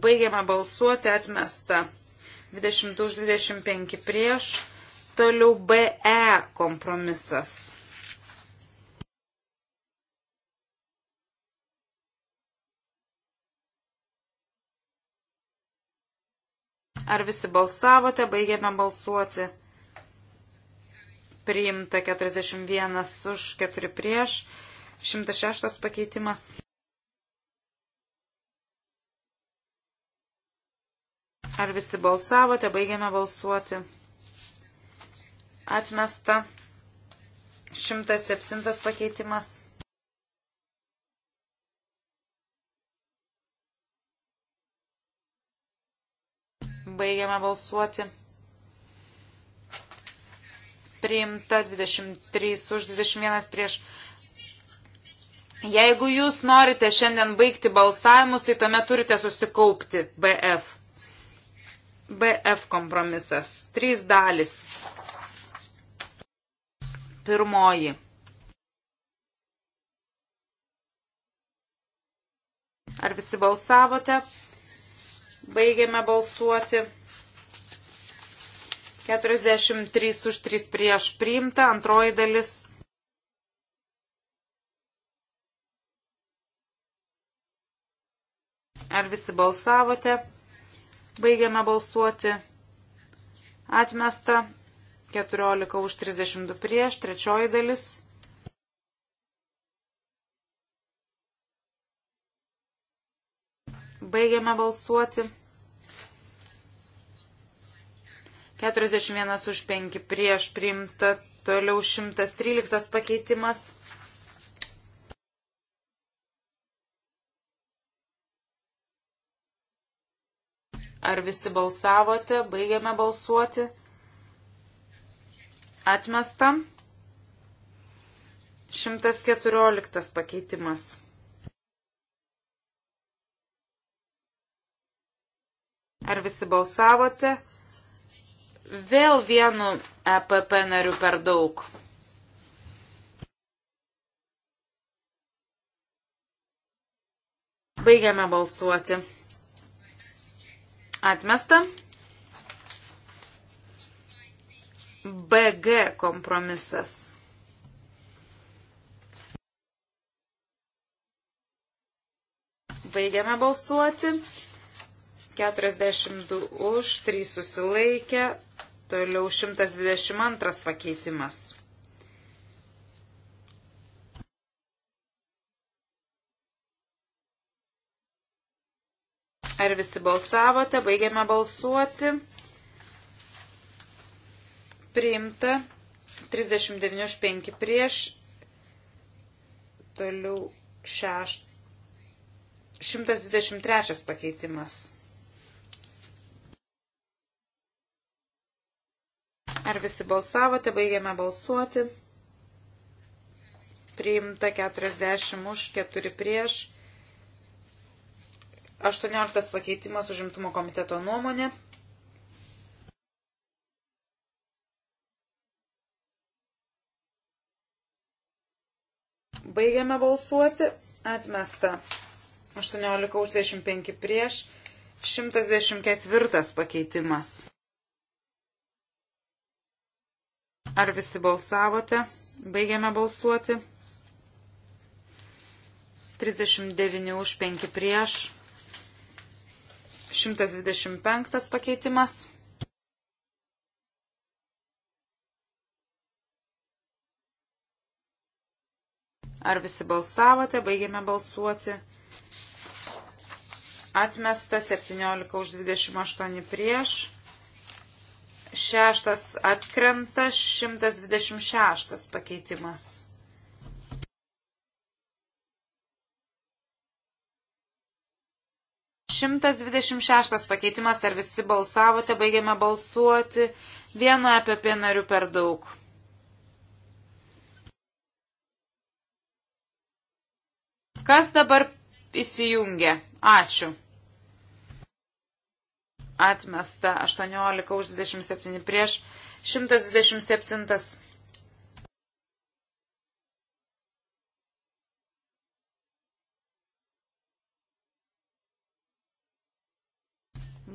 Baigiame balsuoti atmesta. 22 už 25 prieš. Toliau BE kompromisas. Ar visi balsavote? Baigėme balsuoti. Priimta 41 už 4 prieš. 106 pakeitimas. Ar visi balsavote? Baigiame balsuoti. Atmesta 107 pakeitimas. Baigiame balsuoti. Priimta 23 už 21 prieš. Jeigu jūs norite šiandien baigti balsavimus, tai tuomet turite susikaupti BF. BF kompromisas. Trys dalis. Pirmoji. Ar visi balsavote? Baigėme balsuoti. 43 už 3 prieš priimta. Antroji dalis. Ar visi balsavote? Baigiame balsuoti. Atmesta 14 už 32 prieš, trečioji dalis. Baigiame balsuoti. 41 už 5 prieš priimta, toliau 113 pakeitimas. Ar visi balsavote? Baigiame balsuoti. Atmesta. 114 pakeitimas. Ar visi balsavote? Vėl vienu EPP nariu per daug. Baigiame balsuoti. Atmesta. BG kompromisas. Baigiame balsuoti. 42 už, 3 susilaikė. Toliau 122 pakeitimas. Ar visi balsavote? Baigiame balsuoti. Priimta. 39 už 5 prieš. Toliau 6. 123 pakeitimas. Ar visi balsavote? Baigiame balsuoti. Priimta 40 už 4 prieš. 18 pakeitimas užimtumo komiteto nuomonė. Baigiame balsuoti. Atmesta. 18 už 25 prieš. 114 pakeitimas. Ar visi balsavote? Baigiame balsuoti. 39 už 5 prieš. 125 pakeitimas. Ar visi balsavote? Baigėme balsuoti. Atmesta 17 už 28 prieš. Šeštas atkrenta 126 pakeitimas. 126 pakeitimas, ar visi balsavote, baigėme balsuoti. Vienu EPP nariu per daug. Kas dabar įsijungia? Ačiū. Atmesta 18 už 27 prieš 127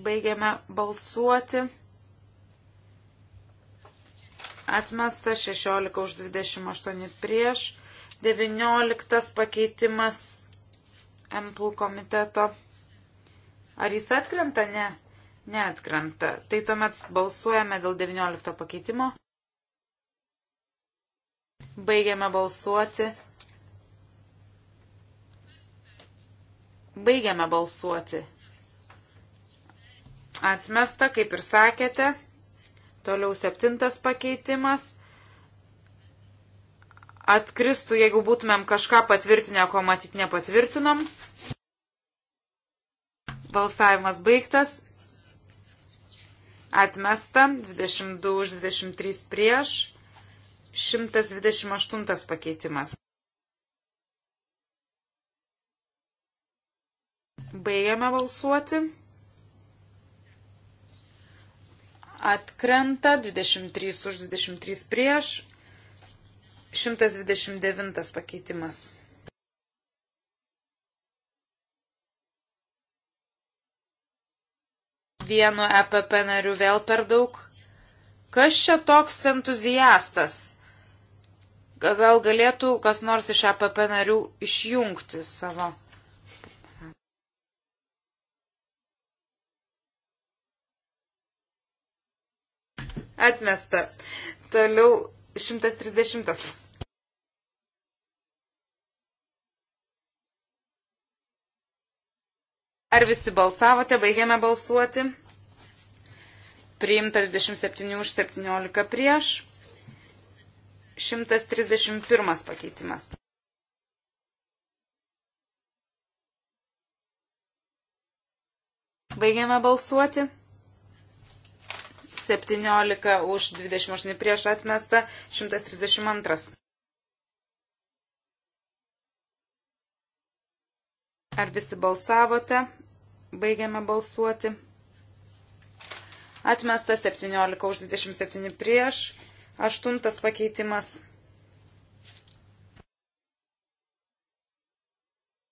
Baigiame balsuoti. Atmesta 16 už 28 prieš. 19 pakeitimas MPL komiteto. Ar jis atkrenta? Ne. Neatkrenta. Tai tuomet balsuojame dėl 19 pakeitimo. Baigiame balsuoti. Baigiame balsuoti. Atmesta, kaip ir sakėte. Toliau septintas pakeitimas. Atkristų, jeigu būtumėm kažką patvirtinę, ko matyt nepatvirtinom. Balsavimas baigtas. Atmesta 22 už 23 prieš 128 pakeitimas. Baigiame balsuoti. atkrenta, 23 už 23 prieš, 129 pakeitimas. Vienu EPP nariu vėl per daug. Kas čia toks entuziastas? Gal galėtų kas nors iš EPP narių išjungti savo Atmesta. Toliau 130. Ar visi balsavote? Baigėme balsuoti. Priimta 27 už 17 prieš. 131 pakeitimas. Baigėme balsuoti. 17 už 28 prieš atmesta 132. Ar visi balsavote? Baigiame balsuoti. Atmesta 17 už 27 prieš. Aštuntas pakeitimas.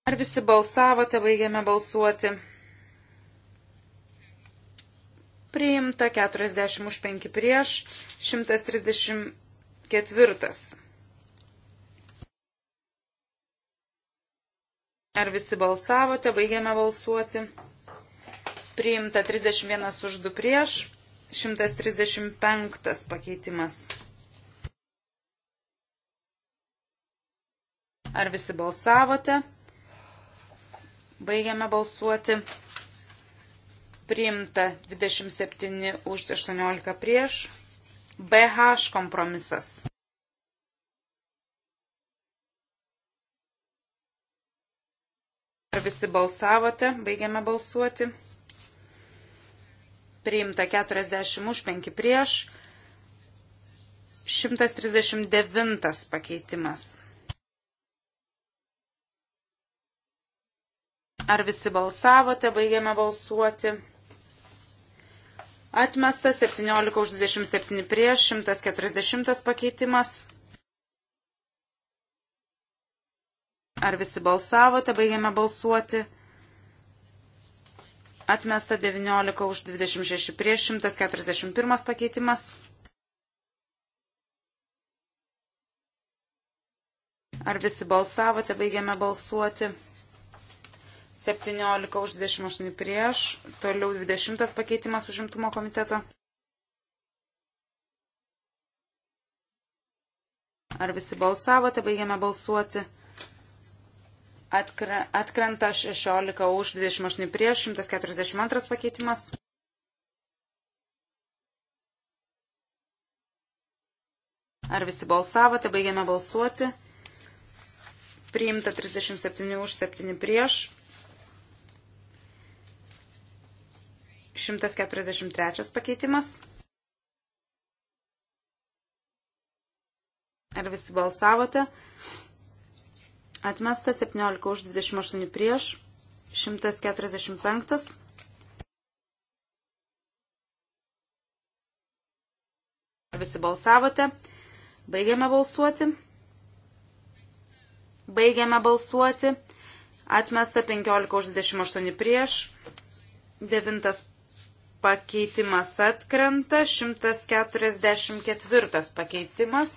Ar visi balsavote? Baigiame balsuoti priimta 40 už 5 prieš 134. Ar visi balsavote, baigėme balsuoti. Priimta 31 už 2 prieš 135 pakeitimas. Ar visi balsavote? Baigiame balsuoti priimta 27 už 18 prieš. BH kompromisas. Ar visi balsavote? Baigiame balsuoti. Priimta 40 už 5 prieš. 139 pakeitimas. Ar visi balsavote? Baigiame balsuoti. Atmestas 17 už 27 prieš, 140 pakeitimas. Ar visi balsavote, baigėme balsuoti. Atmesta 19 už 26 prieš, 141 pakeitimas. Ar visi balsavote, baigėme balsuoti. 17 už 28 prieš. Toliau 20 pakeitimas užimtumo komiteto. Ar visi balsavote, baigėme balsuoti. Atkre, atkrenta 16 už 28 prieš, 142 pakeitimas. Ar visi balsavote, baigėme balsuoti. Priimta 37 už 7 prieš, 143 pakeitimas. Ar visi balsavote? Atmesta 17 už 28 prieš. 145. Ar visi balsavote? Baigiame balsuoti. Baigiame balsuoti. Atmesta 15 už 28 prieš. Devintas pakeitimas atkrenta, 144 pakeitimas.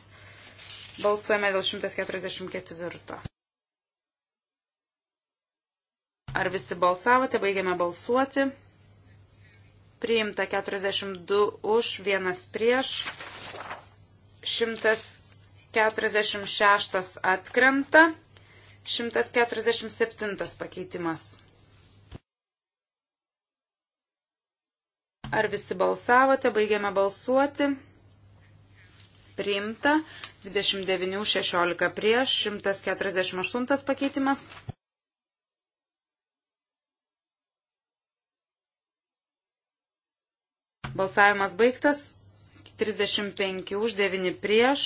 Balsuojame dėl 144. Ar visi balsavote, baigiame balsuoti. Priimta 42 už, vienas prieš. 146 atkrenta. 147 pakeitimas. Ar visi balsavote? Baigiame balsuoti. Priimta. 29.16 prieš. 148 pakeitimas. Balsavimas baigtas. 35 už 9 prieš.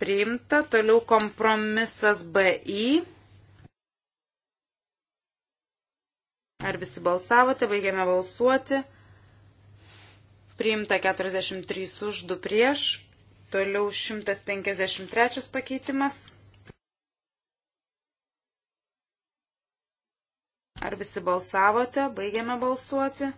Priimta. Toliau kompromisas BI. Ar visi balsavote? Baigiame balsuoti priimta 43 už 2 prieš. Toliau 153 pakeitimas. Ar visi balsavote? Baigiame balsuoti.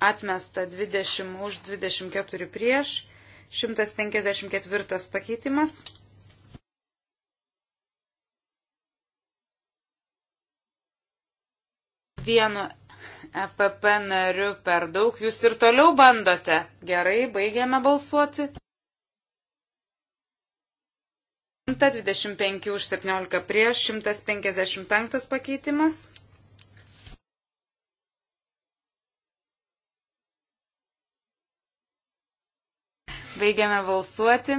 Atmesta 20 už 24 prieš. 154 pakeitimas. Vieno EPP nariu per daug, jūs ir toliau bandote. Gerai, baigiame balsuoti. 125 už 17 prieš, 155 pakeitimas. Baigiame balsuoti.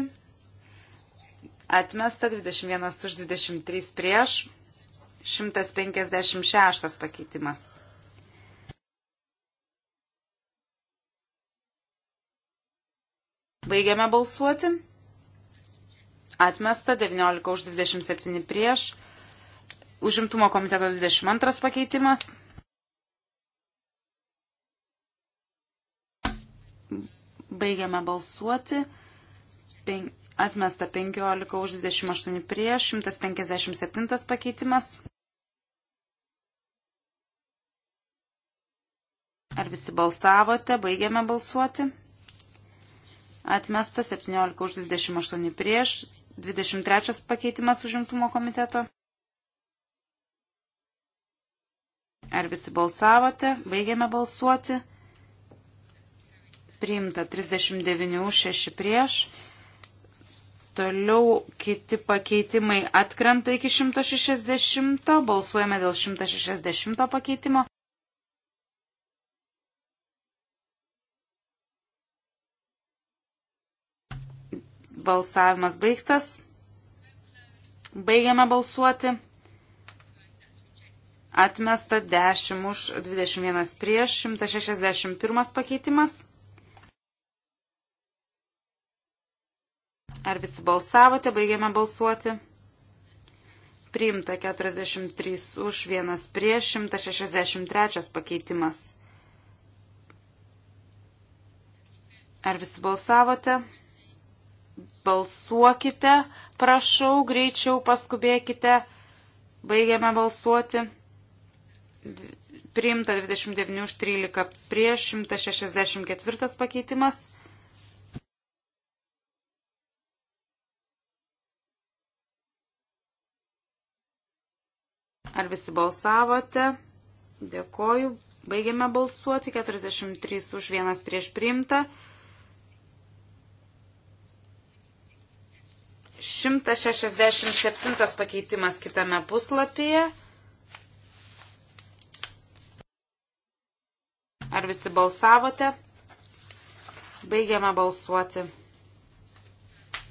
Atmesta 21 už 23 prieš, 156 pakeitimas. Baigiame balsuoti. Atmesta 19 už 27 prieš. Užimtumo komiteto 22 pakeitimas. Baigiame balsuoti. Pen... Atmesta 15 už 28 prieš. 157 pakeitimas. Ar visi balsavote? Baigiame balsuoti. Atmesta 17 už 28 prieš. 23 pakeitimas užimtumo komiteto. Ar visi balsavote? Baigėme balsuoti. Priimta 39 už 6 prieš. Toliau kiti pakeitimai atkrenta iki 160. Balsuojame dėl 160 pakeitimo. Balsavimas baigtas. Baigiame balsuoti. Atmesta 10 už 21 prieš 161 pakeitimas. Ar visi balsavote? Baigiame balsuoti. Priimta 43 už 1 prieš 163 pakeitimas. Ar visi balsavote? Balsuokite, prašau, greičiau paskubėkite. Baigiame balsuoti. Priimta 29 už 13 prieš 164 pakeitimas. Ar visi balsavote? Dėkoju. Baigiame balsuoti. 43 už 1 prieš priimta. 167 pakeitimas kitame puslapyje. Ar visi balsavote? Baigiame balsuoti.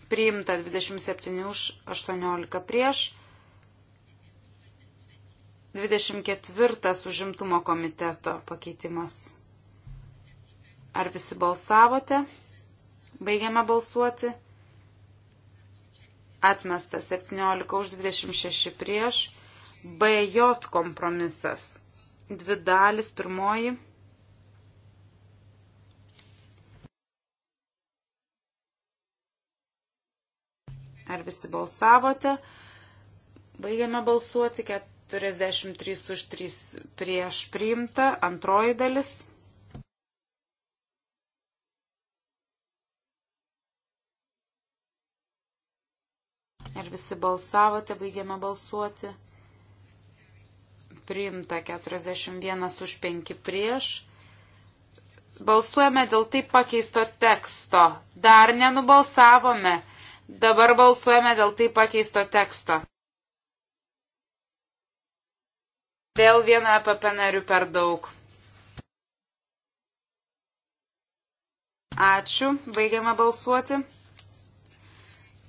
Priimta 27 už 18 prieš. 24 užimtumo komiteto pakeitimas. Ar visi balsavote? Baigiame balsuoti atmestas 17 už 26 prieš, BJ kompromisas, dvi dalis pirmoji. Ar visi balsavote? Baigiame balsuoti 43 už 3 prieš priimta, antroji dalis. Ar visi balsavote, baigiame balsuoti? Priimta 41 už 5 prieš. Balsuojame dėl taip pakeisto teksto. Dar nenubalsavome. Dabar balsuojame dėl taip pakeisto teksto. Vėl vieną EPP narių per daug. Ačiū. Baigiame balsuoti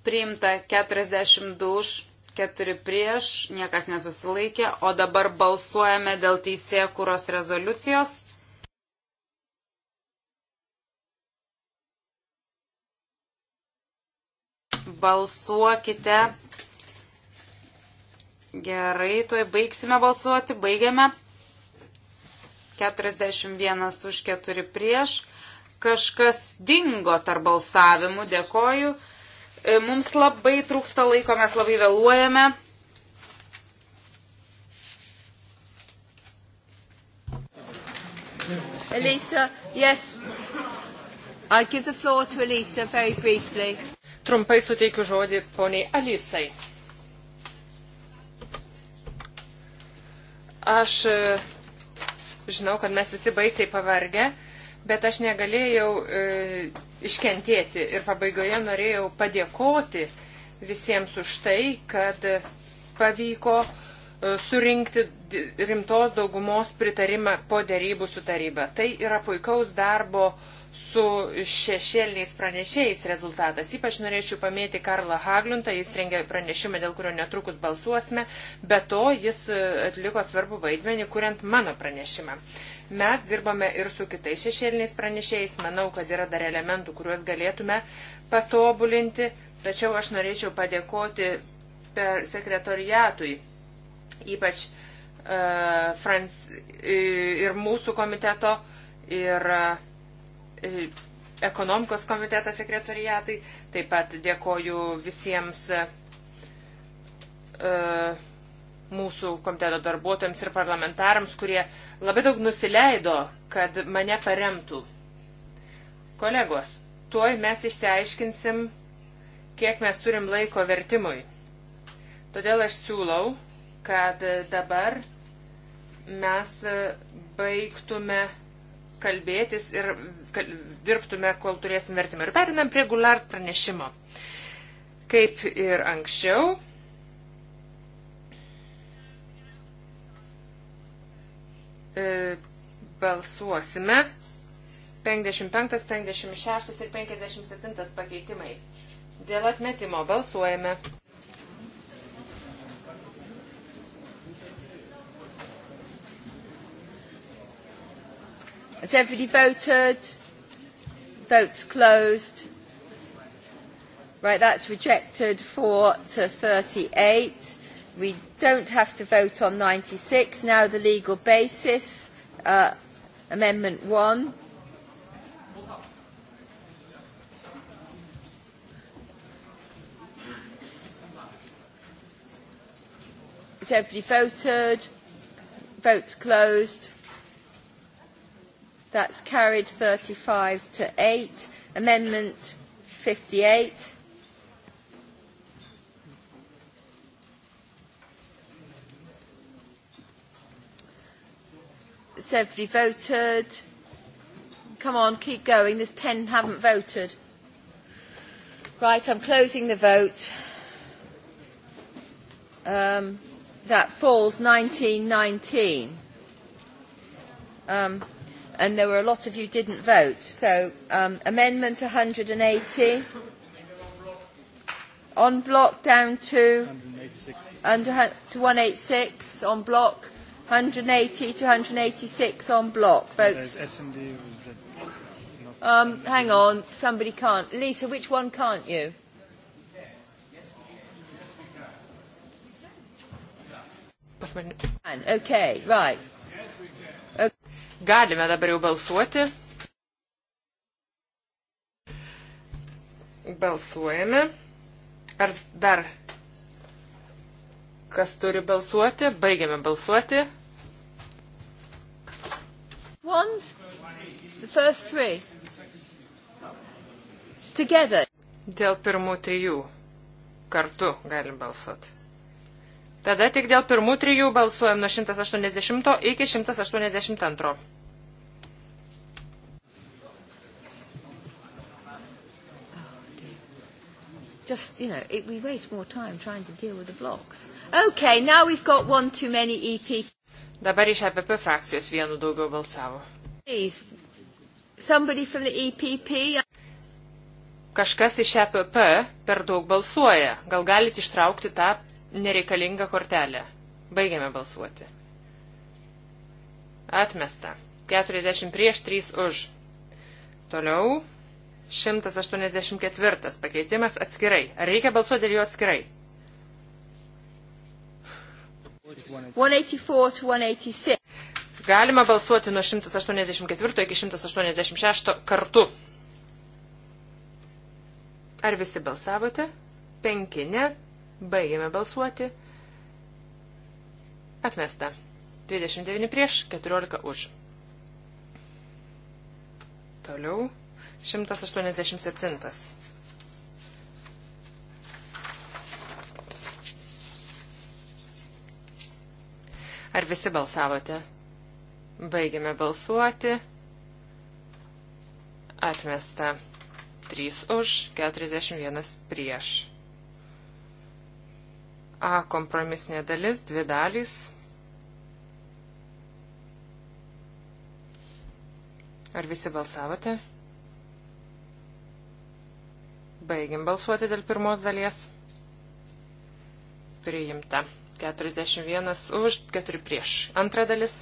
priimta 42 už, 4 prieš, niekas nesusilaikė, o dabar balsuojame dėl teisėjų kūros rezoliucijos. Balsuokite. Gerai, tuoj baigsime balsuoti, baigiame. 41 už 4 prieš. Kažkas dingo tarp balsavimų, dėkoju. E, mums labai trūksta laiko, mes labai vėluojame. Elisa, yes. I give the floor to Elisa very briefly. Trumpai suteikiu žodį poniai Alisai. Aš e, žinau, kad mes visi baisiai pavargę, bet aš negalėjau e, iškentėti. Ir pabaigoje norėjau padėkoti visiems už tai, kad pavyko e, surinkti rimtos daugumos pritarimą po dėrybų su taryba. Tai yra puikaus darbo uh, su šešėliniais pranešėjais rezultatas. Ypač norėčiau pamėti Karlą Haglundą, jis rengė pranešimą, dėl kurio netrukus balsuosime, bet to jis e, atliko svarbu vaidmenį, kuriant mano pranešimą. Mes dirbame ir su kitais šešėliniais pranešėjais, manau, kad yra dar elementų, kuriuos galėtume patobulinti, tačiau aš norėčiau padėkoti per sekretoriatui, ypač uh, Frans, ir mūsų komiteto, ir uh, E, ekonomikos komiteto sekretariatai. Taip pat dėkoju visiems e, mūsų komiteto darbuotojams ir parlamentarams, kurie labai daug nusileido, kad mane paremtų. Kolegos, tuoj mes išsiaiškinsim, kiek mes turim laiko vertimui. Todėl aš siūlau, kad dabar mes baigtume kalbėtis ir dirbtume, kol turėsim vertimą. Ir perinam prie Gulart pranešimo. Kaip ir anksčiau. E, balsuosime 55, 56 ir 57 pakeitimai. Dėl atmetimo balsuojame. Has everybody voted? Votes closed. Right, that's rejected 4 to 38. We don't have to vote on 96. Now the legal basis, uh, Amendment 1. Has everybody voted? Votes closed That's carried 35 to 8. Amendment 58. Seventy voted. Come on, keep going. There's ten haven't voted. Right, I'm closing the vote. Um, that falls 1919. Um, and there were a lot of you didn't vote. So um, amendment 180 on block down to 186. Under, to 186 on block, 180 to 186 on block votes. Um, hang on, somebody can't. Lisa, which one can't you? Okay, right. Galime dabar jau balsuoti. Balsuojame. Ar dar kas turi balsuoti? Baigiame balsuoti. Ones? The first three. Together. Dėl pirmų trijų kartu galim balsuoti. Tada tik dėl pirmų trijų balsuojam nuo 180 iki 182. just, you know, it, we waste more time trying to deal with the blocks. Okay, now we've got one too many EP. Dabar iš EPP frakcijos vienu daugiau balsavo. Please, somebody from the EPP. Kažkas iš EPP per daug balsuoja. Gal galite ištraukti tą nereikalinga kortelė. Baigiame balsuoti. Atmesta. 40 prieš 3 už. Toliau. 184 pakeitimas atskirai. Ar reikia balsuoti dėl jo atskirai? 184-186. Galima balsuoti nuo 184 iki 186 kartu. Ar visi balsavote? Penki, ne? Baigiame balsuoti. Atmesta. 29 prieš, 14 už. Toliau. 187. Ar visi balsavote? Baigiame balsuoti. Atmesta. 3 už, 41 prieš. A kompromisinė dalis, dvi dalys. Ar visi balsavote? Baigim balsuoti dėl pirmos dalies. Priimta. 41 už, 4 prieš. Antra dalis.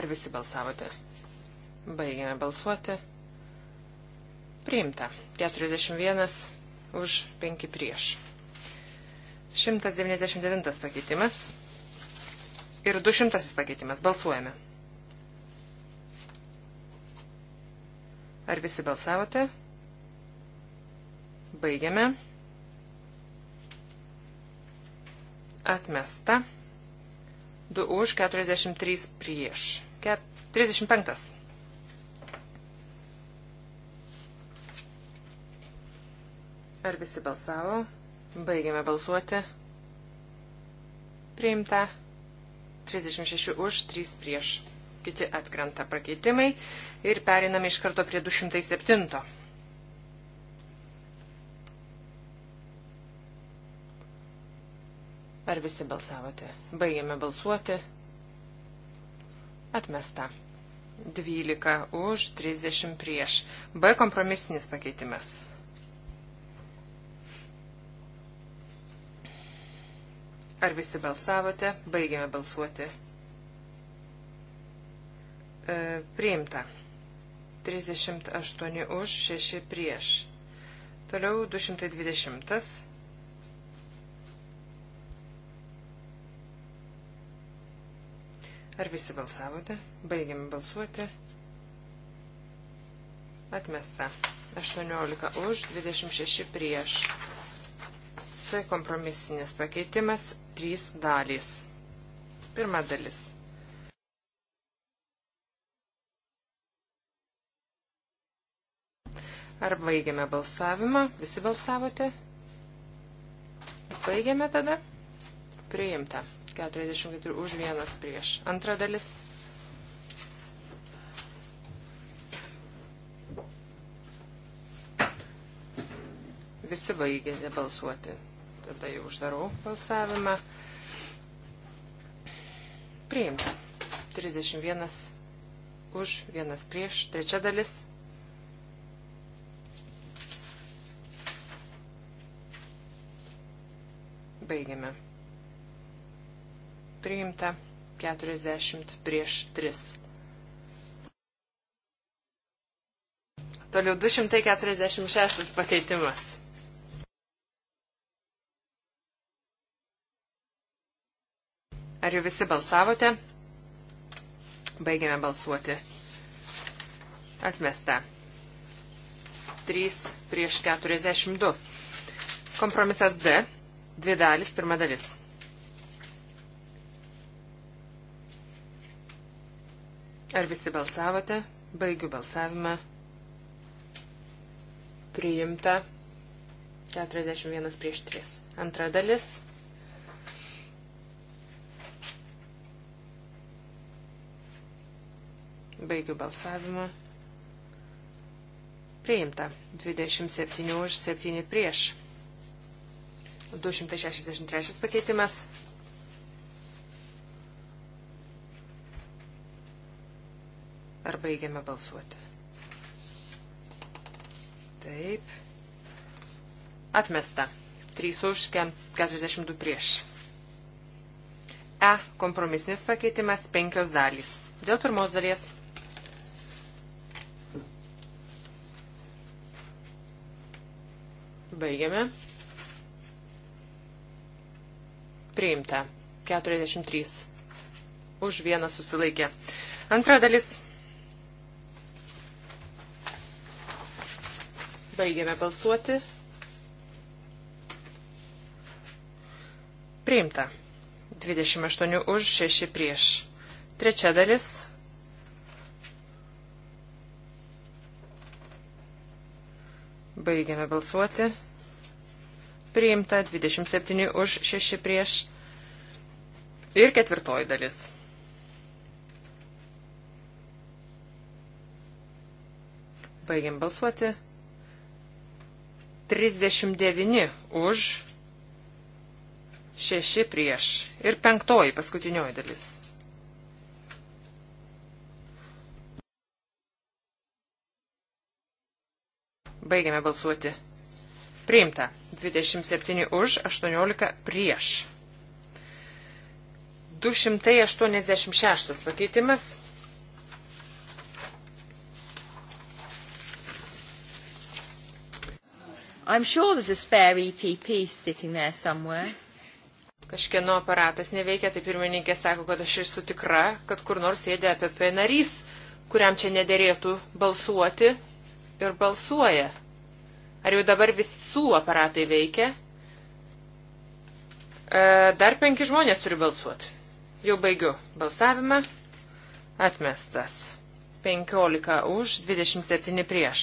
Ar visi balsavote? Baigėme balsuoti. Priimta. 41 už 5 prieš. 199 pakeitimas ir 200 pakeitimas. Balsuojame. Ar visi balsavote? Baigiame. Atmesta. 2 už 43 prieš. 35. Ar visi balsavo? Baigiame balsuoti. Priimta 36 už, 3 prieš. Kiti atkrenta prakeitimai ir periname iš karto prie 207. Ar visi balsavote? Baigiame balsuoti. Atmesta. 12 už, 30 prieš. B kompromisinis pakeitimas. Ar visi balsavote? Baigėme balsuoti. E, priimta. 38 už, 6 prieš. Toliau 220. Ar visi balsavote? Baigėme balsuoti. Atmesta. 18 už, 26 prieš. C kompromisinės pakeitimas trys dalys. Pirma dalis. Ar baigiame balsavimą? Visi balsavote? Baigiame tada? Priimta. 44 už vienas prieš. Antra dalis. Visi baigėte balsuoti. Tada jau uždarau balsavimą. Priimta. 31 už, vienas prieš, trečia dalis. Baigiame. Priimta 40 prieš 3. Toliau 246 pakeitimas. Ar jau visi balsavote? Baigiame balsuoti. Atmesta. 3 prieš 42. Kompromisas D. Dvi dalis, pirma dalis. Ar visi balsavote? Baigiu balsavimą. Priimta 41 prieš 3. Antra dalis. Baigiu balsavimą. Priimta. 27 už 7 prieš. 263 pakeitimas. Ar baigiame balsuoti? Taip. Atmesta. 3 už 42 prieš. E. Kompromisinis pakeitimas 5 dalys. Dėl pirmos dalies. Baigiame. Priimta. 43. Už vieną susilaikė. Antra dalis. Baigiame balsuoti. Priimta. 28 už, 6 prieš. Trečia dalis. Baigiame balsuoti priimta, 27 už 6 prieš ir ketvirtoji dalis. Baigiam balsuoti. 39 už 6 prieš ir penktoji paskutinioji dalis. Baigiame balsuoti. Priimta. 27 už, 18 prieš. 286 pakeitimas. I'm sure there's a spare EPP sitting there somewhere. Kažkieno aparatas neveikia, tai pirmininkė sako, kad aš ir sutikra, kad kur nors sėdė APP e narys, kuriam čia nederėtų balsuoti ir balsuoja. Ar jau dabar visų aparatai veikia? E, dar penki žmonės turi balsuoti. Jau baigiu balsavimą. Atmestas. 15 už, 27 prieš.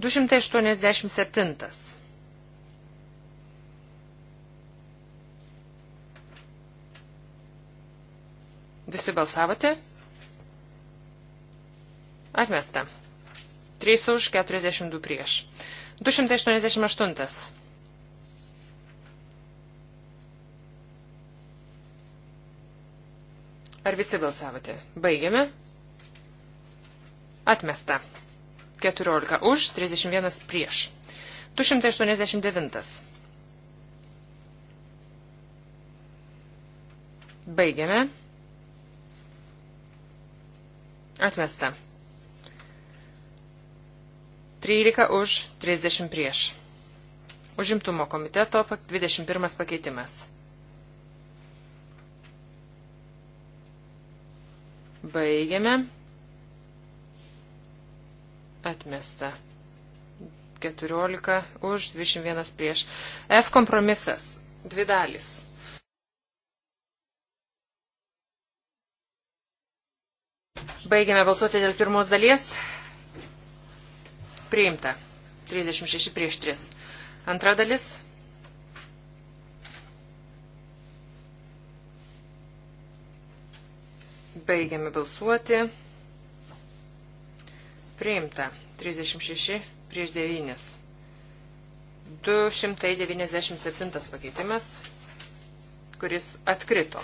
287. Visi balsavote? Atmesta. 3 už, 42 prieš. 288. Ar visi balsavote? Baigiame. Atmesta. 14 už, 31 prieš. 289. Baigiame. Atmesta. 13 už, 30 prieš. Užimtumo komiteto 21 pakeitimas. Baigiame. Atmesta. 14 už, 21 prieš. F kompromisas. Dvi dalys. Baigiame balsuoti dėl pirmos dalies. Priimta. 36 prieš 3. Antra dalis. Baigiame balsuoti. Priimta. 36 prieš 9. 297 pakeitimas, kuris atkrito.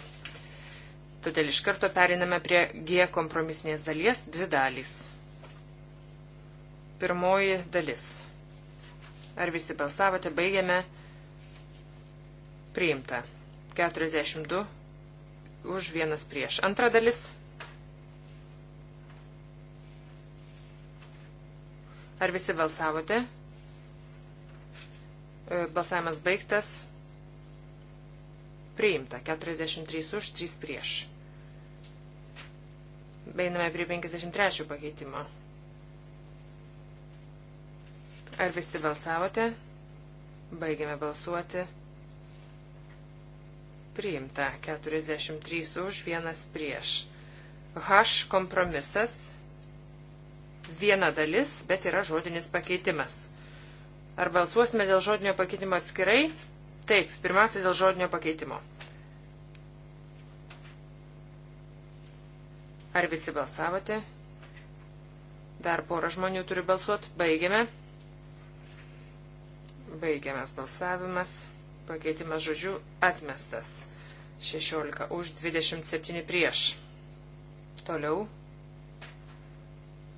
Todėl iš karto periname prie G kompromisinės dalies dvi dalys. Pirmoji dalis. Ar visi balsavote? Baigiame. Priimta. 42 už vienas prieš. Antra dalis. Ar visi balsavote? E, balsavimas baigtas. Priimta. 43 už, 3 prieš. Beiname prie 53 pakeitimo. Ar visi balsavote? Baigiame balsuoti. Priimta 43 už, 1 prieš. H kompromisas. Viena dalis, bet yra žodinis pakeitimas. Ar balsuosime dėl žodinio pakeitimo atskirai? Taip, pirmiausia dėl žodinio pakeitimo. Ar visi balsavote? Dar porą žmonių turi balsuoti. Baigiame. Baigiamas balsavimas. Pakeitimas žodžiu atmestas. 16 už 27 prieš. Toliau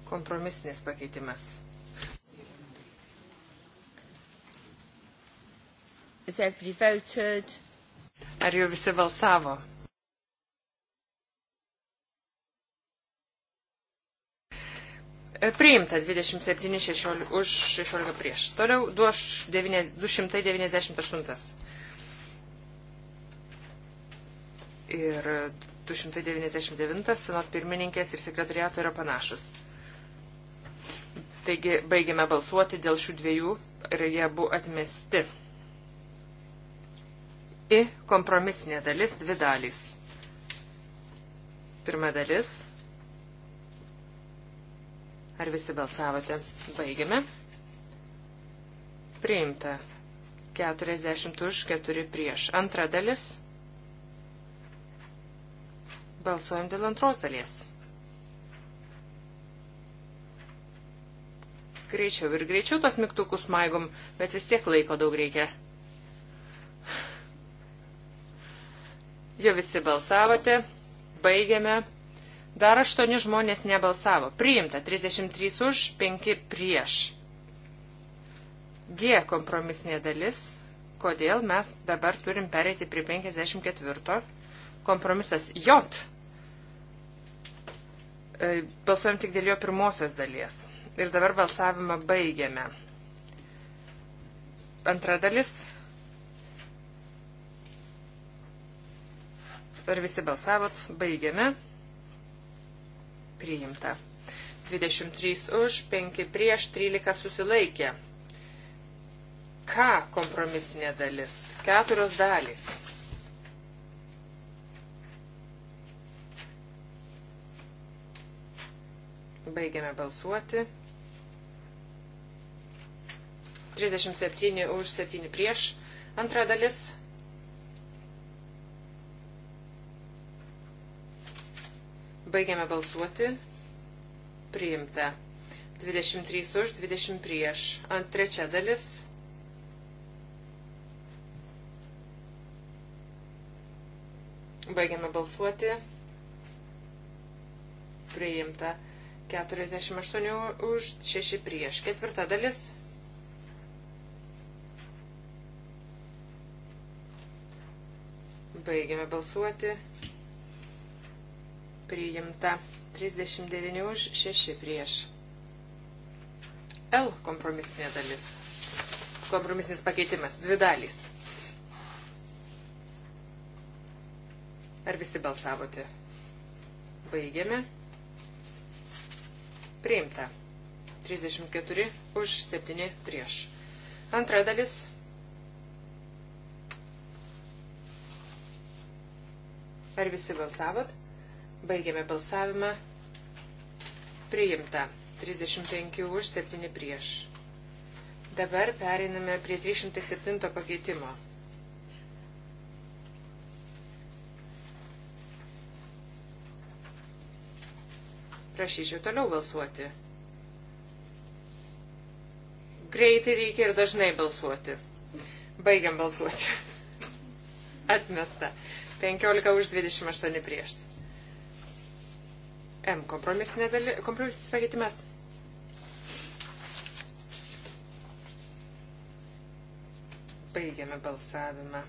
kompromisinis pakeitimas. Ar jau visi balsavo? E, priimta 27 16, už 16 prieš. Toliau 298. Ir 299 senat pirmininkės ir sekretariato yra panašus. Taigi baigiame balsuoti dėl šių dviejų ir jie buvo atmesti. I kompromisinė dalis, dvi dalys. Pirma dalis Ar visi balsavote? Baigiame. Priimta. 40 už, 4 prieš. Antra dalis. Balsuojam dėl antros dalies. Greičiau ir greičiau tos mygtukus maigom, bet vis tiek laiko daug reikia. Jau visi balsavote. Baigiame. Dar aštuoni žmonės nebalsavo. Priimta 33 už, 5 prieš. G kompromisinė dalis. Kodėl mes dabar turim pereiti prie 54. Kompromisas J. E, balsuojam tik dėl jo pirmosios dalies. Ir dabar balsavimą baigiame. Antra dalis. Ar visi balsavot? Baigiame. Priimta. 23 už, 5 prieš, 13 susilaikė. Ką kompromisinė dalis? Keturios dalys. Baigiame balsuoti. 37 už, 7 prieš. Antra dalis Baigiame balsuoti. Priimta. 23 už, 20 prieš. Ant trečia dalis. Baigiame balsuoti. Priimta. 48 už, 6 prieš. Ketvirta dalis. Baigiame balsuoti priimta 39 už 6 prieš. L kompromisinė dalis. Kompromisinis pakeitimas. Dvi dalys. Ar visi balsavote? Baigiame. Priimta. 34 už 7 prieš. Antra dalis. Ar visi balsavot? Baigėme balsavimą. Priimta. 35 už, 7 prieš. Dabar pereiname prie 307 pakeitimo. Prašyčiau toliau balsuoti. Greitai reikia ir dažnai balsuoti. Baigiam balsuoti. Atmesta. 15 už 28 prieš. M kompromisinė daly, kompromisinis pakeitimas. Baigiame balsavimą.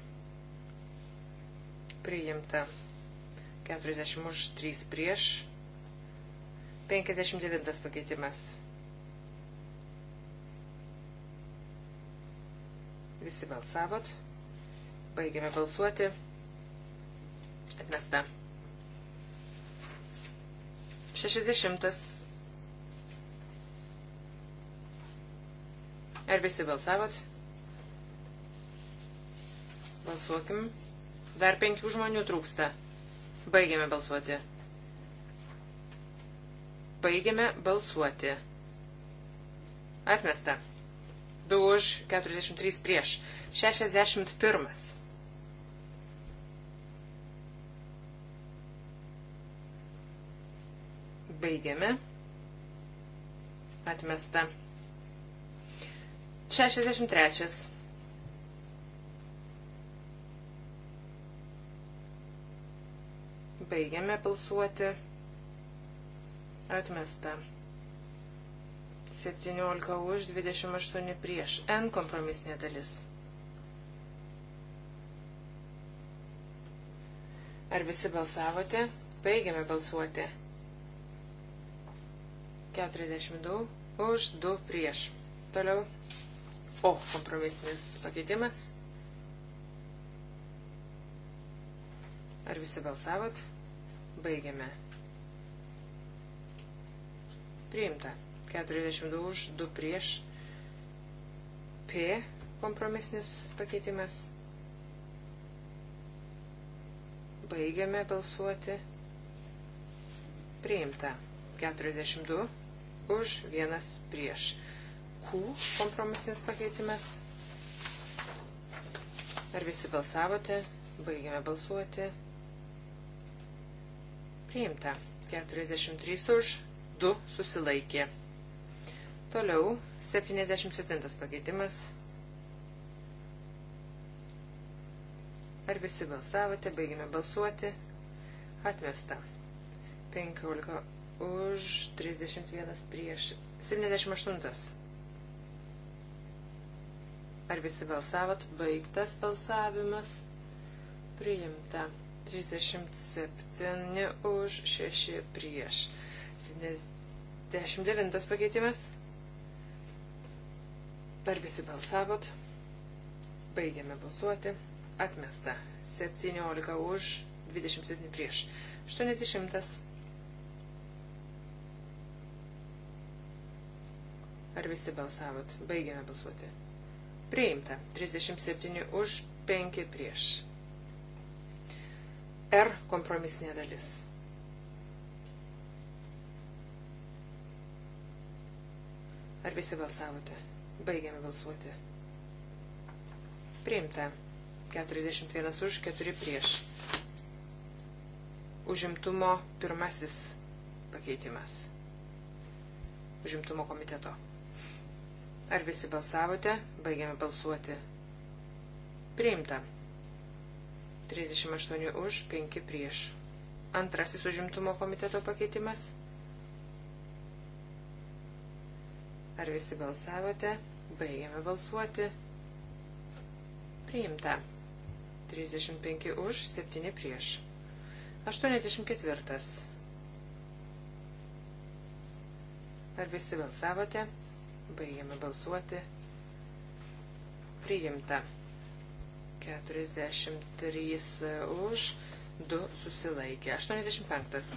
Priimta 40 už 3 prieš. 59 pakeitimas. Visi balsavot. Baigiame balsuoti. Atmesta. 60. Ar visi balsavot? Balsuokim. Dar penkių žmonių trūksta. Baigiame balsuoti. Baigiame balsuoti. Atmesta. 2 už 43 prieš. 61. Baigiame. Atmesta. 63. Baigiame balsuoti. Atmesta. 17 už, 28 prieš. N kompromisinė dalis. Ar visi balsavote? Baigiame balsuoti. 42 už 2 prieš. Toliau. O, kompromisinis pakeitimas. Ar visi balsavot? Baigiame. Priimta. 42 už 2 prieš. P kompromisinis pakeitimas. Baigiame balsuoti. Priimta. 42 už, vienas prieš. Q kompromisinis pakeitimas. Ar visi balsavote? Baigėme balsuoti. Priimta. 43 už, 2 susilaikė. Toliau 77 pakeitimas. Ar visi balsavote? Baigėme balsuoti. Atmesta. 15 už, 31 prieš, 78. Ar visi balsavot? Baigtas balsavimas. Priimta. 37 už, 6 prieš. 79 pakeitimas. Ar visi balsavot? Baigiame balsuoti. Atmesta. 17 už, 27 prieš. 80. Ar visi balsavot? Baigiame balsuoti. Priimta. 37 už, 5 prieš. R kompromisinė dalis. Ar visi balsavote? Baigiame balsuoti. Priimta. 41 už, 4 prieš. Užimtumo pirmasis pakeitimas. Užimtumo komiteto. Ar visi balsavote? Baigiame balsuoti. Priimta. 38 už, 5 prieš. Antrasis užimtumo komiteto pakeitimas. Ar visi balsavote? Baigiame balsuoti. Priimta. 35 už, 7 prieš. 84. Ar visi balsavote? Baigiame balsuoti. Priimta. 43 e, už, 2 susilaikė. 85.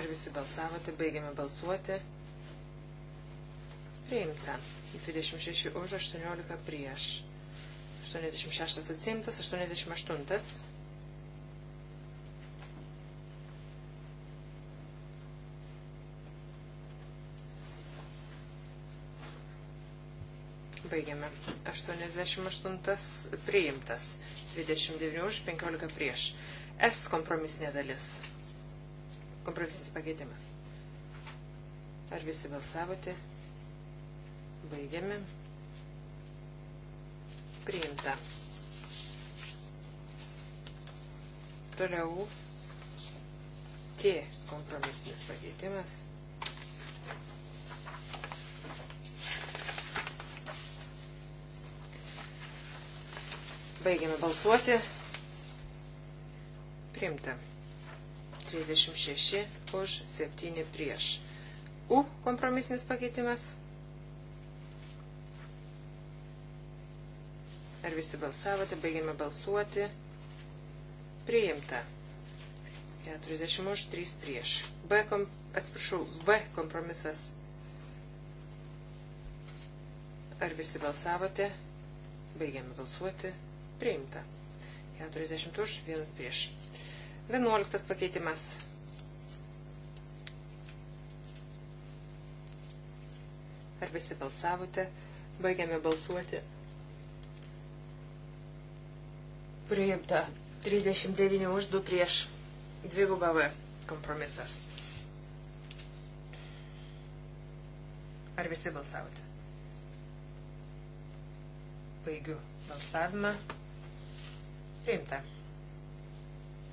Ar visi balsavote? Baigiame balsuoti. Priimta. 26 už, 18 prieš. 86 atsimtas, 88 Baigiame. 88 priimtas. 29 už 15 prieš. S kompromisinė dalis. Kompromisinis pakeitimas. Ar visi balsavote? Baigiame. Priimta. Toliau T kompromisinis pakeitimas. Baigiame balsuoti. Primta. 36 už 7 prieš. U kompromisinis pakeitimas. Ar visi balsavote? Baigiame balsuoti. Priimta. 40 už 3 prieš. B kom, atsiprašau, V kompromisas. Ar visi balsavote? Baigiame balsuoti priimta. 40 už, 1 prieš. 11 pakeitimas. Ar visi balsavote? Baigiame balsuoti. Priimta. 39 už, 2 prieš. Dvigubą V kompromisas. Ar visi balsavote? Baigiu balsavimą priimta.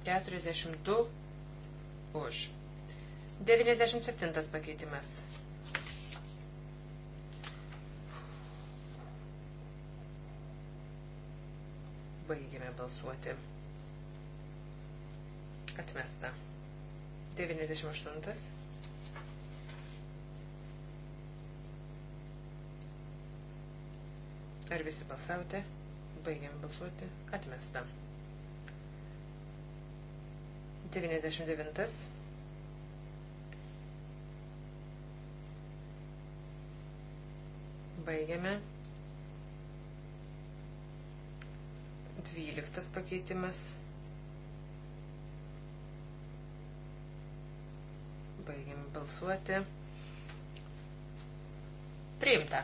42 už. 97 pakeitimas. Baigėme balsuoti. Atmesta. 98. Ar visi balsavote? Baigėme balsuoti. Atmesta. 99. Baigiame. 12 pakeitimas. Baigiam balsuoti. Priimta.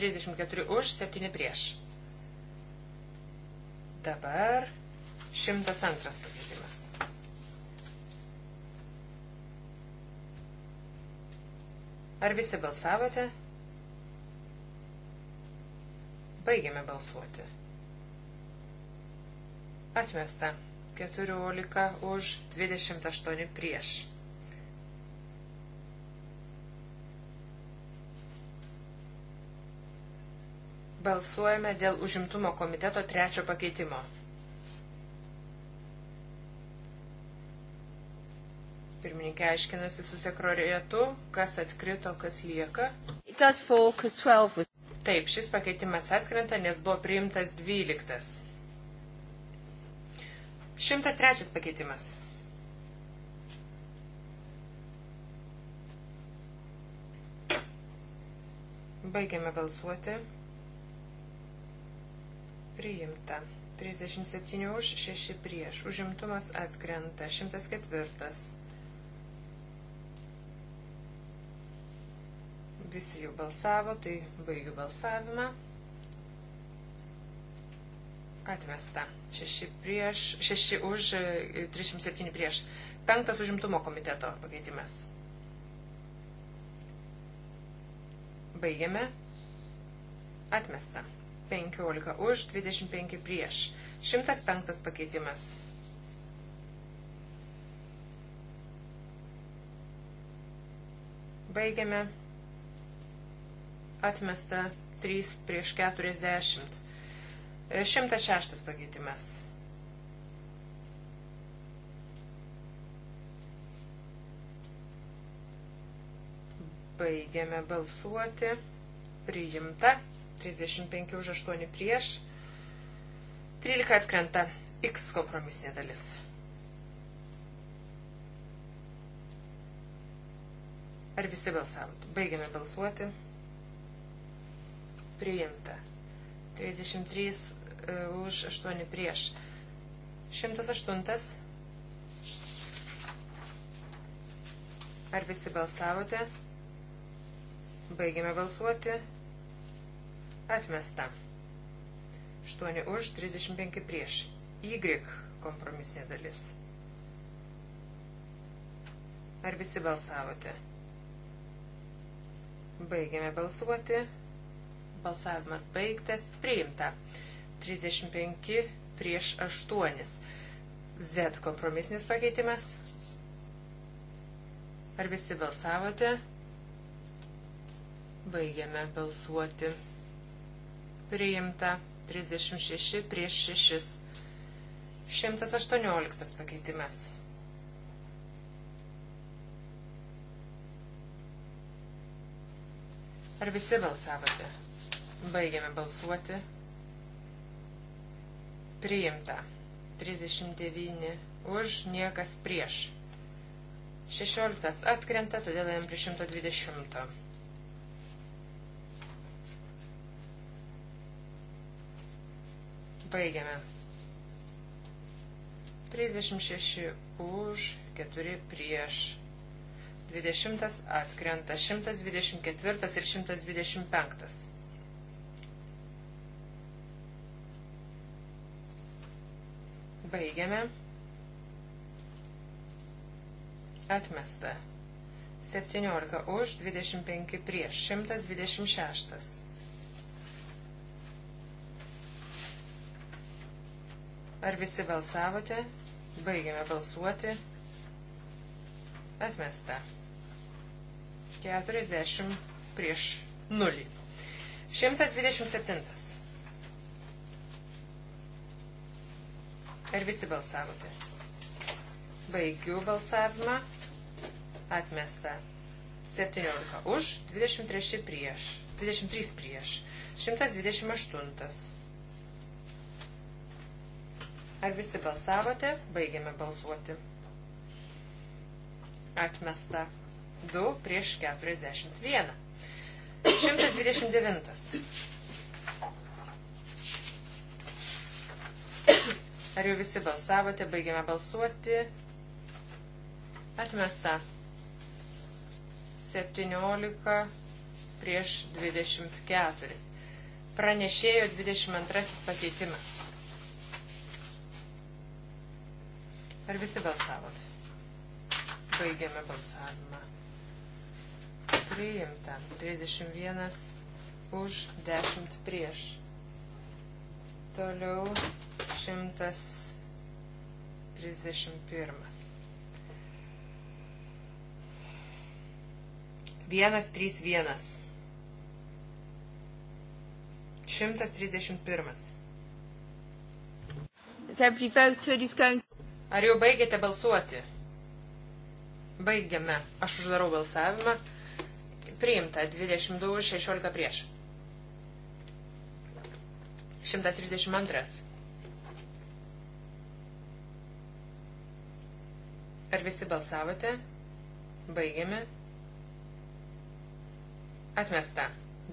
34 už, 7 prieš. Dabar 102 pakeitimas. Ar visi balsavote? Baigėme balsuoti. Atmesta. 14 už 28 prieš. Balsuojame dėl užimtumo komiteto trečio pakeitimo. pirmininkė aiškinasi su sekretorietu, kas atkrito, kas lieka. Fall, Taip, šis pakeitimas atkrenta, nes buvo priimtas 12. 103 pakeitimas. Baigiame balsuoti. Priimta. 37 už 6 prieš. Užimtumas atkrenta. 104. Visi jau balsavo, tai baigiu balsavimą. Atmesta. 6 prieš, 6 už, 307 e, prieš. Penktas užimtumo komiteto pakeitimas. Baigiame. Atmesta. 15 už, 25 prieš. 105 pakeitimas. Baigiame atmesta 3 prieš 40. 106 e, pakeitimas. Baigiame balsuoti. Priimta. 35 už 8 prieš. 13 atkrenta. X kompromisinė dalis. Ar visi balsavot? Baigiame balsuoti priimta. 33 e, už 8 prieš. 108. Ar visi balsavote? Baigėme balsuoti. Atmesta. 8 už 35 prieš. Y kompromisinė dalis. Ar visi balsavote? Baigėme balsuoti. Balsavimas baigtas. Priimta. 35 prieš 8. Z kompromisinis pakeitimas. Ar visi balsavote? Baigiame balsuoti. Priimta. 36 prieš 6. 118 pakeitimas. Ar visi balsavote? Baigiame balsuoti. Priimta. 39 už, niekas prieš. 16 atkrenta, todėl jam prie 120. Baigiame. 36 už, 4 prieš. 20 atkrenta, 124 ir 125. Baigiame. Atmesta. 17 už, 25 prieš, 126. Ar visi balsavote? Baigiame balsuoti. Atmesta. 40 prieš 0. 127. Ar visi balsavote? Baigiu balsavimą. Atmesta. 17 už, 23 prieš. 23 prieš. 128. Ar visi balsavote? Baigiame balsuoti. Atmesta. 2 prieš 41. 129. Ar jau visi balsavote? Baigiame balsuoti. Atmesta. 17 prieš 24. Pranešėjo 22 pakeitimas. Ar visi balsavot? Baigiame balsavimą. Priimta. 31 už 10 prieš. Toliau 131. 131. 131. Ar jau baigėte balsuoti? Baigiame. Aš uždarau balsavimą. Priimta 22 už 16 prieš. 132. Ar visi balsavote? Baigiame. Atmesta.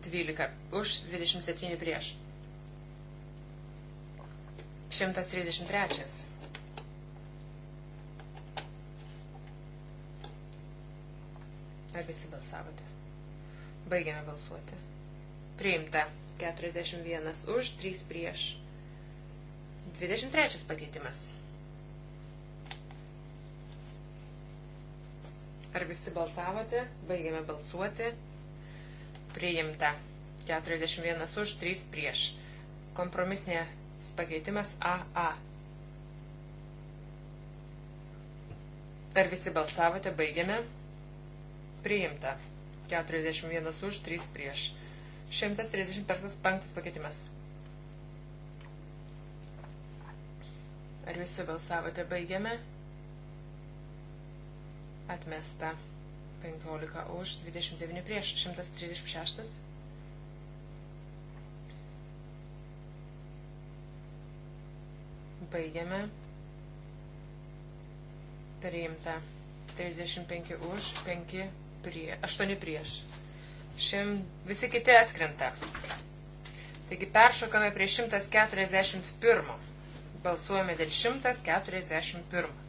12 už 27 prieš. 133. Ar visi balsavote? Baigiame balsuoti. Priimta. 41 už, 3 prieš. 23 pakeitimas. Ar visi balsavote? Baigiame balsuoti. Priimta. 41 už, 3 prieš. Kompromisinės pakeitimas AA. Ar visi balsavote? Baigiame. Priimta. 41 už, 3 prieš. 135 pakeitimas. Ar visi balsavote? Baigiame. Atmesta. 15 už, 29 prieš, 136. Baigiame. Priimta. 35 už, 5 prie, 8 prieš. Šim, visi kiti atkrenta. Taigi peršokame prie 141. Balsuojame dėl 141.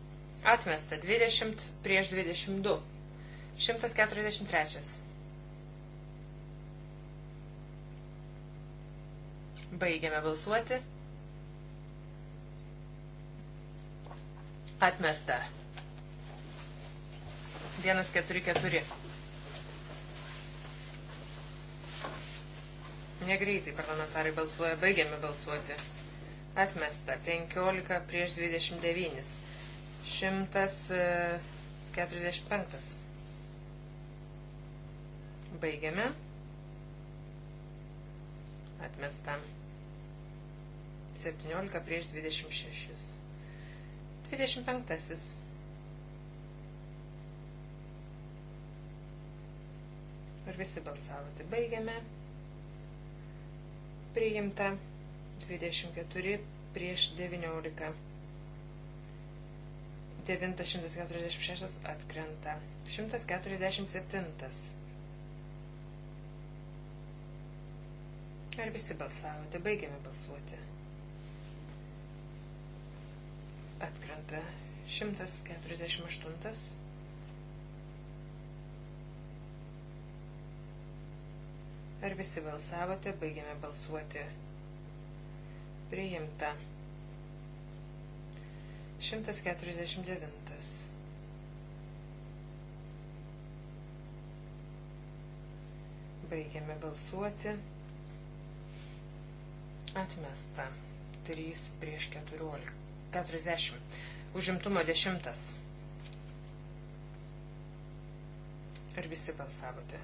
Atmesta 20 prieš 22. 143. Baigiame balsuoti. Atmesta. 144. Negreitai parlamentarai balsuoja, baigiame balsuoti. Atmesta 15 prieš 29. 145. E, Baigiame. Atmesta. 17 prieš 26. 25. Ir visi balsavote. Baigiame. Priimta 24 prieš 19. 149, 146 atkrenta. 147. Ar visi balsavote? Baigiame balsuoti. Atkrenta. 148. Ar visi balsavote? Baigiame balsuoti. Priimta. 149. Baigiame balsuoti. Atmesta. 3 prieš 14. 40. Užimtumo 10. Ar visi balsavote?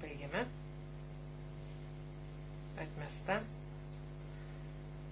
Baigiame. Atmesta.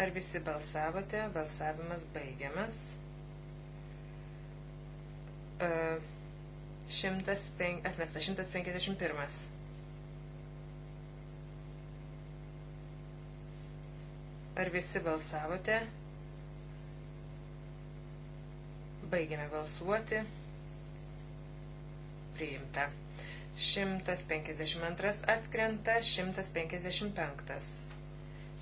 Ar visi balsavote? Balsavimas baigiamas. 105, e, atmesta 151. Ar visi balsavote? Baigiame balsuoti. Priimta. 152 atkrenta, 155.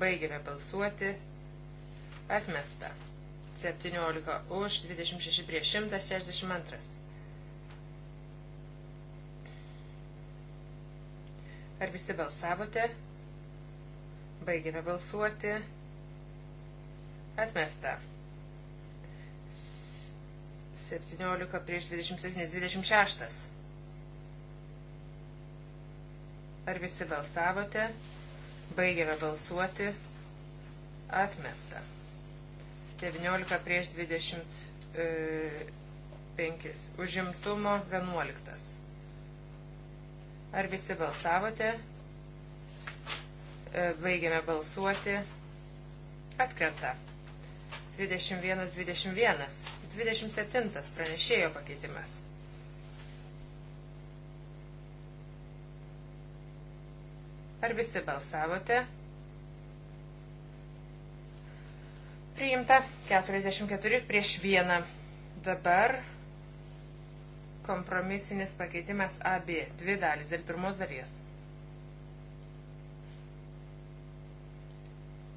Baigėme balsuoti. Atmesta. 17 už, 26 prieš 162. Ar visi balsavote? Baigėme balsuoti. Atmesta. 17 prieš 27, 26. Ar visi balsavote? Baigėme balsuoti. Atmesta. 19 prieš 25. E, Užimtumo 11. Ar visi balsavote? E, Baigėme balsuoti. Atkrenta. 21, 21. 27 pranešėjo pakeitimas. Ar visi balsavote? Priimta 44 prieš 1. Dabar kompromisinis pakeitimas AB. Dvi dalys dėl pirmos dalies.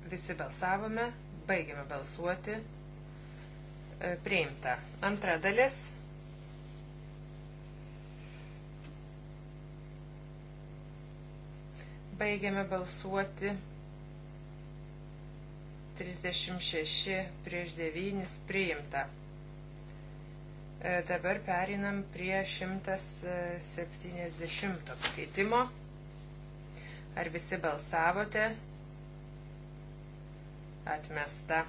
Visi balsavome, baigėme balsuoti. E, priimta. Antra dalis Baigiame balsuoti. 36 prieš 9 priimta. E, dabar perinam prie 170 e, pakeitimo. Ar visi balsavote? Atmesta.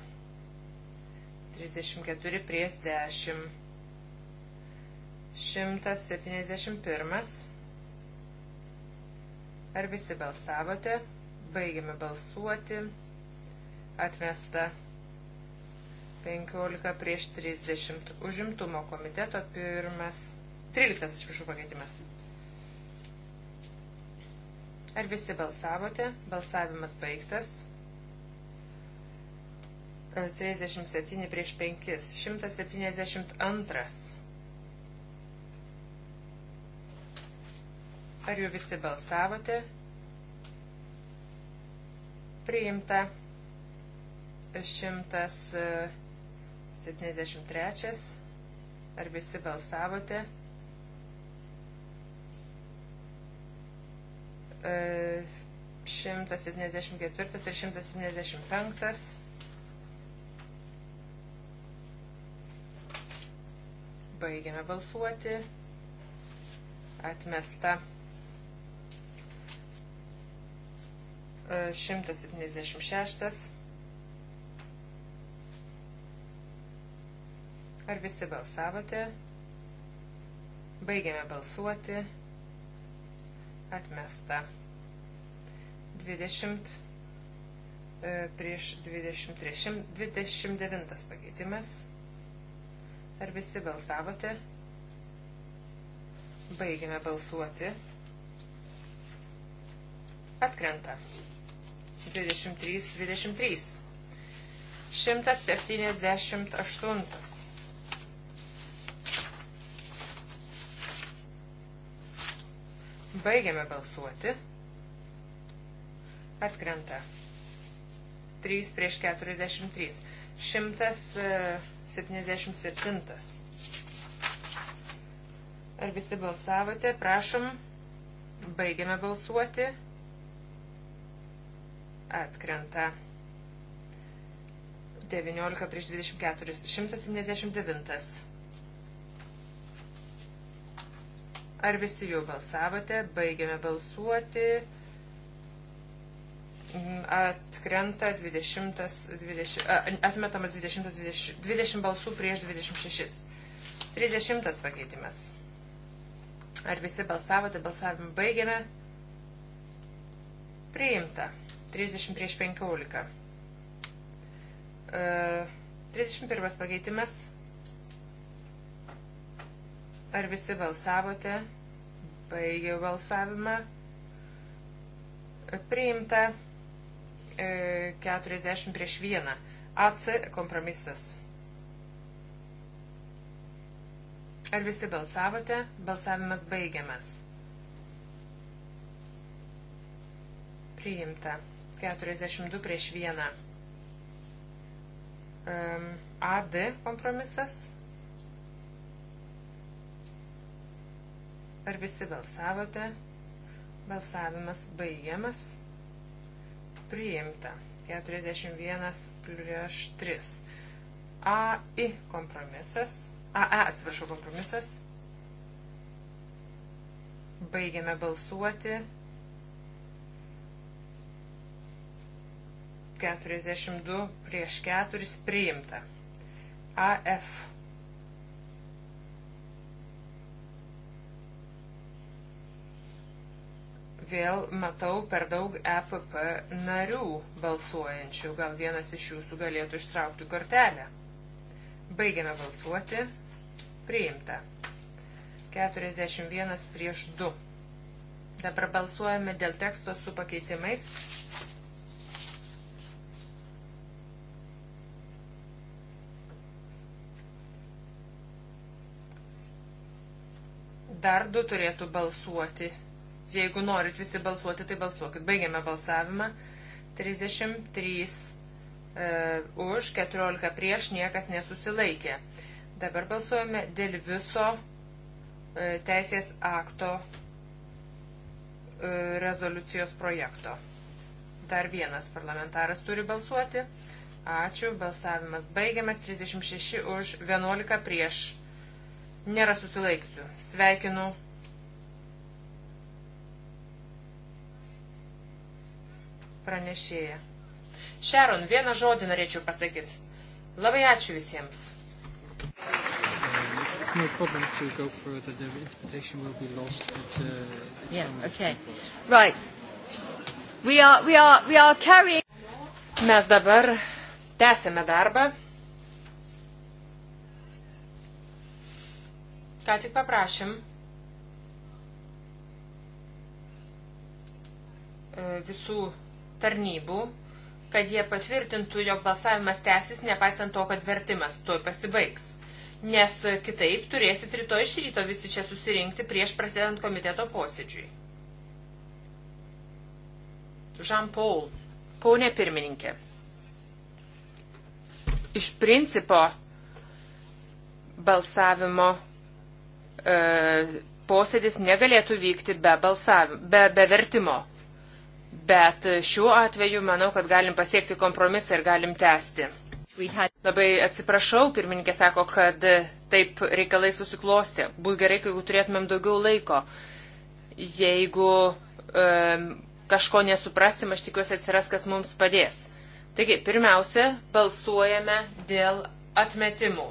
34 prieš 10. 171. Ar visi balsavote? Baigiame balsuoti. Atmesta 15 prieš 30. Užimtumo komiteto pirmas. 13, atsiprašau, pakeitimas. Ar visi balsavote? Balsavimas baigtas. 37 prieš 5. 172. Ar jau visi balsavote? Priimta 173. E, Ar visi balsavote? E, 174 ir 175. Baigiame balsuoti. Atmesta. 176. Ar visi balsavote? Baigiame balsuoti. Atmesta. 20 e, prieš 23. 29 pakeitimas. Ar visi balsavote? Baigiame balsuoti. Atkrenta. 23, 23. 178. Baigiame balsuoti. Atkrenta. 3 prieš 43. 177. E, Ar visi balsavote? Prašom. Baigiame balsuoti atkrenta. 19 prieš 24. 179. Ar visi jau balsavote? Baigiame balsuoti. Mm, atkrenta 20, 20 atmetamas 20, 20, 20 balsų prieš 26. 30 pakeitimas. Ar visi balsavote? Balsavimą baigiame. Priimta. 30 prieš 15. 31 e, pakeitimas. Ar visi balsavote? Baigiau balsavimą. Priimta 40 e, prieš 1. AC kompromisas. Ar visi balsavote? Balsavimas baigiamas. Priimta. 42 prieš 1. Um, AD kompromisas. Ar visi balsavote? Balsavimas baigiamas. Priimta. 41 prieš 3. AI kompromisas. AE, atsiprašau, kompromisas. Baigiame balsuoti. 42 prieš 4 priimta. AF. Vėl matau per daug EPP narių balsuojančių. Gal vienas iš jūsų galėtų ištraukti kortelę. Baigiame balsuoti. Priimta. 41 prieš 2. Dabar balsuojame dėl teksto su pakeitimais. Dar du turėtų balsuoti. Jeigu norit visi balsuoti, tai balsuokit. Baigiame balsavimą. 33 e, už, 14 prieš, niekas nesusilaikė. Dabar balsuojame dėl viso e, teisės akto e, rezoliucijos projekto. Dar vienas parlamentaras turi balsuoti. Ačiū, balsavimas baigiamas. 36 už, 11 prieš. Nėra susilaiksiu. Sveikinu. Pranešėja. Šeron, vieną žodį norėčiau pasakyti. Labai ačiū visiems. It's no problem to go further. The interpretation will be lost. At, uh, yeah. Okay. Right. We are, we are, we are carrying. Mes dabar tęsime darbą. Ką tik paprašym e, visų tarnybų, kad jie patvirtintų, jog balsavimas tęsis, nepaisant to, kad vertimas tuoj pasibaigs. Nes kitaip turėsit rytoj iš ryto visi čia susirinkti prieš prasidedant komiteto posėdžiui. Jean-Paul, Paunė pirmininkė. Iš principo balsavimo E, posėdis negalėtų vykti be, balsav, be, be vertimo. Bet šiuo atveju manau, kad galim pasiekti kompromisą ir galim tęsti. Labai atsiprašau, pirmininkė sako, kad taip reikalai susiklosti. Būtų gerai, jeigu turėtumėm daugiau laiko. Jeigu um, kažko nesuprasim, aš tikiuosi atsiras, kas mums padės. Taigi, pirmiausia, balsuojame dėl atmetimų.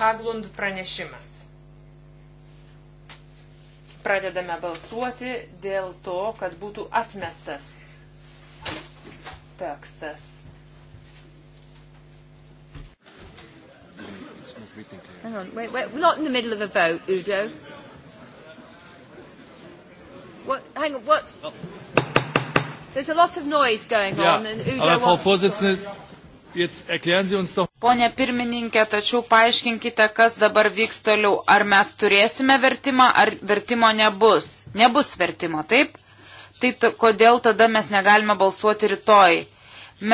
Haglund pranešimas. Pradedame balsuoti dėl to, kad būtų atmestas tekstas. Hang on, wait, wait, we're not in the middle of a vote, Udo. What, hang on, what's... There's a lot of noise going ja. on and Udo Aber Frau wants... Vorsitzende, jetzt erklären Sie uns doch... Pone pirmininkė, tačiau paaiškinkite, kas dabar vyks toliau. Ar mes turėsime vertimą, ar vertimo nebus? Nebus vertimo, taip? Tai kodėl tada mes negalime balsuoti rytoj?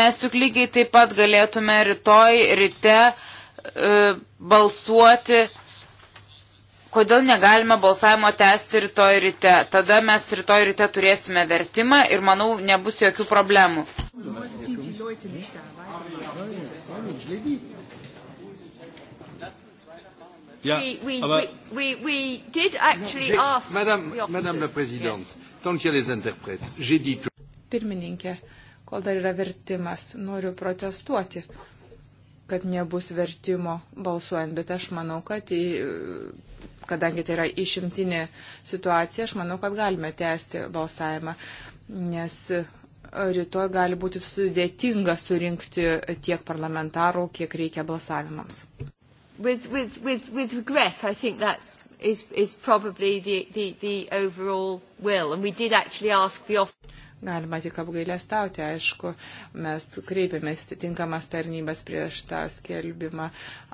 Mes juk lygiai taip pat galėtume rytoj ryte e, balsuoti. Kodėl negalime balsavimo tęsti rytoj ryte? Tada mes rytoj ryte turėsime vertimą ir manau nebus jokių problemų. Leute nicht Ja, we, we, aber, we, we, we did actually ask Madame, the Madame la Présidente, yes. tant qu'il y a les interprètes, j'ai dit tout. Pirmininkė, kol dar yra vertimas, noriu protestuoti, kad nebus vertimo balsuojant, bet aš manau, kad į, kadangi tai yra išimtinė situacija, aš manau, kad galime tęsti balsavimą, nes rytoj gali būti sudėtinga surinkti tiek parlamentarų, kiek reikia balsavimams with, with, with, with regret, I think that is, is probably the, the, the overall will. And we did actually ask the office. Galima tik apgailestauti, aišku, mes kreipėmės atitinkamas tarnybas prieš tą skelbimą.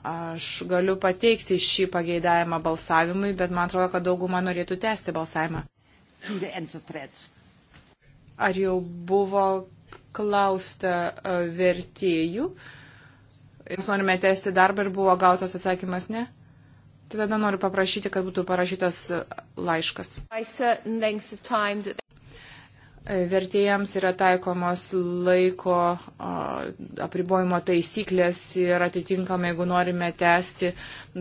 Aš galiu pateikti šį pageidavimą balsavimui, bet man atrodo, kad dauguma norėtų tęsti balsavimą. Ar jau buvo klausta e, vertėjų? Uh, Jūs norime tęsti darbą ir buvo gautas atsakymas ne? Tada noriu paprašyti, kad būtų parašytas laiškas. Vertėjams yra taikomos laiko apribojimo taisyklės ir atitinkamai, jeigu norime tęsti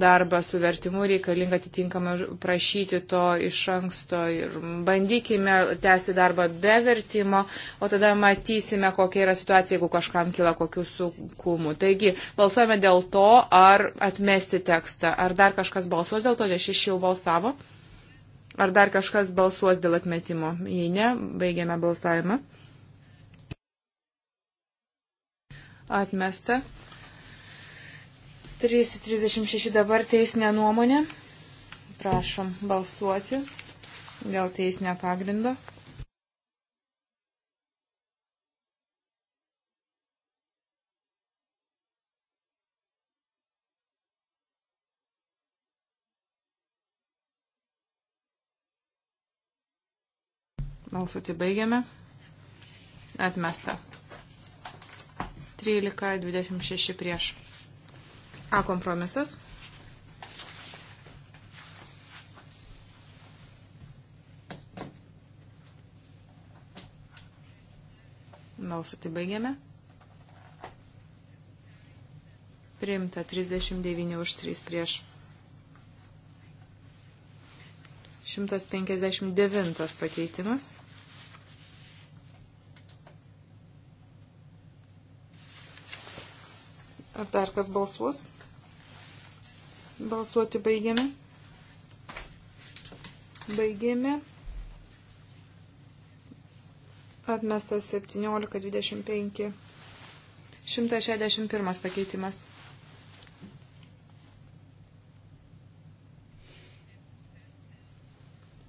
darbą su vertimu, reikalinga atitinkamai prašyti to iš anksto ir bandykime tęsti darbą be vertimo, o tada matysime, kokia yra situacija, jeigu kažkam kila kokių sunkumų. Taigi, balsuojame dėl to, ar atmesti tekstą, ar dar kažkas balsuos dėl to, nes šis jau balsavo. Ar dar kažkas balsuos dėl atmetimo? Jei ne, baigiame balsavimą. Atmesta. 3.36 dabar teisinė nuomonė. Prašom balsuoti dėl teisinio pagrindo. Balsuoti baigiame. Atmesta. 13, 26 prieš. A kompromisas. Balsuoti baigiame. Priimta 39 už 3 prieš. 159 pakeitimas. Dar kas balsuos? Balsuoti baigiame. Baigėme. Atmestas 17.25. 161 pakeitimas.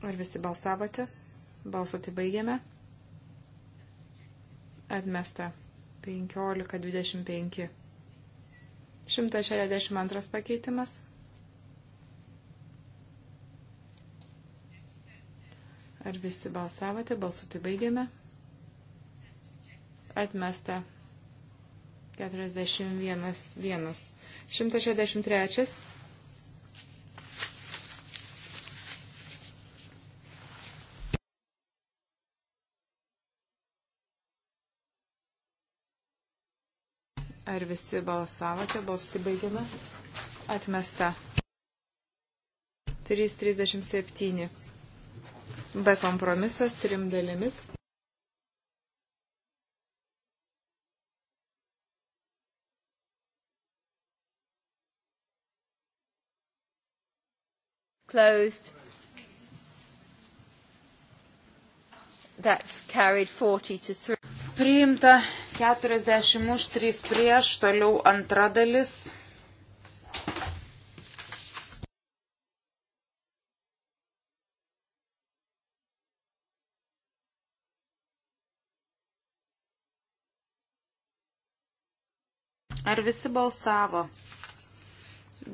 Ar visi balsavote? Balsuoti baigėme. Atmesta 15.25. 162 pakeitimas. Ar visi balsavote? Balsuti baigėme. Atmesta. 41. 1. 163. Ar visi balsavote? Balsuoti baigiame. Atmesta. 337. B kompromisas trim dalimis. Closed. Priimta 40 už 3 prieš, toliau antra dalis. Ar visi balsavo?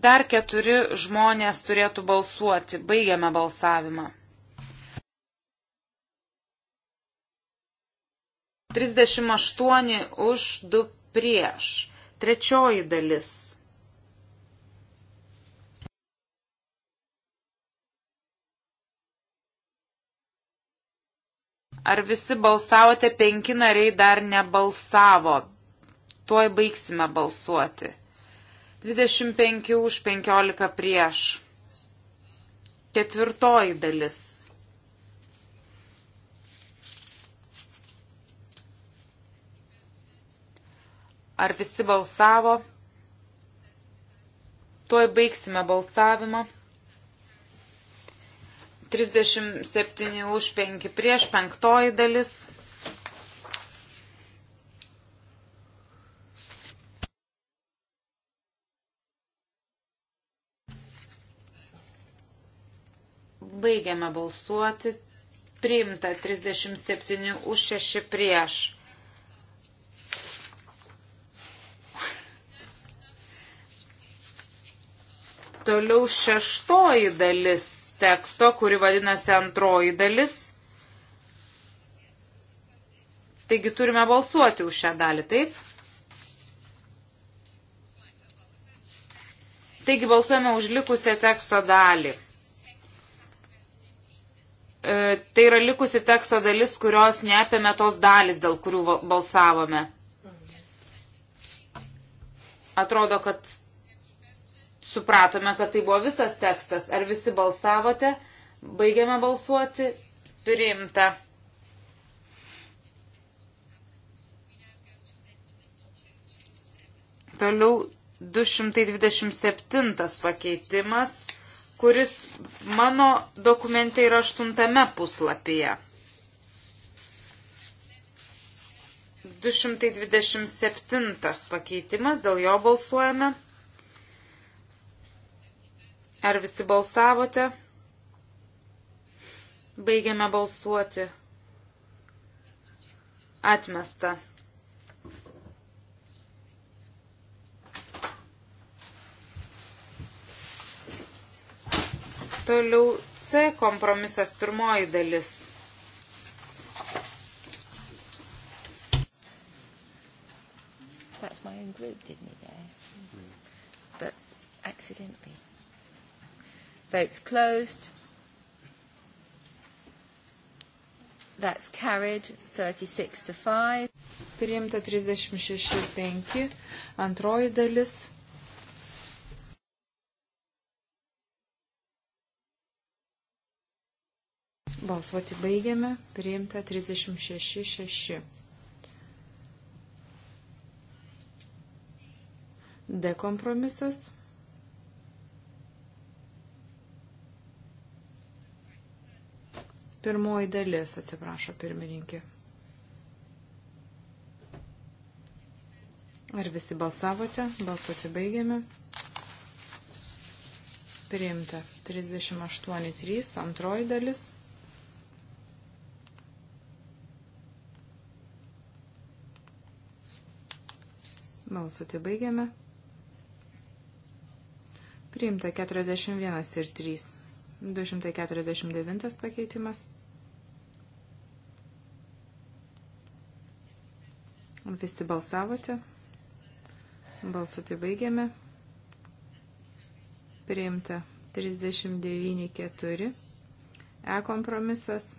Dar keturi žmonės turėtų balsuoti. Baigiame balsavimą. 38 už 2 prieš. Trečioji dalis. Ar visi balsavote, penki nariai dar nebalsavo. Tuoj baigsime balsuoti. 25 už 15 prieš. Ketvirtoji dalis. Ar visi balsavo? Tuoj baigsime balsavimą. 37 už 5 prieš penktoji dalis. Baigiame balsuoti. Priimta 37 už 6 prieš. Toliau šeštoji dalis teksto, kuri vadinasi antroji dalis. Taigi turime balsuoti už šią dalį, taip? Taigi balsuojame už likusią teksto dalį. E, tai yra likusi teksto dalis, kurios neapėmė tos dalis, dėl kurių balsavome. Atrodo, kad Supratome, kad tai buvo visas tekstas. Ar visi balsavote? Baigiame balsuoti. Priimta. Toliau 227 pakeitimas, kuris mano dokumente yra aštuntame puslapyje. 227 pakeitimas, dėl jo balsuojame. Ar visi balsavote? Baigiame balsuoti. Atmesta. Toliau C kompromisas pirmoji dalis. That's my own group, didn't it? Yeah. But accidentally. Votes closed. That's carried 36 to 5. Priimta 36.5. Antroji dalis. Balsuoti baigiame. Priimta 36.6. Dekompromisas. kompromisas. Pirmoji dalis, atsiprašo pirmininkė. Ar visi balsavote? Balsuoti baigėme. Priimta 38.3, antroji dalis. Balsuoti baigėme. Priimta 41 ir 3. 249 pakeitimas. Visi balsavote. Balsuoti baigiame. Priimta 39.4. E kompromisas.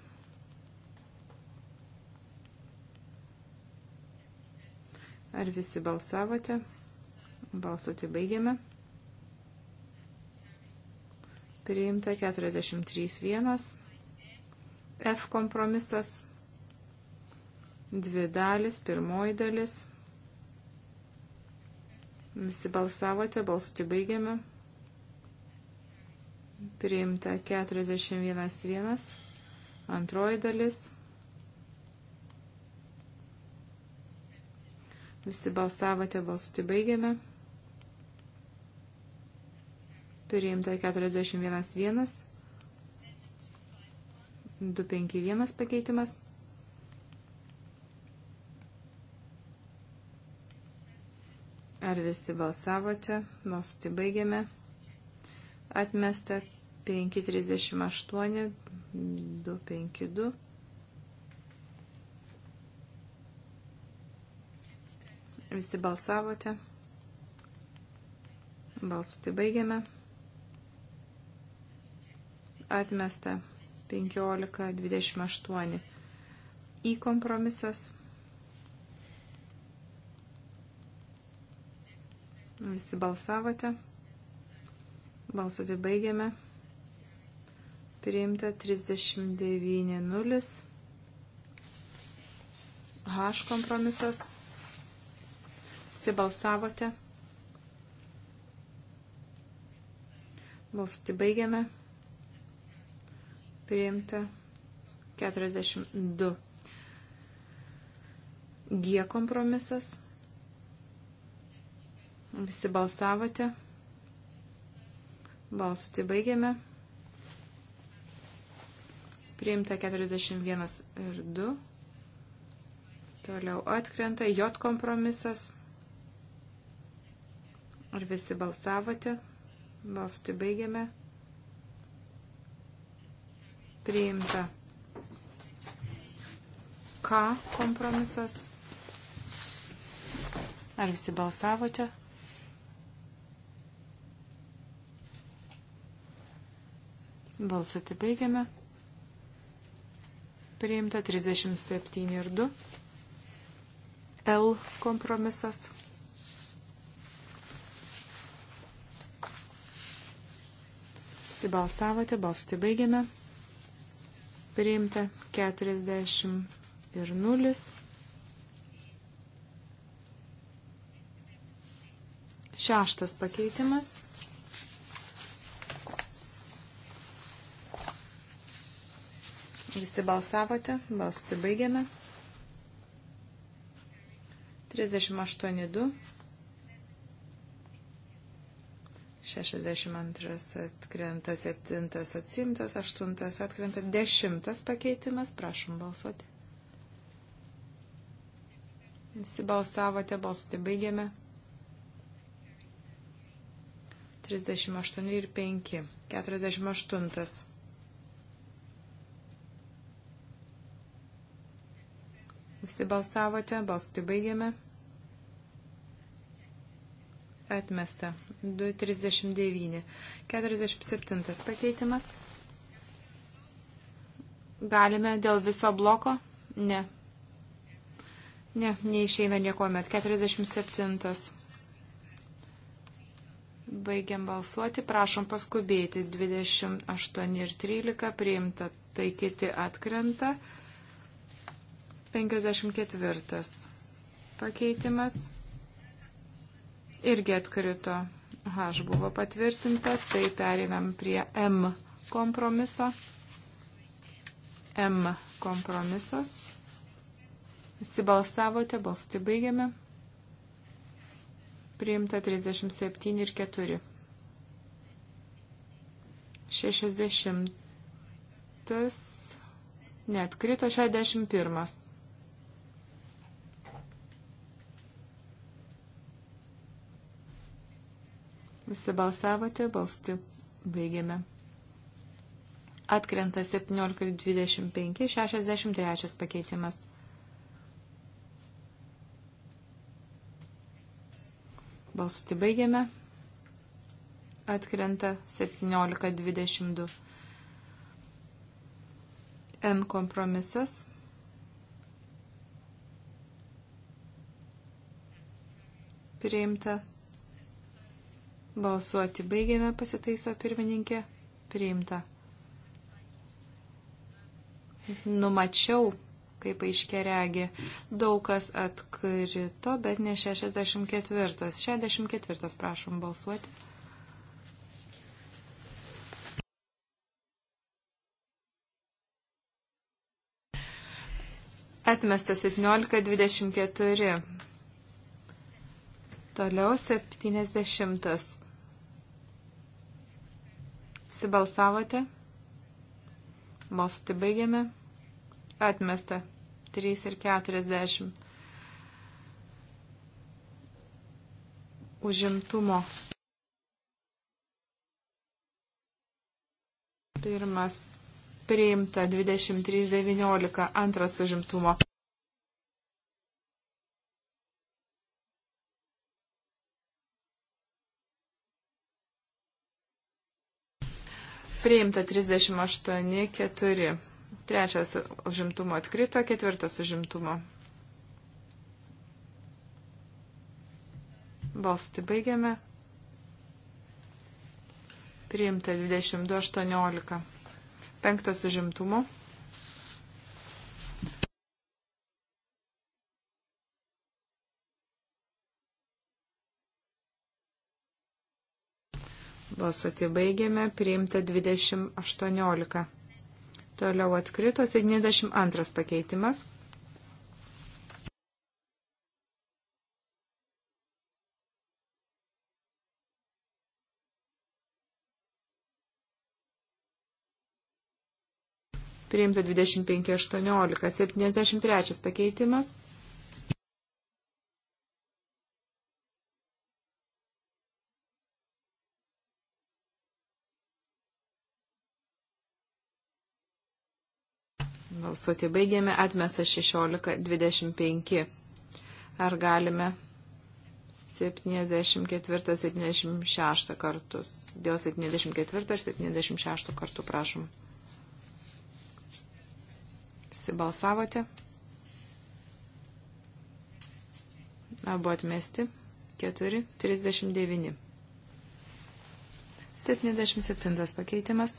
Ar visi balsavote? Balsuoti baigiame priimta 43.1. F kompromisas, dvi dalis, pirmoji dalis. Visi balsavote, balsuti baigiame. Priimta 41.1. Antroji dalis. Visi balsavote, balsuti baigiame. Priimta 41.1. 251 pakeitimas. Ar visi balsavote? Nuosutį baigėme. Atmesta 538, 252. Visi balsavote. Balsutį baigėme atmesta 15-28. Į kompromisas. Visi balsavote. Balsuoti baigiame. Priimta 39.0. H kompromisas. Visi balsavote. Balsuoti baigiame priimta 42. G kompromisas. Visi balsavote. Balsutį baigėme. Priimta 41 ir 2. Toliau atkrenta J kompromisas. Ar visi balsavote? Balsutį baigėme priimta. Ką kompromisas? Ar visi balsavote? Balsuoti baigiame. Priimta 37 ir 2. L kompromisas. Visi balsavote, balsuoti baigiame priimta 40 ir 0. Šeštas pakeitimas. Visi balsavote, balsuoti baigiame. 38.2 62 atkrenta, 7 atsimtas, 8 atkrenta, 10 pakeitimas, prašom balsuoti. Visi balsavote, balsuoti baigėme. 38 ir 5, 48. Visi balsavote, balsuoti baigėme. Atmesta. 239. 47 pakeitimas. Galime dėl viso bloko? Ne. Ne, neišeina nieko met. 47. Baigiam balsuoti. Prašom paskubėti. 28 ir 13 priimta. Tai kiti atkrenta. 54. Pakeitimas irgi atkrito. H buvo patvirtinta, tai perinam prie M kompromiso. M kompromisas. Visi balsavote, balsuoti baigiame. Priimta 37 ir 4. 60. Netkrito 61. Visi balsavote, balsti baigėme. Atkrenta 17.25, 63 pakeitimas. Balsuti baigėme. Atkrenta 17.22. N kompromisas. Priimta Balsuoti baigėme, pasitaiso pirmininkė. Priimta. Numačiau, kaip aiškia regi. Daug kas atkrito, bet ne 64. 64 prašom balsuoti. Atmestas 17.24. Toliau 70 Visi balsavote? Balsuoti baigiame. Atmesta. 3 ir 40. Užimtumo. Pirmas priimta 23.19. Antras užimtumo. priimta 38-4. Trečias užimtumo atkrito, ketvirtas užimtumo. Balsti baigiame. Priimta 22-18. Penktas užimtumo. Balsuoti baigėme, priimta 2018. Toliau atkrito 72 pakeitimas. Priimta 25.18. 73 pakeitimas. balsuoti baigėme, atmesta 16.25. Ar galime 74-76 kartus? Dėl 74 ir 76 kartų prašom. Sibalsavote? Abu atmesti. 4.39. 77 pakeitimas.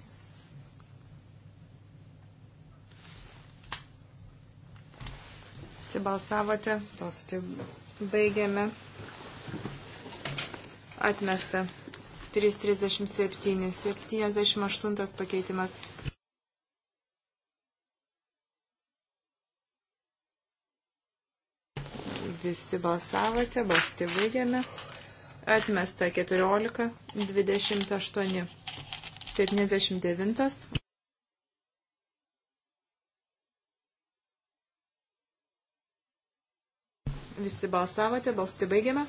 visi balsavote, balsuoti baigiame. Atmesta. 337, 78 pakeitimas. Visi balsavote, balsuoti baigiame. Atmesta 14, 28, 79. Visi balsavote, balsuoti baigiame.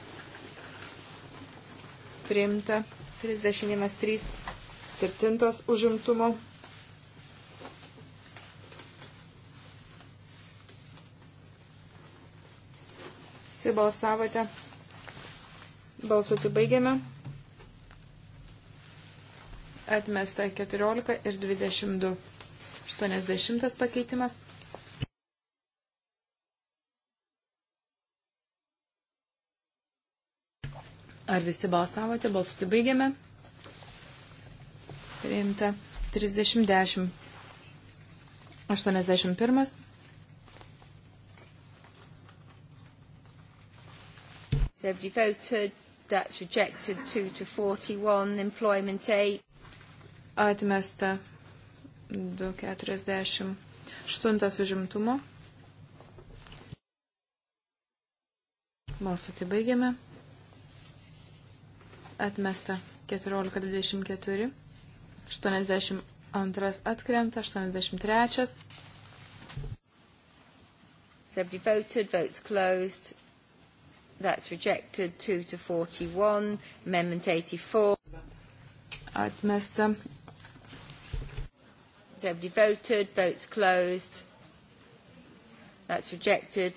Priimta 31.3. Septintas užimtumo. Visi balsavote. Balsuoti baigiame. Atmesta 14 ir 22. 80 pakeitimas. Ar visi balsavote? Balsuoti baigiame. Priimta 30-10. 81. So everybody voted. That's rejected. 2 to 41. Employment 8. Atmesta 2.40. 8 užimtumo. Balsuoti baigiame atmesta 14.24, 82 atkrenta, 83. Everybody voted, votes closed. That's rejected, 2 to 41. Amendment 84. Atmesta. Everybody voted, votes closed. That's rejected,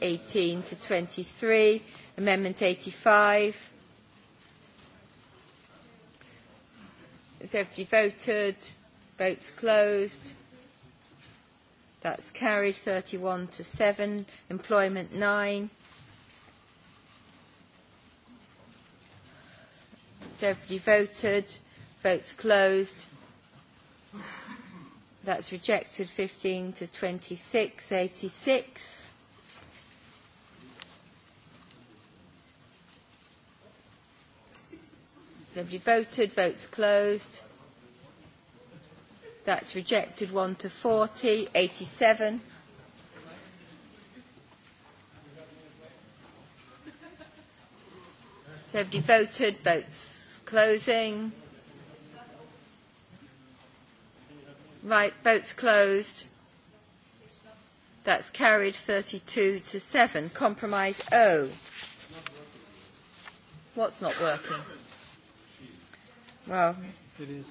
18 to 23. Amendment 85. Has everybody voted? Votes closed. That's carried 31 to 7. Employment 9. Has everybody voted? Votes closed. That's rejected 15 to 26, 86. Nobody voted. Votes closed. That's rejected. 1 to 40. 87. Nobody voted. Votes closing. Right, votes closed. That's carried 32 to 7. Compromise O. What's not working? Wow. It is.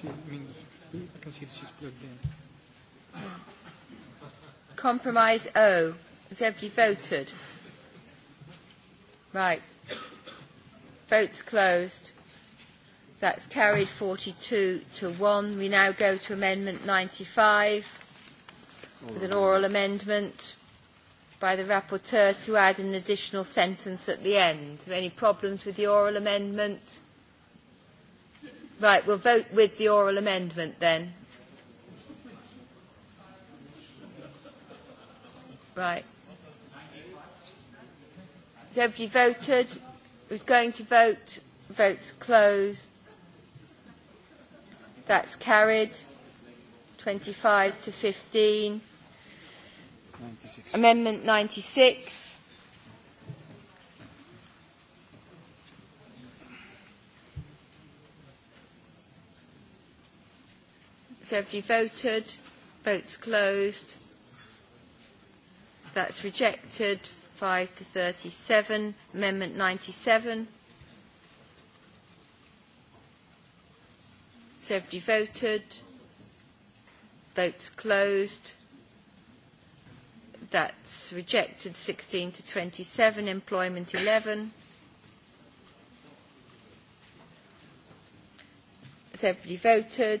She's, I mean, I can see that she's plugged in. Compromise O. Has everybody voted? Right. Votes closed. That's carried 42 to 1. We now go to Amendment 95 oral. with an oral amendment by the rapporteur to add an additional sentence at the end. Any problems with the oral amendment? Right, we'll vote with the oral amendment then. Right. Has everybody voted? Who's going to vote? Votes closed. That's carried. 25 to 15. 96. Amendment 96. everybody voted? Votes closed. That's rejected. 5 to 37. Amendment 97. Has everybody voted? Votes closed. That's rejected. 16 to 27. Employment 11. Has everybody voted?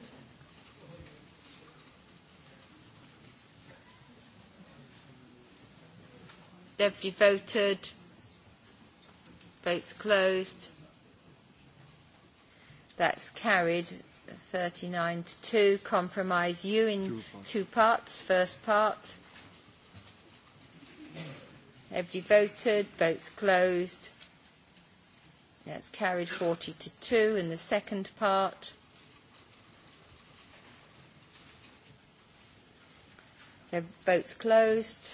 Everybody voted. Votes closed. That's carried 39 to 2. Compromise U in two parts. Two parts. First part. Everybody voted. Votes closed. That's carried 40 to 2 in the second part. The vote's closed.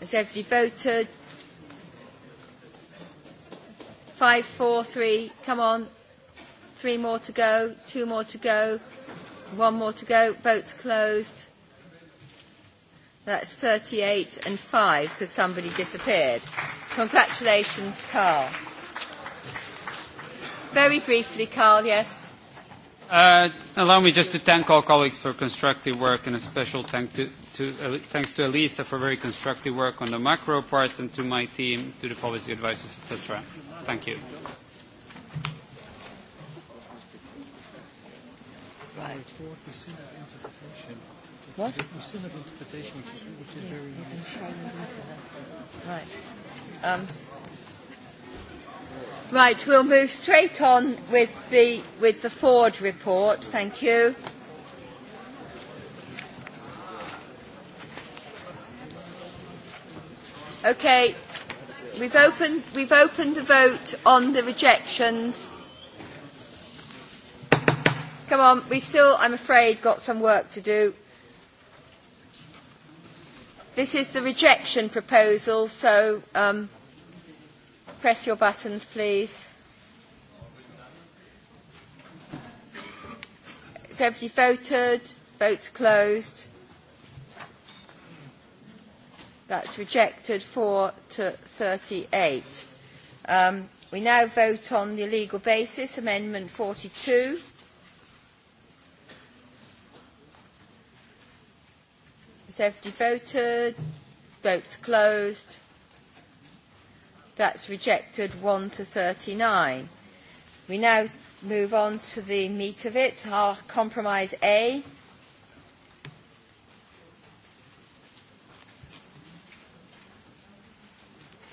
Has everybody voted? Five, four, three. Come on. Three more to go. Two more to go. One more to go. Votes closed. That's 38 and 5 because somebody disappeared. Congratulations, Carl. Very briefly, Carl, yes. Uh, allow me just to thank all colleagues for constructive work and a special thank to, to, uh, thanks to Elisa for very constructive work on the macro part and to my team, to the policy advisors, etc. Thank you. Right. What? We still have interpretation, which is, which is yeah, very useful. Right. Um, Right, we'll move straight on with the, with the Ford report. Thank you. Okay, we've opened, we've opened the vote on the rejections. Come on, we've still, I'm afraid, got some work to do. This is the rejection proposal, so um, press your buttons, please. Has everybody voted? Votes closed. That's rejected 4 to 38. Um, we now vote on the legal basis, Amendment 42. Has everybody voted? Votes closed. That's rejected 1 to 39. We now move on to the meat of it, our compromise A.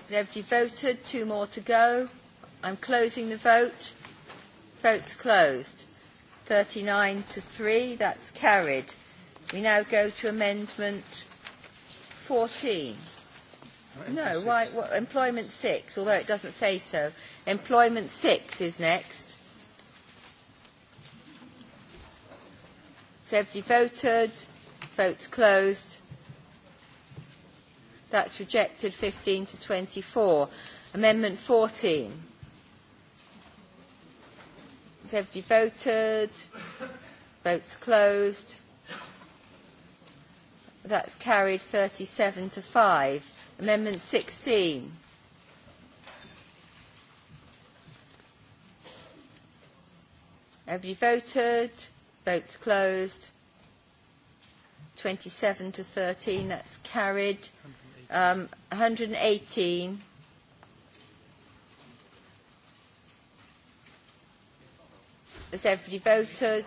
They've voted, two more to go. I'm closing the vote. Vote's closed. 39 to 3, that's carried. We now go to amendment 14. No, right. Well, employment six, although it doesn't say so. Employment six is next. So everybody voted. Votes closed. That's rejected 15 to 24. Amendment 14. Has everybody voted? Votes closed. That's carried 37 to 5. Amendment 16. Have you voted? Votes closed. 27 to 13, that's carried. Um, 118. Has everybody voted?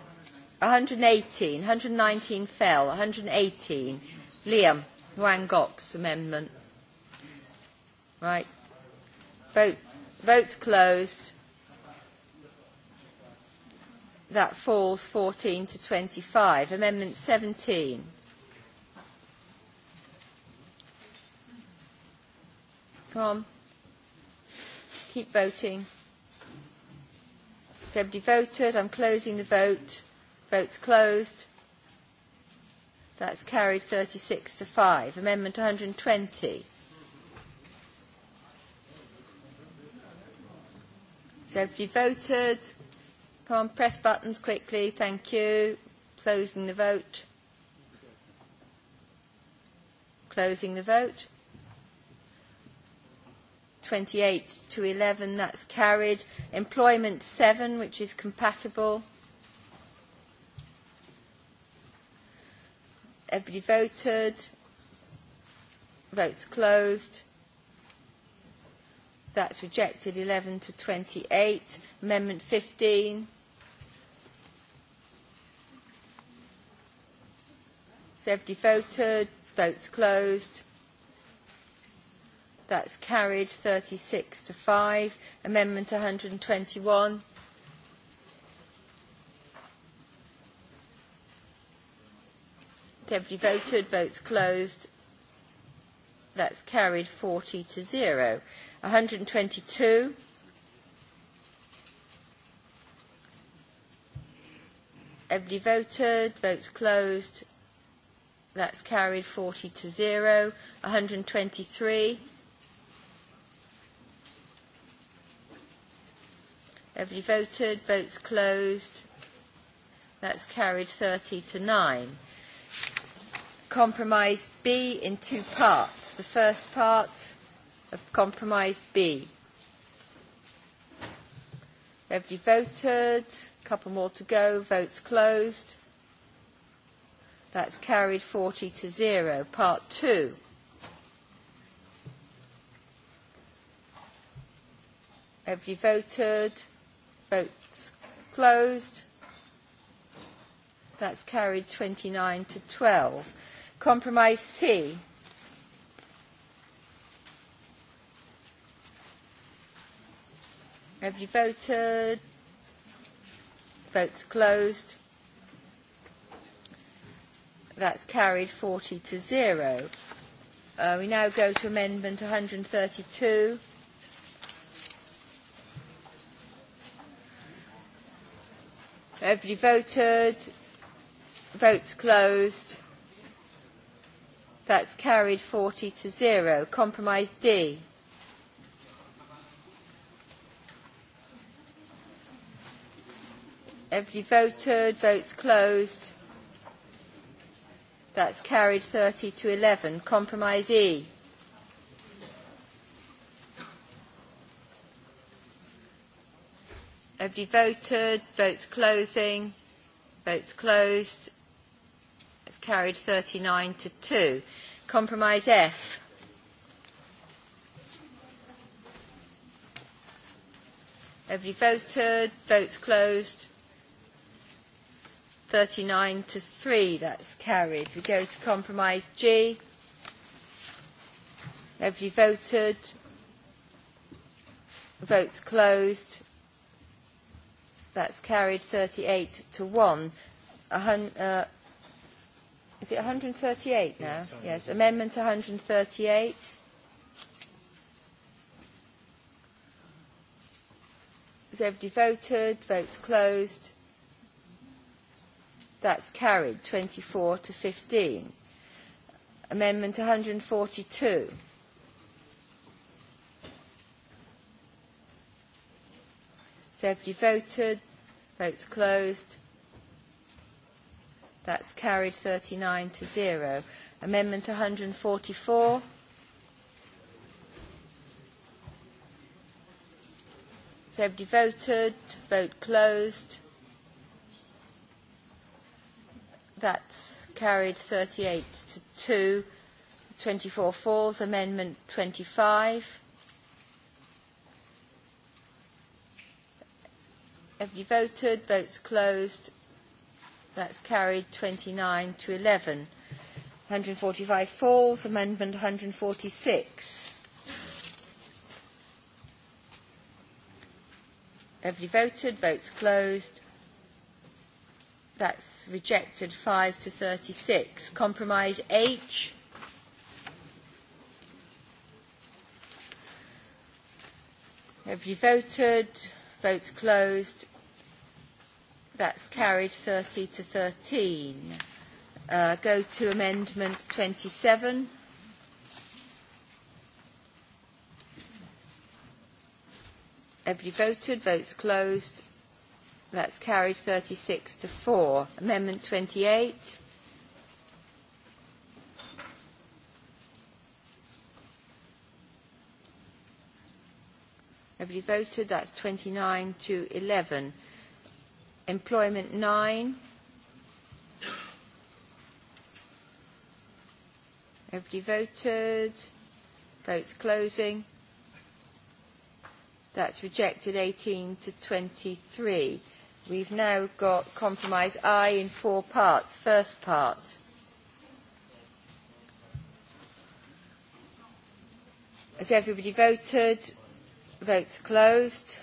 118. 119 fell. 118. Liam Wangok's amendment. Right. Vote. Vote's closed. That falls 14 to 25. Amendment 17. Come on. Keep voting. Has everybody voted? I'm closing the vote. Vote's closed. That's carried 36 to 5. Amendment 120. So if you voted, come on, press buttons quickly. Thank you. Closing the vote. Closing the vote. 28 to 11, that's carried. Employment 7, which is compatible. Everybody voted. Votes closed. That's rejected. 11 to 28. Amendment 15. Safety voted. Votes closed. That's carried 36 to 5. Amendment 121. Deputy voted. Votes closed. That's carried 40 to 0. 122. Everybody voted. Votes closed. That's carried 40 to 0. 123. Everybody voted. Votes closed. That's carried 30 to 9. Compromise B in two parts. The first part of compromise B. Everybody voted. A couple more to go. Votes closed. That's carried 40 to 0. Part 2. Everybody voted. Votes closed. That's carried 29 to 12. Compromise C. Have you voted? Votes closed. That's carried 40 to 0. Uh, we now go to Amendment 132. Everybody voted. Votes closed. That's carried 40 to 0. Compromise D. Everybody voted. Votes closed. That's carried 30 to 11. Compromise E. Everybody voted. Votes closing. Votes closed. It's carried 39 to 2. Compromise F. Everybody voted. Votes closed. 39 to 3, that's carried. We go to compromise G. Nobody voted. Votes closed. That's carried 38 to 1. A hun- uh, is it 138 now? Yeah, sorry. yes, Amendment 138. Has everybody voted? Votes closed That's carried, 24 to 15. Amendment 142. So everybody voted. Votes closed. That's carried 39 to 0. Amendment 144. So everybody voted. Vote closed. That's carried 38 to 2. 24 falls. Amendment 25. Have you voted? Votes closed. That's carried 29 to 11. 145 falls. Amendment 146. Have you voted? Votes closed. That's rejected. 5 to 36. Compromise H. Have you voted? Votes closed. That's carried 30 to 13. Uh, go to Amendment 27. Have you voted? Votes closed. That's carried 36 to 4. Amendment 28. Everybody voted? That's 29 to 11. Employment 9. Everybody voted? Votes closing. That's rejected 18 to 23. We've now got compromise I in four parts. First part. Has everybody voted? Votes closed.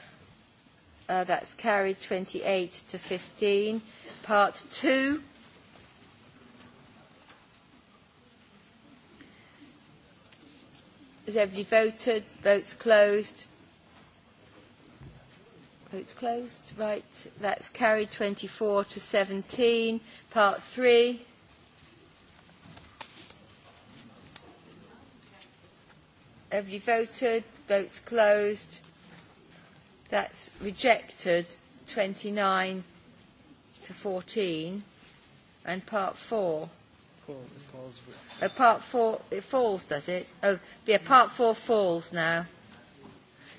Uh, that's carried 28 to 15. Part 2. Has everybody voted? Votes closed. Votes closed. Right, that's carried 24 to 17. Part 3. Everybody voted. Votes closed. That's rejected 29 to 14. And part 4. Falls. falls. Oh, part 4, it falls, does it? Oh, yeah, part 4 falls now.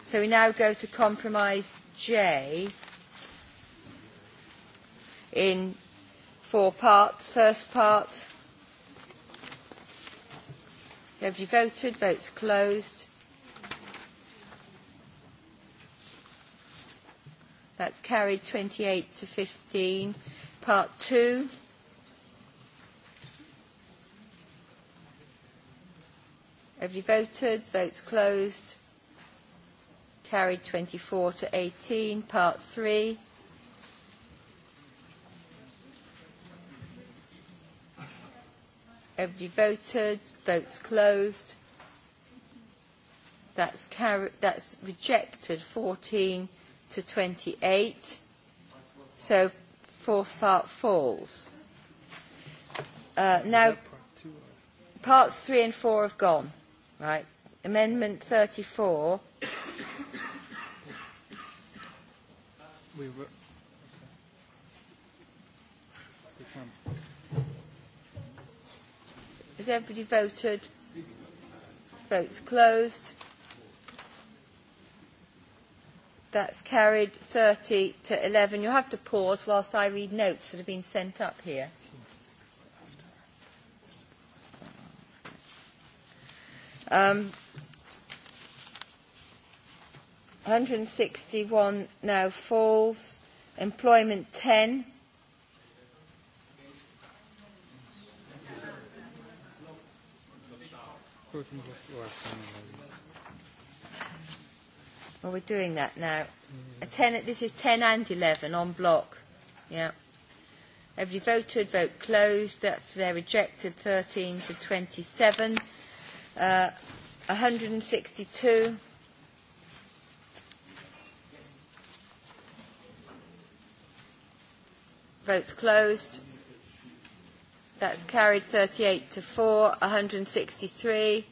So we now go to compromise J in four parts. First part. Have you voted? Votes closed. That's carried 28 to 15. Part 2. Have you voted? Votes closed carried 24 to 18. Part 3. Everybody voted. Votes closed. That's, carri- that's rejected 14 to 28. So fourth part falls. Uh, now, parts three and four have gone, right? Amendment 34 We were. They come. Has everybody voted? Votes closed. That's carried 30 to 11. You'll have to pause whilst I read notes that have been sent up here. Um, 161 now falls. Employment 10. Well, we're doing that now. Mm. A 10, this is 10 and 11 on block. Yeah. Every voted, vote closed. That's they're rejected, 13 to 27. Uh, 162. Votes closed. That's carried 38 to 4, 163.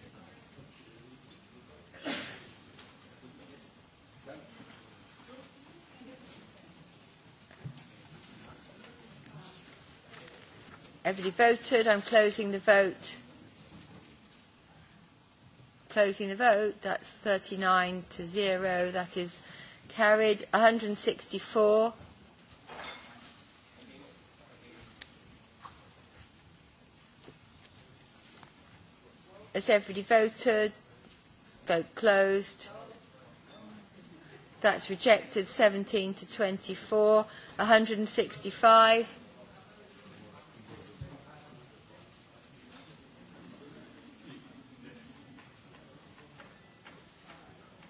Everybody voted. I'm closing the vote. Closing the vote. That's 39 to 0. That is carried. 164. Has everybody voted? Vote closed. That's rejected, 17 to 24. 165.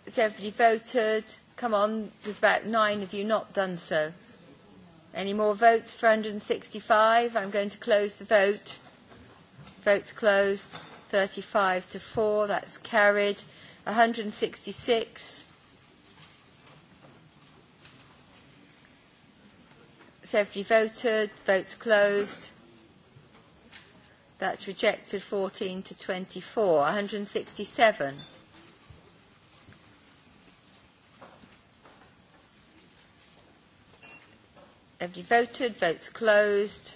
Has everybody voted? Come on, there's about nine of you not done so. Any more votes for 165? I'm going to close the vote. Vote's closed. 35 to 4, that's carried. 166. Everybody voted, votes closed. That's rejected 14 to 24. 167. Everybody voted, votes closed.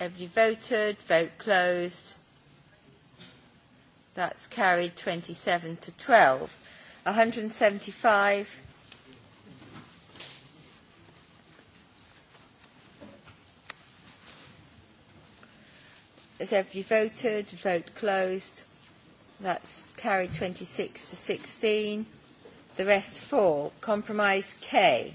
Every voted. Vote closed. That's carried 27 to 12. 175. Has everybody voted? Vote closed. That's carried 26 to 16. The rest fall. Compromise K.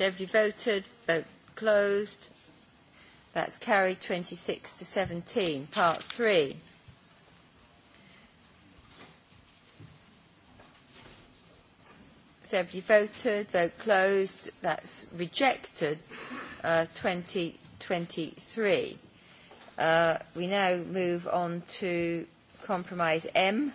Deputy voted. Vote closed. That's carried 26 to 17. Part 3. Deputy voted. Vote closed. That's rejected. Uh, 2023. 20, uh, we now move on to compromise M.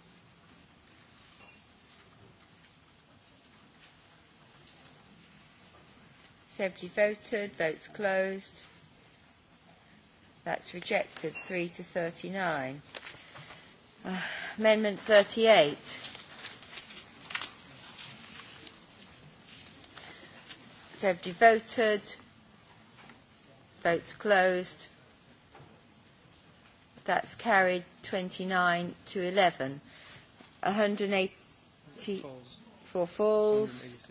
Simply voted. Votes closed. That's rejected. 3 to 39. Uh, amendment 38. Everybody voted. Votes closed. That's carried 29 to 11. 184 falls.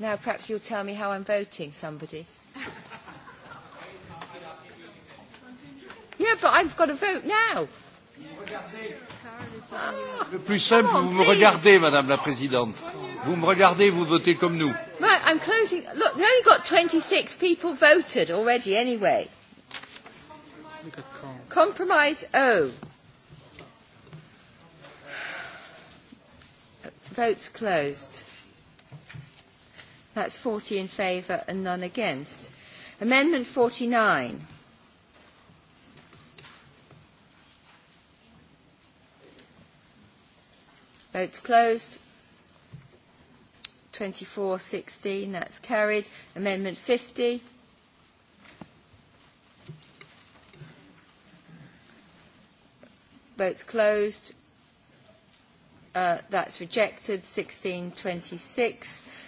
Now perhaps you'll tell me how I'm voting, somebody. yeah, but I've got to vote now. Oh, Le plus simple, on, vous please. me regardez, Madame la Présidente. Vous me regardez, vous votez comme nous. Right, I'm closing. Look, we only got 26 people voted already anyway. Compromise O. Oh. Votes closed. That's 40 in favour and none against. Amendment 49. Votes closed. 2416, that's carried. Amendment 50. Votes closed. Uh, that's rejected. 1626.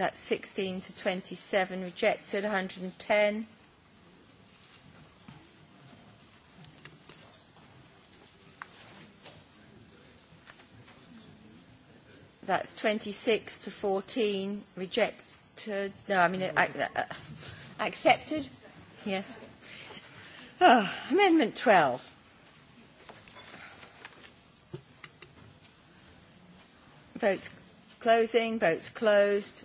That's 16 to 27 rejected, 110. That's 26 to 14 rejected. No, I mean, I, uh, uh, accepted. Yes. Oh, amendment 12. Votes closing, votes closed.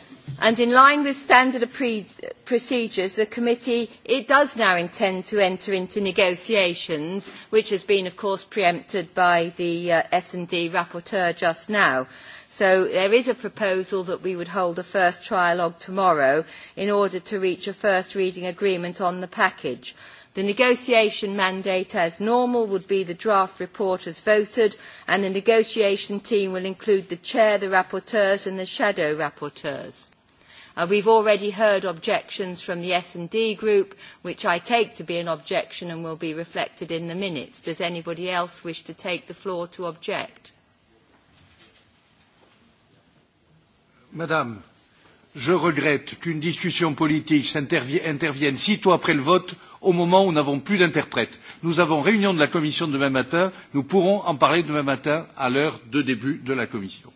and in line with standard pre procedures, the committee, it does now intend to enter into negotiations, which has been, of course, preempted by the uh, S&D rapporteur just now. So there is a proposal that we would hold a first trialogue tomorrow in order to reach a first reading agreement on the package. The negotiation mandate, as normal, would be the draft report as voted, and the negotiation team will include the chair, the rapporteurs, and the shadow rapporteurs. Uh, we've already heard objections from the S&D group, which I take to be an objection and will be reflected in the minutes. Does anybody else wish to take the floor to object? Madame je regrette qu'une discussion politique intervienne sitôt après le vote, au moment où nous n'avons plus d'interprète. Nous avons réunion de la commission demain matin, nous pourrons en parler demain matin à l'heure de début de la commission.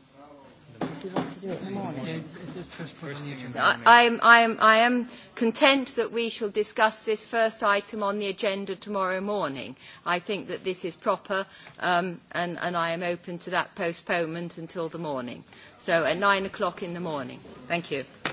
I am, I, am, I am content that we shall discuss this first item on the agenda tomorrow morning. I think that this is proper um, and, and I am open to that postponement until the morning so at nine o'clock in the morning. Thank you.